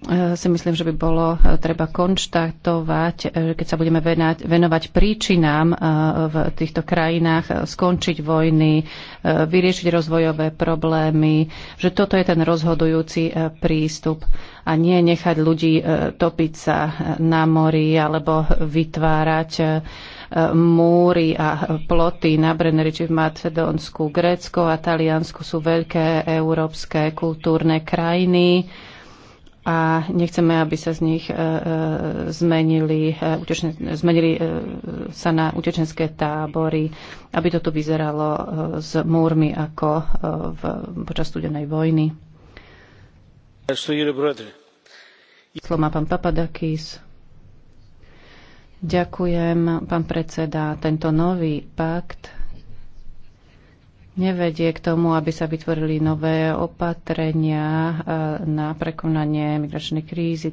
[SPEAKER 7] Eh, si myslím, že by bolo eh, treba konštatovať, eh, keď sa budeme venovať príčinám v týchto krajinách, skončiť vojny, vyriešiť rozvojové problémy, že toto je ten rozhodujúci prístup a nie nechať ľudí topiť sa na mori alebo vytvárať múry a ploty na Brenneri, či v Macedónsku, Grécko a Taliansku sú veľké európske kultúrne krajiny a nechceme, aby sa z nich e, e, zmenili, e, zmenili sa na utečenské tábory, aby toto vyzeralo s múrmi ako v, počas studenej vojny.
[SPEAKER 5] Slovo
[SPEAKER 7] pán Papadakis. Ďakujem, pán predseda. Tento nový pakt nevedie k tomu, aby sa vytvorili nové opatrenia e, na prekonanie migračnej krízy.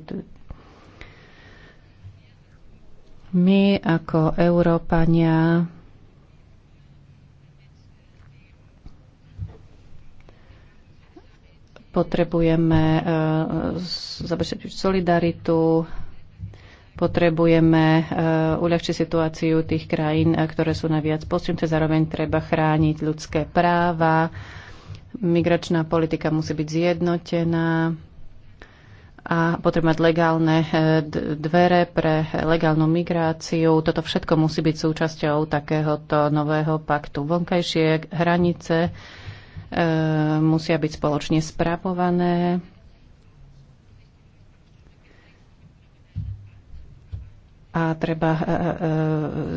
[SPEAKER 7] My ako Európania potrebujeme e, zabezpečiť solidaritu Potrebujeme e, uľahčiť situáciu tých krajín, e, ktoré sú najviac postihnuté. Zároveň treba chrániť ľudské práva. Migračná politika musí byť zjednotená a potrebovať legálne e, dvere pre legálnu migráciu. Toto všetko musí byť súčasťou takéhoto nového paktu. Vonkajšie hranice e, musia byť spoločne spravované a treba e, e,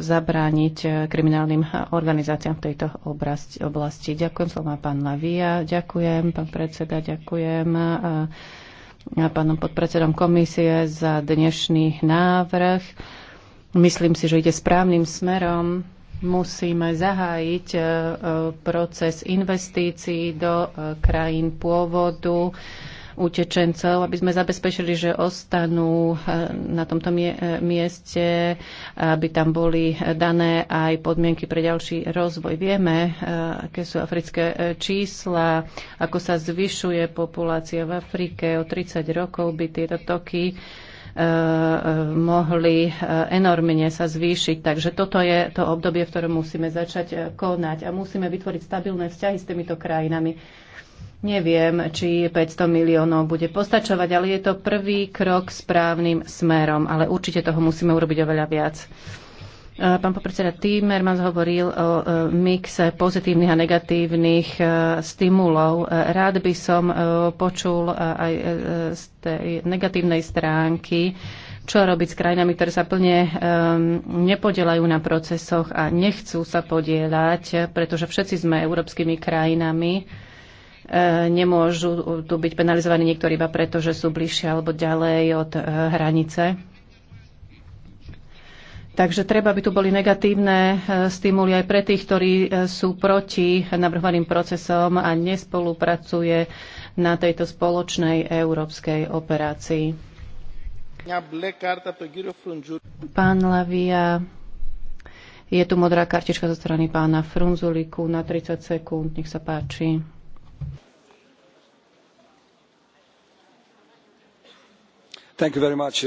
[SPEAKER 7] zabrániť e, kriminálnym organizáciám v tejto oblasti. Ďakujem slova pán Lavia, ďakujem pán predseda, ďakujem a pánom podpredsedom komisie za dnešný návrh. Myslím si, že ide správnym smerom. Musíme zahájiť proces investícií do krajín pôvodu utečencov, aby sme zabezpečili, že ostanú eh, na tomto eh, mieste, aby tam boli eh, dané aj podmienky pre ďalší rozvoj. Vieme, aké sú africké čísla, ako sa zvyšuje populácia v Afrike. O 30 rokov by tieto toky mohli enormne sa zvýšiť. Takže toto je to obdobie, v ktorom musíme začať konať a musíme vytvoriť stabilné vzťahy s týmito krajinami Neviem, či 500 miliónov bude postačovať, ale je to prvý krok správnym smerom. Ale určite toho musíme urobiť oveľa viac. E, pán popredseda Týmermans hovoril o e, mixe pozitívnych a negatívnych e, stimulov. Rád by som počul aj z tej negatívnej stránky, čo robiť s krajinami, ktoré sa plne nepodelajú na procesoch a nechcú sa podieľať, pretože všetci sme európskymi krajinami E, nemôžu tu byť penalizovaní niektorí iba preto, že sú bližšie alebo ďalej od e, hranice. Takže treba aby tu boli negatívne e, stimuly aj pre tých, ktorí sú proti navrhovaným procesom a nespolupracuje na tejto spoločnej európskej operácii. Pán Lavia, je tu modrá kartička zo strany pána Frunzuliku na 30 sekúnd. Nech sa páči.
[SPEAKER 4] Uh,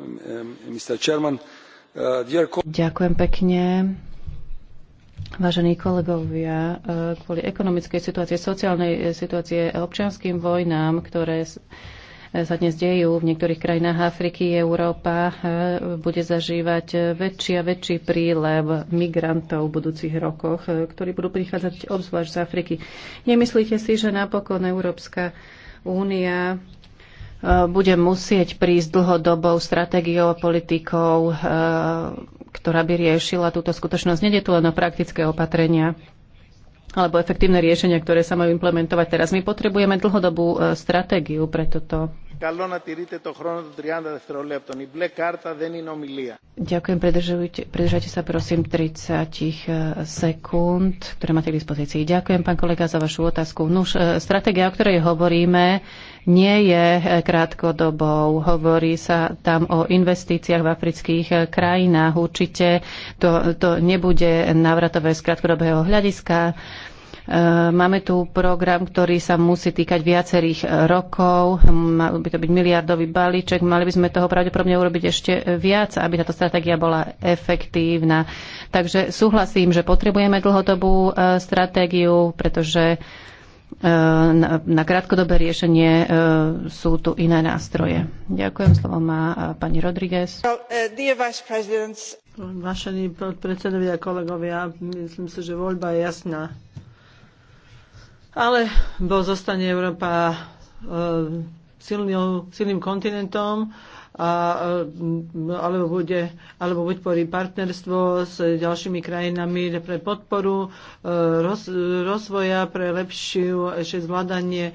[SPEAKER 4] um, uh,
[SPEAKER 7] Ďakujem pekne. Vážení kolegovia, uh, kvôli ekonomickej situácie, sociálnej eh, situácie, občianským vojnám, ktoré eh, sa dnes dejú v niektorých krajinách Afriky, Európa eh, bude zažívať väčší a väčší prílev migrantov v budúcich rokoch, ktorí budú prichádzať obzvlášť z Afriky. Nemyslíte si, že napokon Európska únia Eh, bude musieť prísť dlhodobou stratégiou a politikou, eh, ktorá by riešila túto skutočnosť. Nede tu len o praktické opatrenia alebo efektívne riešenia, ktoré sa majú implementovať teraz. My potrebujeme dlhodobú eh, stratégiu pre toto. Ďakujem, predržajte sa prosím 30 sekúnd, ktoré máte k dispozícii. Ďakujem, pán kolega, za vašu otázku. Nuž, stratégia, o ktorej hovoríme, nie je eh, krátkodobou. Hovorí sa tam o investíciách v afrických eh, krajinách. Určite to, to nebude návratové z krátkodobého hľadiska. Eh, máme tu program, ktorý sa musí týkať viacerých rokov. Mal by to byť miliardový balíček. Mali by sme toho pravdepodobne urobiť ešte viac, aby táto stratégia bola efektívna. Takže súhlasím, že potrebujeme dlhodobú stratégiu, pretože E, na, krátkodobé riešenie e, sú tu iné nástroje. Ďakujem, slovo má e, pani Rodriguez.
[SPEAKER 6] Vášení predsedovia kolegovia, myslím si, že voľba je jasná. Ale bo zostane Európa silným, silným kontinentom, a, e, alebo, bude, alebo vytvorí partnerstvo s ďalšími krajinami pre podporu e, roz, rozvoja, pre lepšiu ešte zvládanie e,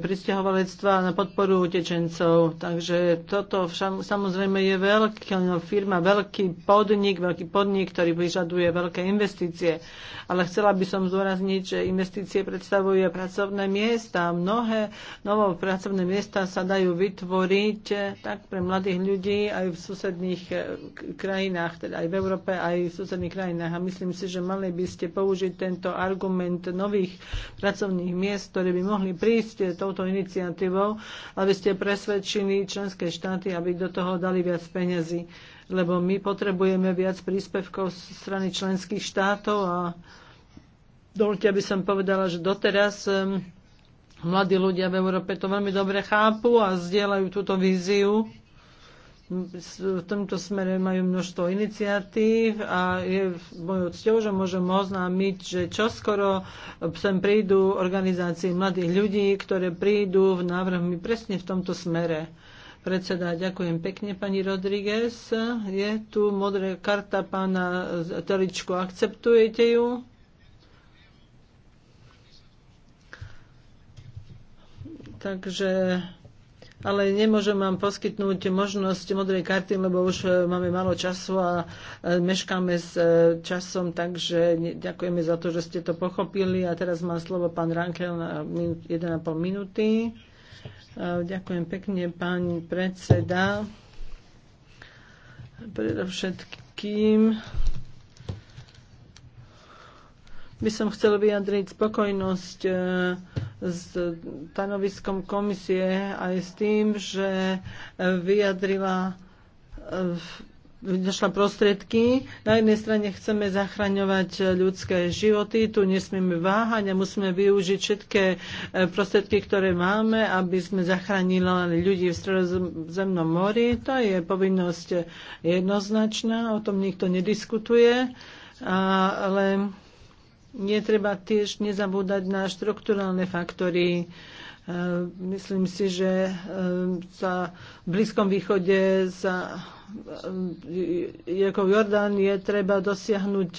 [SPEAKER 6] pristahovalectva na podporu utečencov. Takže toto všam, samozrejme je veľká firma, veľký podnik, veľký podnik, ktorý vyžaduje veľké investície. Ale chcela by som zdôrazniť, že investície predstavujú pracovné miesta. Mnohé nové pracovné miesta sa dajú vytvoriť tak pre mladých mladých ľudí aj v susedných eh, krajinách, teda aj v Európe, aj v susedných krajinách. A myslím si, že mali by ste použiť tento argument nových pracovných miest, ktoré by mohli prísť eh, touto iniciatívou, aby ste presvedčili členské štáty, aby do toho dali viac peňazí. Lebo my potrebujeme viac príspevkov z strany členských štátov a dovolte, aby som povedala, že doteraz ehm, mladí ľudia v Európe to veľmi dobre chápu a zdieľajú túto víziu v tomto smere majú množstvo iniciatív a je mojou cťou, že môžem oznámiť, že čoskoro sem prídu organizácie mladých ľudí, ktoré prídu v návrhmi presne v tomto smere. Predseda, ďakujem pekne, pani Rodriguez. Je tu modrá karta pána Teličku. Akceptujete ju? Takže ale nemôžem vám poskytnúť možnosť modrej karty, lebo už e, máme málo času a e, meškáme s e, časom, takže ďakujeme za to, že ste to pochopili. A teraz má slovo pán Rankel na 1,5 minúty. Ďakujem pekne, pán predseda. Predovšetkým by som chcel vyjadriť spokojnosť e, s stanoviskom komisie aj s tým, že e, vyjadrila e, našla prostriedky. Na jednej strane chceme zachraňovať ľudské životy, tu nesmieme váhať a musíme využiť všetké prostriedky, ktoré máme, aby sme zachránili ľudí v stredozemnom mori. To je povinnosť jednoznačná, o tom nikto nediskutuje, ale netreba tiež nezabúdať na štrukturálne faktory. E, myslím si, že sa e, v Blízkom východe sa ako e, v Jordán je treba dosiahnuť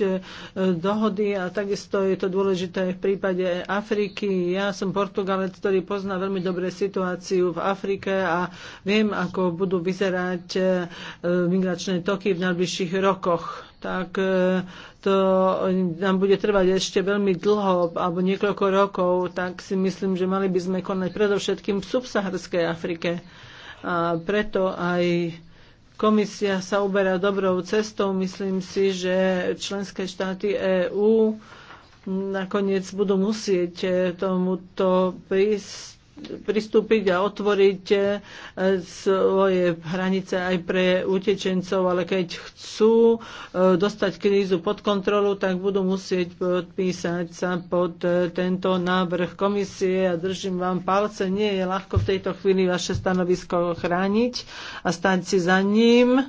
[SPEAKER 6] dohody a takisto je to dôležité aj v prípade Afriky. Ja som Portugalec, ktorý pozná veľmi dobre situáciu v Afrike a viem, ako budú vyzerať migračné toky v najbližších rokoch tak e, to nám bude trvať ešte veľmi dlho, alebo niekoľko rokov, tak si myslím, že mali by sme konať predovšetkým v subsaharskej Afrike. A preto aj komisia sa uberá dobrou cestou. Myslím si, že členské štáty EÚ nakoniec budú musieť e, tomuto prísť pristúpiť a otvoriť e, svoje hranice aj pre utečencov, ale keď chcú e, dostať krízu pod kontrolu, tak budú musieť podpísať sa pod e, tento návrh komisie a držím vám palce. Nie je ľahko v tejto chvíli vaše stanovisko chrániť a stať si za ním.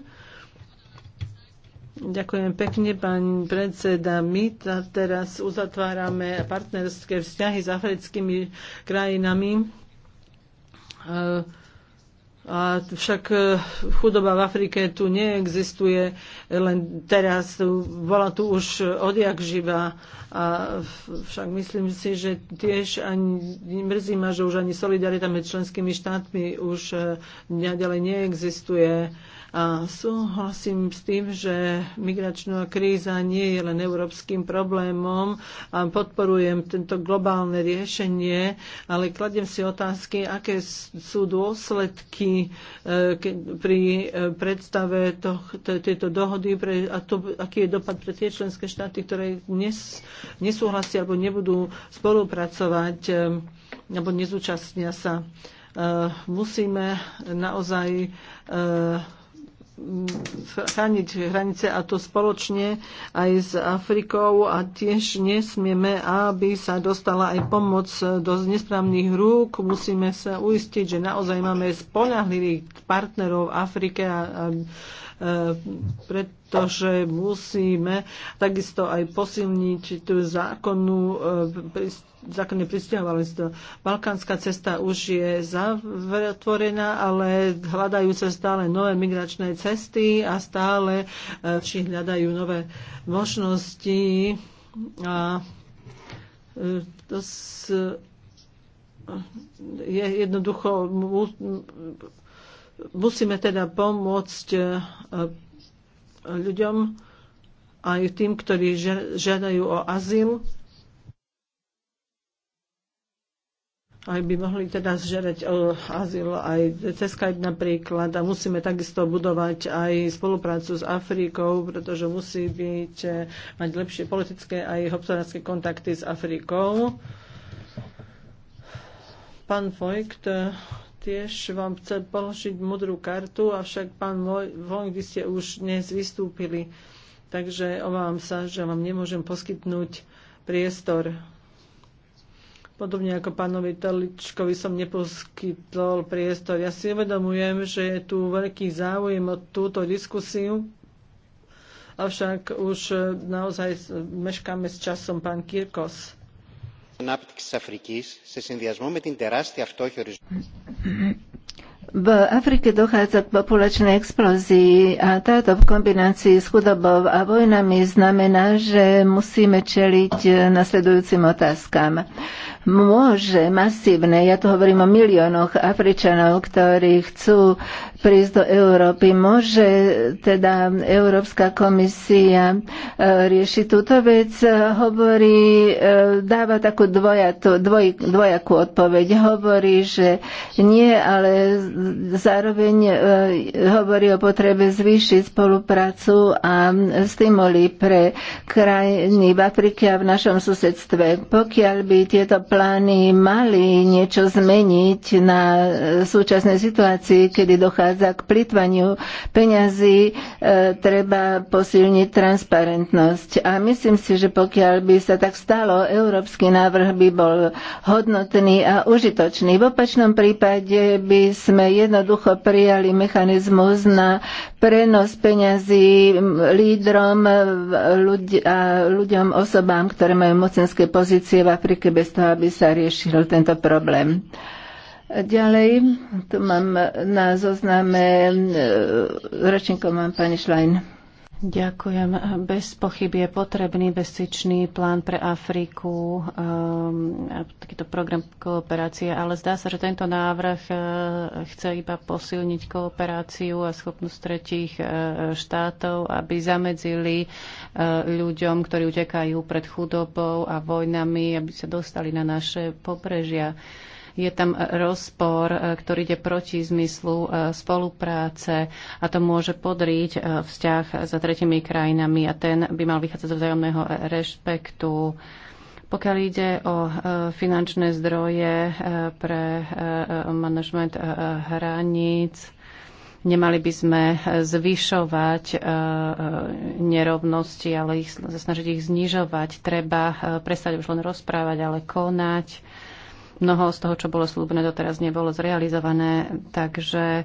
[SPEAKER 6] Ďakujem pekne, pán predseda. My teraz uzatvárame partnerské vzťahy s africkými krajinami. A však e, chudoba v Afrike tu neexistuje, len teraz bola tu už odjak živá. A však myslím si, že tiež ani mrzí ma, že už ani solidarita med členskými štátmi už e, ďalej neexistuje. A súhlasím s tým, že migračná kríza nie je len európskym problémom a podporujem tento globálne riešenie, ale kladem si otázky, aké sú dôsledky e, pri e, predstave tejto dohody pre, a to, aký je dopad pre tie členské štáty, ktoré nes, nesúhlasia alebo nebudú spolupracovať e, alebo nezúčastnia sa. Musíme naozaj chrániť hranice a to spoločne aj s Afrikou a tiež nesmieme, aby sa dostala aj pomoc do nesprávnych rúk. Musíme sa uistiť, že naozaj máme spolahlivých partnerov v Afrike a, a e, pretože musíme takisto aj posilniť tú zákonnú e, zákony to. Balkánska cesta už je zatvorená, ale hľadajú sa stále nové migračné cesty a stále e, vši hľadajú nové možnosti. A e, to s, je jednoducho, musíme teda pomôcť e, ľuďom, aj tým, ktorí žiadajú o azyl, aj by mohli teda zžereť o eh, azyl aj cez Skype napríklad a musíme takisto budovať aj spoluprácu s Afrikou, pretože musí byť, eh, mať lepšie politické aj hospodárske kontakty s Afrikou. Pán Vojkt eh, tiež vám chce položiť modrú kartu, avšak pán Vojkt, vy ste už dnes vystúpili, takže obávam sa, že vám nemôžem poskytnúť priestor Podobne ako pánovi Taličkovi som neposkytol priestor. Ja si uvedomujem, že je tu veľký záujem o túto diskusiu, avšak už naozaj meškáme s časom,
[SPEAKER 5] pán Kirkos. Ανάπτυξης της σε συνδυασμό με την τεράστια φτώχεια
[SPEAKER 3] v Afrike dochádza k populačnej explózii a táto v kombinácii s chudobou a vojnami znamená, že musíme čeliť nasledujúcim otázkam. Môže masívne, ja tu hovorím o miliónoch Afričanov, ktorí chcú prísť do Európy, môže teda Európska komisia e, riešiť túto vec, hovorí, e, dáva takú dvojatú, dvoj, dvojakú odpoveď, hovorí, že nie, ale zároveň e, hovorí o potrebe zvýšiť spoluprácu a stimuli pre krajiny v Afrike a v našom susedstve. Pokiaľ by tieto plány mali niečo zmeniť na súčasnej situácii, kedy dochádza k plitvaniu peňazí, e, treba posilniť transparentnosť. A myslím si, že pokiaľ by sa tak stalo, európsky návrh by bol hodnotný a užitočný. V opačnom prípade by sme jednoducho prijali mechanizmus na prenos peňazí lídrom ľudí a ľuďom, osobám, ktoré majú mocenské pozície v Afrike bez toho, aby sa riešil tento problém. Ďalej, tu mám na zozname, e, ročníko mám pani Šlajn. Ďakujem. Bez pochyby je potrebný investičný plán
[SPEAKER 7] pre Afriku, ehm, takýto program kooperácie, ale zdá sa, že tento návrh eh, chce iba posilniť kooperáciu a schopnosť tretích eh, štátov, aby zamedzili eh, ľuďom, ktorí utekajú pred chudobou a vojnami, aby sa dostali na naše pobrežia je tam rozpor, e, ktorý ide proti zmyslu e, spolupráce a to môže podriť e, vzťah za tretimi krajinami a ten by mal vychádzať zo vzájomného rešpektu. Pokiaľ ide o finančné zdroje pre manažment hraníc, nemali by sme zvyšovať nerovnosti, ale ich, snažiť ich znižovať. Treba prestať už len rozprávať, ale konať Mnoho z toho, čo bolo slúbené doteraz, nebolo zrealizované, takže e,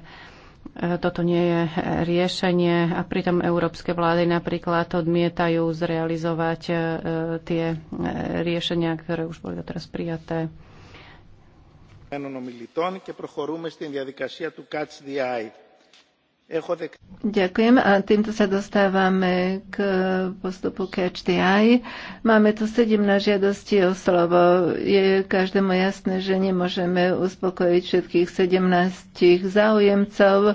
[SPEAKER 7] toto nie je e, riešenie a pritom európske vlády napríklad odmietajú zrealizovať e, tie riešenia, ktoré už boli doteraz prijaté.
[SPEAKER 5] Ομιλητών και προχωρούμε στην διαδικασία του
[SPEAKER 3] Ďakujem a týmto sa dostávame k postupu Catch the Eye. Máme tu 17 žiadostí o slovo. Je každému jasné, že nemôžeme uspokojiť všetkých 17 záujemcov. E,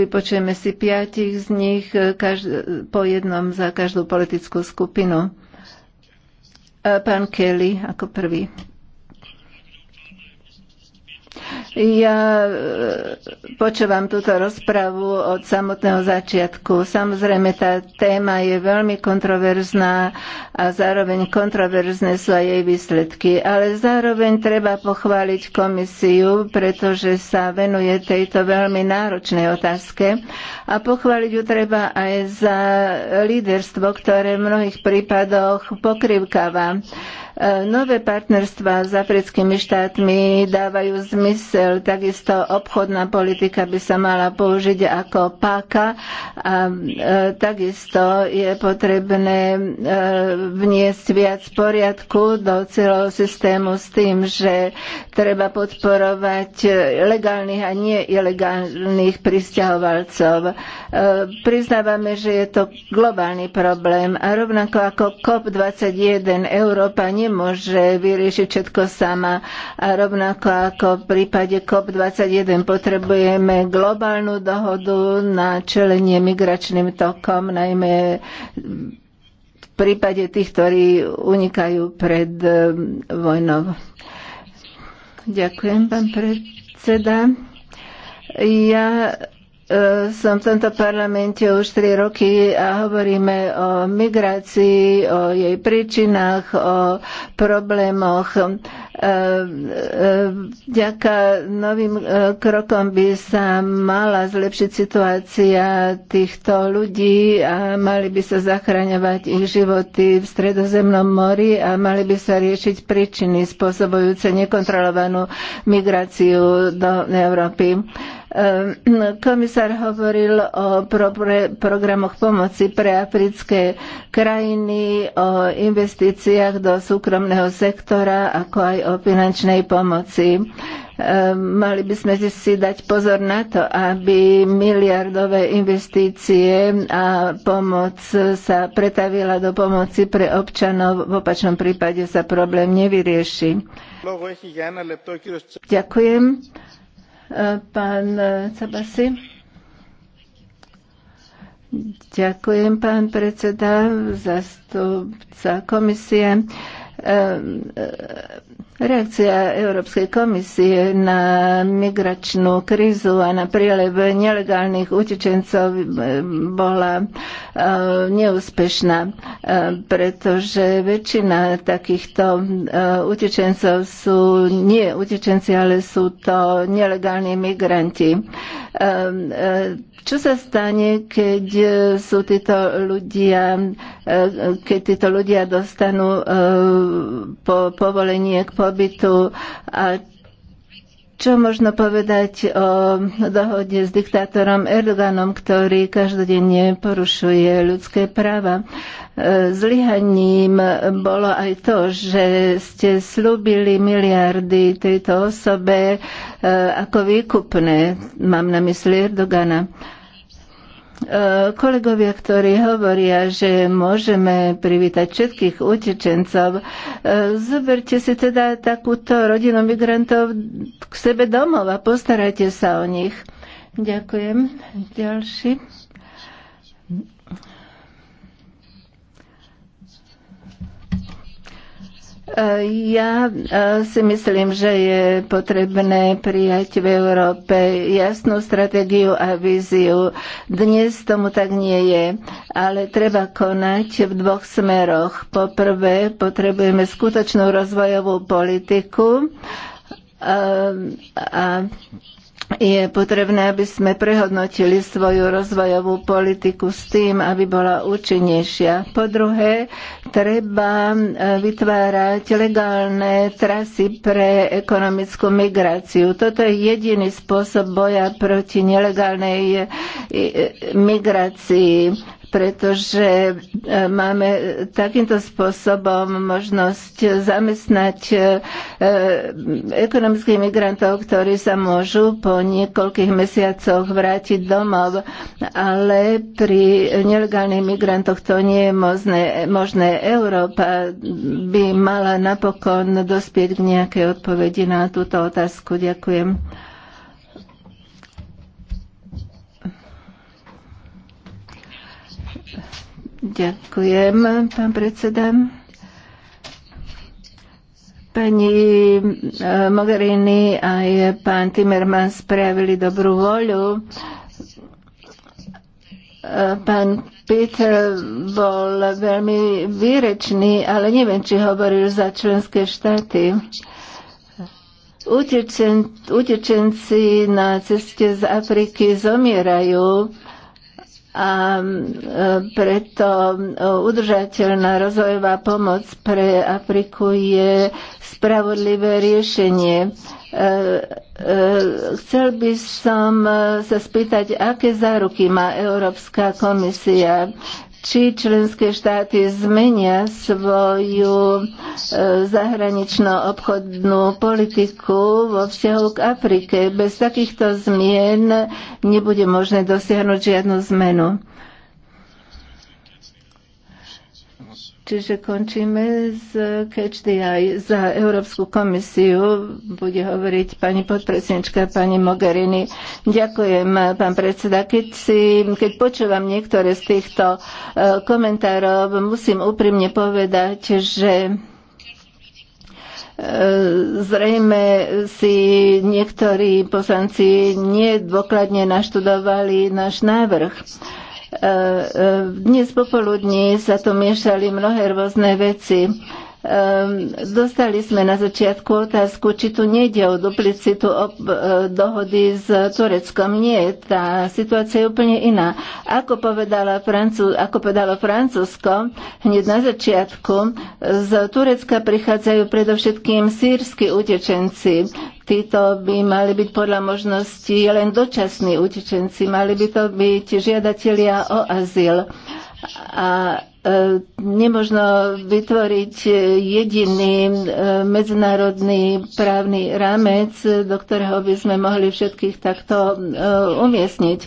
[SPEAKER 3] vypočujeme si 5 z nich každ- po jednom za každú politickú skupinu. E, pán Kelly ako prvý. Ja e, počúvam túto rozpravu od samotného začiatku. Samozrejme, tá téma je veľmi kontroverzná a zároveň kontroverzné sú aj jej výsledky. Ale zároveň treba pochváliť komisiu, pretože sa venuje tejto veľmi náročnej otázke a pochváliť ju treba aj za líderstvo, ktoré v mnohých prípadoch pokrivkáva. E, nové partnerstva s africkými štátmi dávajú zmysel, takisto obchodná politika by sa mala použiť ako páka a e, takisto je potrebné e, vniesť viac poriadku do celého systému s tým, že treba podporovať legálnych a nie ilegálnych pristahovalcov. Priznávame, že je to globálny problém a rovnako ako COP21 Európa nie nemôže vyriešiť všetko sama. A rovnako ako v prípade COP21 potrebujeme globálnu dohodu na čelenie migračným tokom, najmä v prípade tých, ktorí unikajú pred um, vojnou. Ďakujem, pán predseda. Ja Ehm, som v tomto parlamente už 3 roky a hovoríme o migrácii, o jej príčinách, o problémoch. Ehm, ehm, vďaka novým e, krokom by sa mala zlepšiť situácia týchto ľudí a mali by sa zachraňovať ich životy v Stredozemnom mori a mali by sa riešiť príčiny spôsobujúce nekontrolovanú migráciu do Európy. Ehm, komisár hovoril o programoch pomoci pre africké krajiny, o investíciách do súkromného sektora, ako aj o finančnej pomoci ehm, mali by sme si dať pozor na to, aby miliardové investície a pomoc sa pretavila do pomoci pre občanov. V opačnom prípade sa problém nevyrieši. Ďakujem. Pán Cabasi. Ďakujem, pán predseda, zastupca komisie ehm, Reakcia Európskej komisie na migračnú krízu a na prílev nelegálnych utečencov eh, bola eh, neúspešná, eh, pretože väčšina takýchto utečencov sú nie utečenci, ale sú to nelegálni migranti. Čo sa stane, keď sú títo ľudia, keď títo ľudia dostanú po, povolenie k pobytu? pobytu. A čo možno povedať o dohode s diktátorom Erdoganom, ktorý každodenne porušuje ľudské práva? Zlyhaním bolo aj to, že ste slúbili miliardy tejto osobe e, ako výkupné, mám na mysli Erdogana E, kolegovia, ktorí hovoria, že môžeme privítať všetkých utečencov, e, zoberte si teda takúto rodinu migrantov k sebe domov a postarajte sa o nich. Ďakujem. Ďalší. Ja e, si myslím, že je potrebné prijať v Európe jasnú stratégiu a víziu. Dnes tomu tak nie je, ale treba konať v dvoch smeroch. Poprvé, potrebujeme skutočnú rozvojovú politiku e, a, a je potrebné, aby sme prehodnotili svoju rozvojovú politiku s tým, aby bola účinnejšia. Po druhé, treba e, vytvárať legálne trasy pre ekonomickú migráciu. Toto je jediný spôsob boja proti nelegálnej e, e, migrácii pretože e, máme takýmto spôsobom možnosť zamestnať e, ekonomických migrantov, ktorí sa môžu po niekoľkých mesiacoch vrátiť domov, ale pri nelegálnych migrantoch to nie je možné. možné. Európa by mala napokon dospieť k nejakej odpovedi na túto otázku. Ďakujem. Ďakujem, pán predseda. Pani eh, Mogherini aj pán Timerman spravili dobrú voľu. Eh, pán Peter bol veľmi výrečný, ale neviem, či hovoril za členské štáty. Utečen, utečenci na ceste z Afriky zomierajú a e, preto e, udržateľná rozvojová pomoc pre Afriku je spravodlivé riešenie. E, chcel by som sa spýtať, aké záruky má Európska komisia či členské štáty zmenia svoju e, zahranično-obchodnú politiku vo vzťahu k Afrike. Bez takýchto zmien nebude možné dosiahnuť žiadnu zmenu. Čiže končíme z Catch the Eye. Za Európsku komisiu bude hovoriť pani podpredsednička, pani Mogherini. Ďakujem, pán predseda. Keď, si, keď počúvam niektoré z týchto e, komentárov, musím úprimne povedať, že e, Zrejme si niektorí poslanci nedôkladne naštudovali náš návrh dnes popoludní sa tu miešali mnohé rôzne veci. Ehm, dostali sme na začiatku otázku, či tu nejde o duplicitu e, dohody s Tureckom. Nie, tá situácia je úplne iná. Ako, povedala ako povedalo Francúzsko, hneď na začiatku, z Turecka prichádzajú predovšetkým sírsky utečenci, títo by mali byť podľa možností len dočasní utečenci, mali by to byť žiadatelia o azyl. A E, nemožno vytvoriť jediný e, medzinárodný právny rámec, do ktorého by sme mohli všetkých takto e, umiestniť.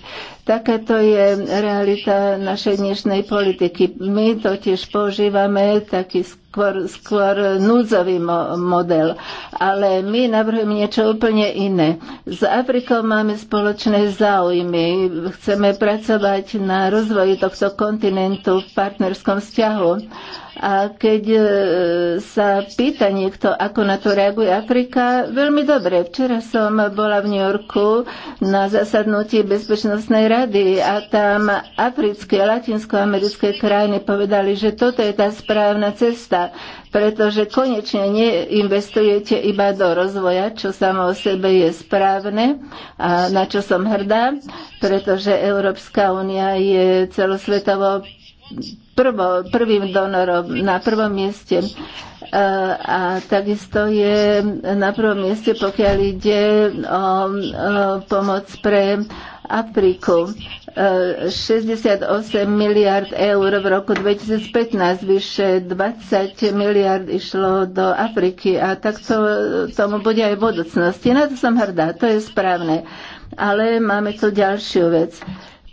[SPEAKER 3] Takáto je realita našej dnešnej politiky. My totiž používame taký skôr, skôr núdzový mo- model. Ale my navrhujeme niečo úplne iné. S Afrikou máme spoločné záujmy. Chceme pracovať na rozvoji tohto kontinentu v partnerskom vzťahu. A keď e, sa pýta niekto, ako na to reaguje Afrika, veľmi dobre. Včera som bola v New Yorku na zasadnutí Bezpečnostnej rady a tam africké, latinskoamerické krajiny povedali, že toto je tá správna cesta pretože konečne neinvestujete iba do rozvoja, čo samo o sebe je správne a na čo som hrdá, pretože Európska únia je celosvetovo prvo, prvým donorom, na prvom mieste. A takisto je na prvom mieste, pokiaľ ide o pomoc pre Afriku. 68 eh, miliard eur v roku 2015, vyše 20 miliard išlo do Afriky a tak to, tomu bude aj v budúcnosti. Na to som hrdá, to je správne. Ale máme tu ďalšiu vec.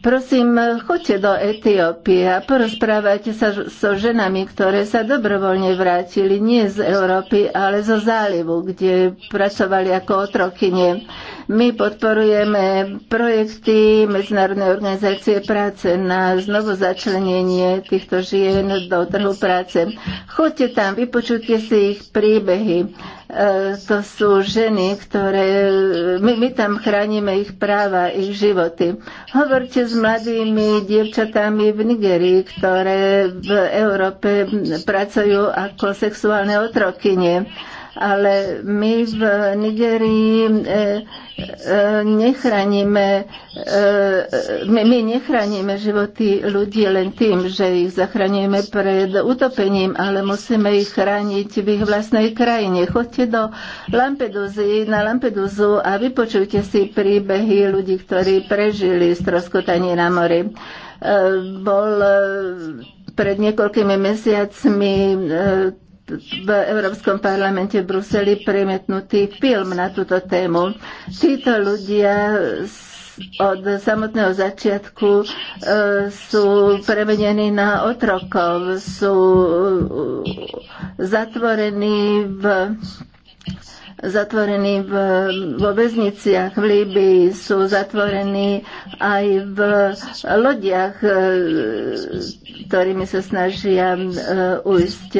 [SPEAKER 3] Prosím, choďte do Etiópie a porozprávajte sa so ženami, ktoré sa dobrovoľne vrátili nie z Európy, ale zo zálivu, kde pracovali ako otrokyne my podporujeme projekty Medzinárodnej organizácie práce na znovu začlenenie týchto žien do trhu práce. Choďte tam, vypočujte si ich príbehy. E, to sú ženy, ktoré... My, my tam chránime ich práva, ich životy. Hovorte s mladými dievčatami v Nigerii, ktoré v Európe pracujú ako sexuálne otrokynie ale my v Nigerii e, e, nechránime, e, my, my nechránime životy ľudí len tým, že ich zachraňujeme pred utopením, ale musíme ich chrániť v ich vlastnej krajine. Chodte do Lampeduzy, na Lampeduzu a vypočujte si príbehy ľudí, ktorí prežili stroskotanie na mori. Bol pred niekoľkými mesiacmi v Európskom parlamente v Bruseli premietnutý film na túto tému. Títo ľudia od samotného začiatku e, sú premenení na otrokov, sú e, zatvorení v zatvorení v, vo väzniciach v Líbii, sú zatvorení aj v lodiach, e, ktorými sa snažia ujsť.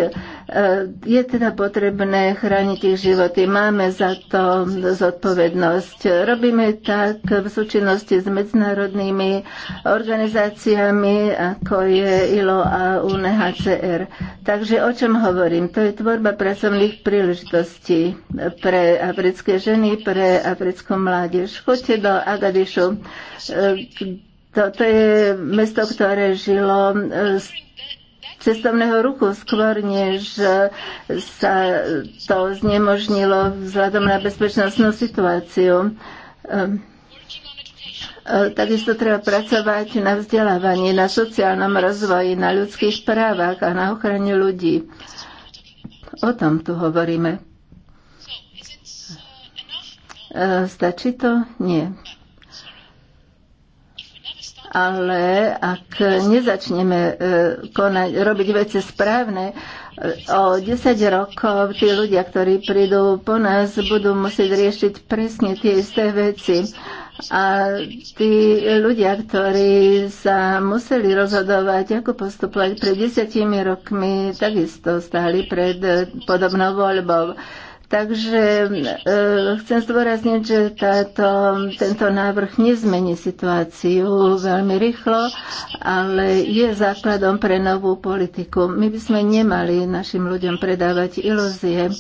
[SPEAKER 3] Je teda potrebné chrániť ich životy. Máme za to zodpovednosť. Robíme tak v súčinnosti s medzinárodnými organizáciami, ako je ILO a UNHCR. Takže o čom hovorím? To je tvorba pracovných príležitostí pre africké ženy, pre africkú mládež. Choďte do Agadišu. E, to, to je mesto, ktoré žilo cestovného ruchu, skôr než e, sa to znemožnilo vzhľadom na bezpečnostnú situáciu. E, e, takisto treba pracovať na vzdelávaní, na sociálnom rozvoji, na ľudských právach a na ochrane ľudí. O tom tu hovoríme. Stačí to? Nie ale ak nezačneme e, konať, robiť veci správne, e, o 10 rokov tí ľudia, ktorí prídu po nás, budú musieť riešiť presne tie isté veci. A tí ľudia, ktorí sa museli rozhodovať, ako postupovať pred desiatimi rokmi, takisto stáli pred e, podobnou voľbou. Takže e, chcem zdôrazniť, že táto, tento návrh nezmení situáciu veľmi rýchlo, ale je základom pre novú politiku. My by sme nemali našim ľuďom predávať ilúzie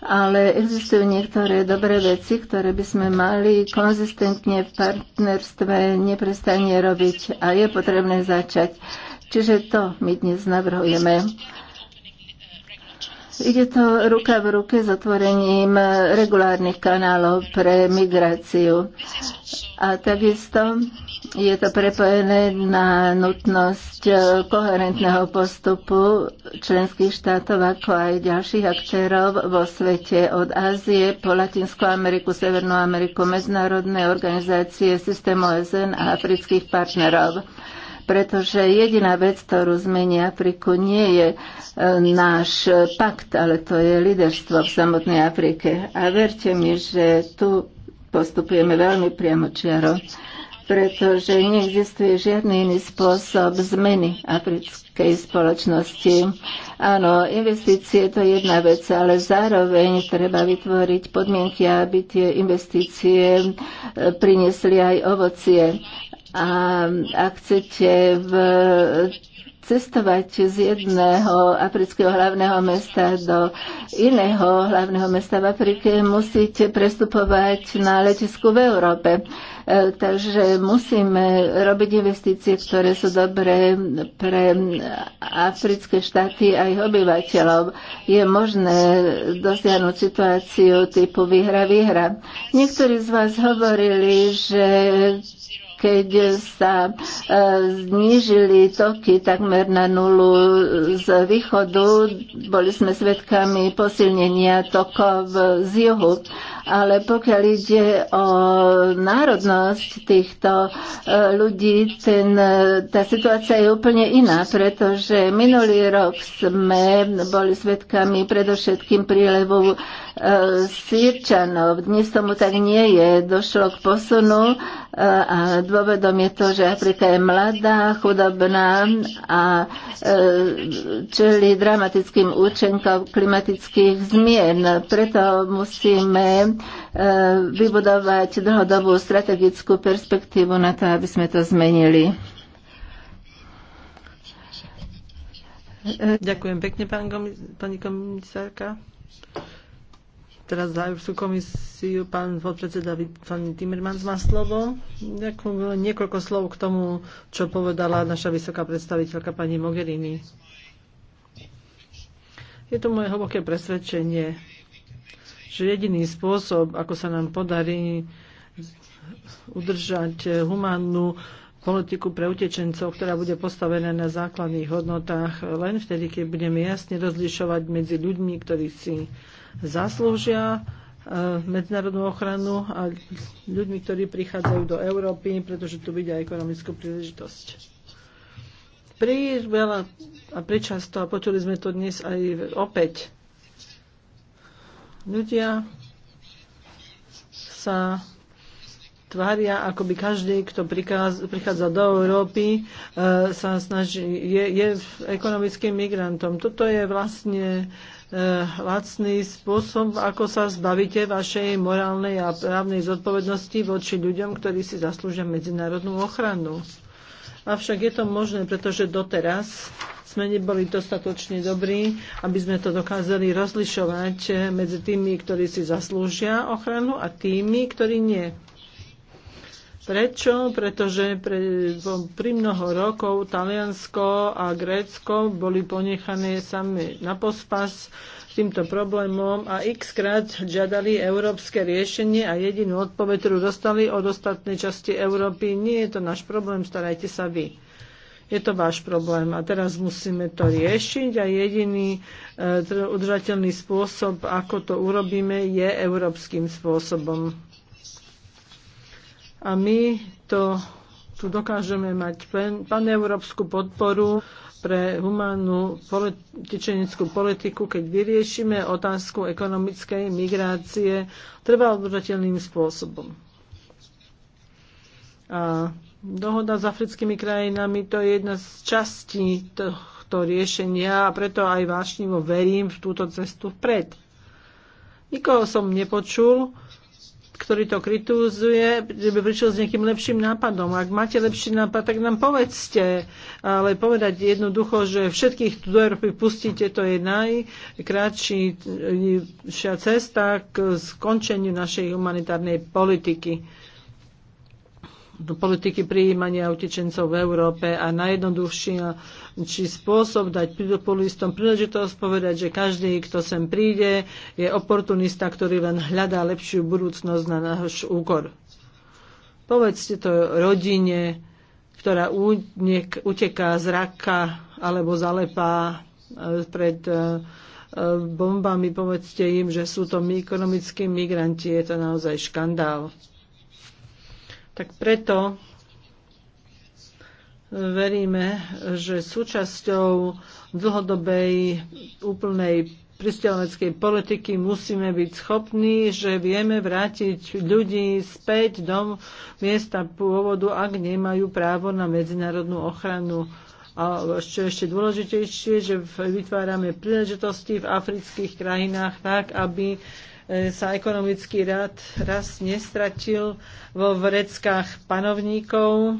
[SPEAKER 3] ale existujú niektoré dobré veci, ktoré by sme mali konzistentne v partnerstve neprestane robiť a je potrebné začať. Čiže to my dnes navrhujeme. Ide to ruka v ruke s otvorením regulárnych kanálov pre migráciu. A takisto je to prepojené na nutnosť e, koherentného postupu členských štátov, ako aj ďalších aktérov vo svete od Ázie po Latinskú Ameriku, Severnú Ameriku, medzinárodné organizácie, systém OSN a afrických partnerov pretože jediná vec, ktorú zmení Afriku, nie je e, náš pakt, ale to je líderstvo v samotnej Afrike. A verte mi, že tu postupujeme veľmi priamo čiaro, pretože neexistuje žiadny iný spôsob zmeny africkej spoločnosti. Áno, investície to je jedna vec, ale zároveň treba vytvoriť podmienky, aby tie investície e, priniesli aj ovocie. A ak chcete v cestovať z jedného afrického hlavného mesta do iného hlavného mesta v Afrike, musíte prestupovať na letisku v Európe. E, takže musíme robiť investície, ktoré sú dobré pre africké štáty a ich obyvateľov. Je možné dosiahnuť situáciu typu výhra-výhra. Niektorí z vás hovorili, že keď sa e, znížili toky takmer na nulu z východu, boli sme svedkami posilnenia tokov z juhu ale pokiaľ ide o národnosť týchto e, ľudí, ten, e, tá situácia je úplne iná, pretože minulý rok sme boli svedkami predovšetkým prílevu e, Sýrčanov. Dnes tomu tak nie je. Došlo k posunu a dôvodom je to, že Afrika je mladá, chudobná a čeli dramatickým účenkom klimatických zmien. Preto musíme E, vybudovať dlhodobú strategickú perspektívu na to, aby sme to zmenili.
[SPEAKER 6] E, Ďakujem pekne, pán komis- pani komisárka. Teraz za Európsku komisiu pán podpredseda pán Timmermans má slovo. Ďakujem niekoľko slov k tomu, čo povedala naša vysoká predstaviteľka pani Mogherini. Je to moje hlboké presvedčenie, že jediný spôsob, ako sa nám podarí udržať humánnu politiku pre utečencov, ktorá bude postavená na základných hodnotách len vtedy, keď budeme jasne rozlišovať medzi ľuďmi, ktorí si zaslúžia e, medzinárodnú ochranu a ľuďmi, ktorí prichádzajú do Európy, pretože tu vidia ekonomickú príležitosť. Príliš veľa a prečasto, a počuli sme to dnes aj opäť, ľudia sa tvária, ako by každý, kto prichádza do Európy, e, sa snaží, je, je ekonomickým migrantom. Toto je vlastne e, lacný spôsob, ako sa zbavíte vašej morálnej a právnej zodpovednosti voči ľuďom, ktorí si zaslúžia medzinárodnú ochranu. Avšak je to možné, pretože doteraz sme neboli dostatočne dobrí, aby sme to dokázali rozlišovať eh, medzi tými, ktorí si zaslúžia ochranu a tými, ktorí nie. Prečo? Pretože pre, pri mnoho rokov Taliansko a Grécko boli ponechané sami na pospas s týmto problémom a x krát žiadali európske riešenie a jedinú odpoveď, ktorú dostali od ostatnej časti Európy, nie je to náš problém, starajte sa vy je to váš problém a teraz musíme to riešiť a jediný e, udržateľný spôsob, ako to urobíme, je európskym spôsobom. A my to tu dokážeme mať paneurópsku podporu pre humánnu tečenickú politiku, keď vyriešime otázku ekonomickej migrácie udržateľným spôsobom. A Dohoda s africkými krajinami to je jedna z častí tohto riešenia a preto aj vášnivo verím v túto cestu vpred. Nikoho som nepočul, ktorý to kritizuje, že by prišiel s nejakým lepším nápadom. Ak máte lepší nápad, tak nám povedzte. Ale povedať jednoducho, že všetkých do Európy pustíte, to je najkračšia cesta k skončeniu našej humanitárnej politiky do politiky prijímania utečencov v Európe a najjednoduchší či spôsob dať populistom príležitosť povedať, že každý, kto sem príde, je oportunista, ktorý len hľadá lepšiu budúcnosť na náš úkor. Povedzte to rodine, ktorá uteká z raka alebo zalepá eh, pred eh, eh, bombami, povedzte im, že sú to ekonomickí migranti. Je to naozaj škandál. Tak preto veríme, že súčasťou dlhodobej úplnej pristiavaleckej politiky musíme byť schopní, že vieme vrátiť ľudí späť do miesta pôvodu, ak nemajú právo na medzinárodnú ochranu. A čo ešte dôležitejšie, že vytvárame príležitosti v afrických krajinách tak, aby E, sa ekonomický rad raz nestratil vo vreckách panovníkov,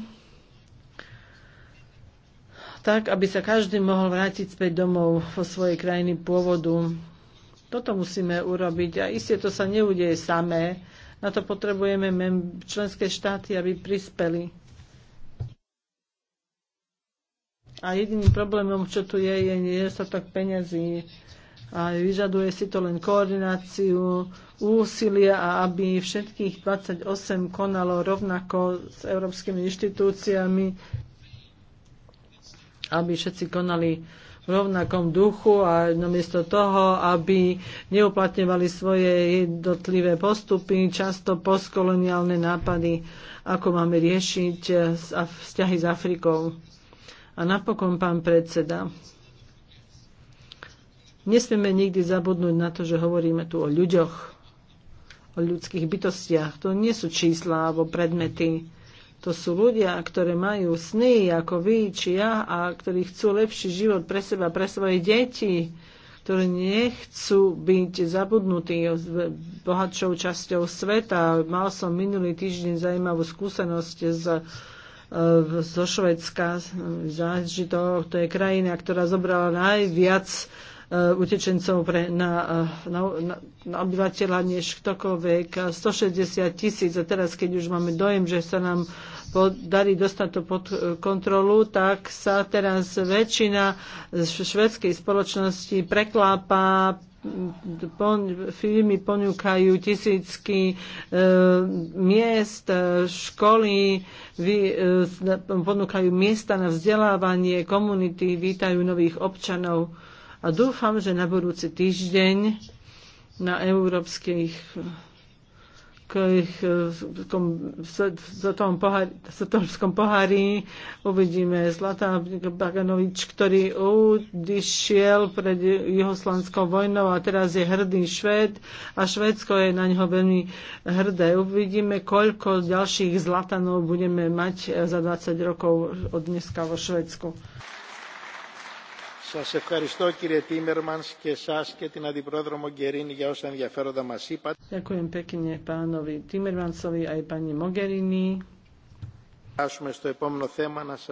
[SPEAKER 6] tak, aby sa každý mohol vrátiť späť domov vo svojej krajiny pôvodu. Toto musíme urobiť a isté to sa neudeje samé. Na to potrebujeme členské štáty, aby prispeli. A jediným problémom, čo tu je, je nedostatok peňazí a vyžaduje si to len koordináciu úsilia a aby všetkých 28 konalo rovnako s európskymi inštitúciami, aby všetci konali v rovnakom duchu a namiesto toho, aby neuplatňovali svoje jednotlivé postupy, často postkoloniálne nápady, ako máme riešiť vzťahy s Afrikou. A napokon, pán predseda, Nesmieme nikdy zabudnúť na to, že hovoríme tu o ľuďoch, o ľudských bytostiach. To nie sú čísla alebo predmety. To sú ľudia, ktoré majú sny ako vy či ja a ktorí chcú lepší život pre seba, pre svoje deti, ktorí nechcú byť zabudnutí bohatšou časťou sveta. Mal som minulý týždeň zaujímavú skúsenosť z e, zo Švedska e, zážitok. To je krajina, ktorá zobrala najviac Eh, utečencov pre, na, eh, na, na, na obyvateľa než ktokoľvek. 160 tisíc a teraz, keď už máme dojem, že sa nám podarí dostať to pod eh, kontrolu, tak sa teraz väčšina švedskej spoločnosti preklápa mm, firmy ponúkajú tisícky e, miest, školy, vy, e, ponúkajú miesta na vzdelávanie, komunity, vítajú nových občanov. A dúfam, že na budúci týždeň na európskych Sotomskom e, pohári uvidíme Zlatá Baganovič, ktorý odišiel pred juhoslanskou vojnou a teraz je hrdý Švéd a Švédsko je na ňo veľmi hrdé. Uvidíme, koľko ďalších Zlatanov budeme mať za 20 rokov od dneska vo Švédsku.
[SPEAKER 5] Σας ευχαριστώ κύριε Τίμερμανς και σας και την Αντιπρόεδρο Μογκερίνη για όσα ενδιαφέροντα μας είπατε. Ďakujem
[SPEAKER 6] pekne pánovi Timmermansovi aj pani Mogherini.
[SPEAKER 5] στο επόμενο θέμα να σας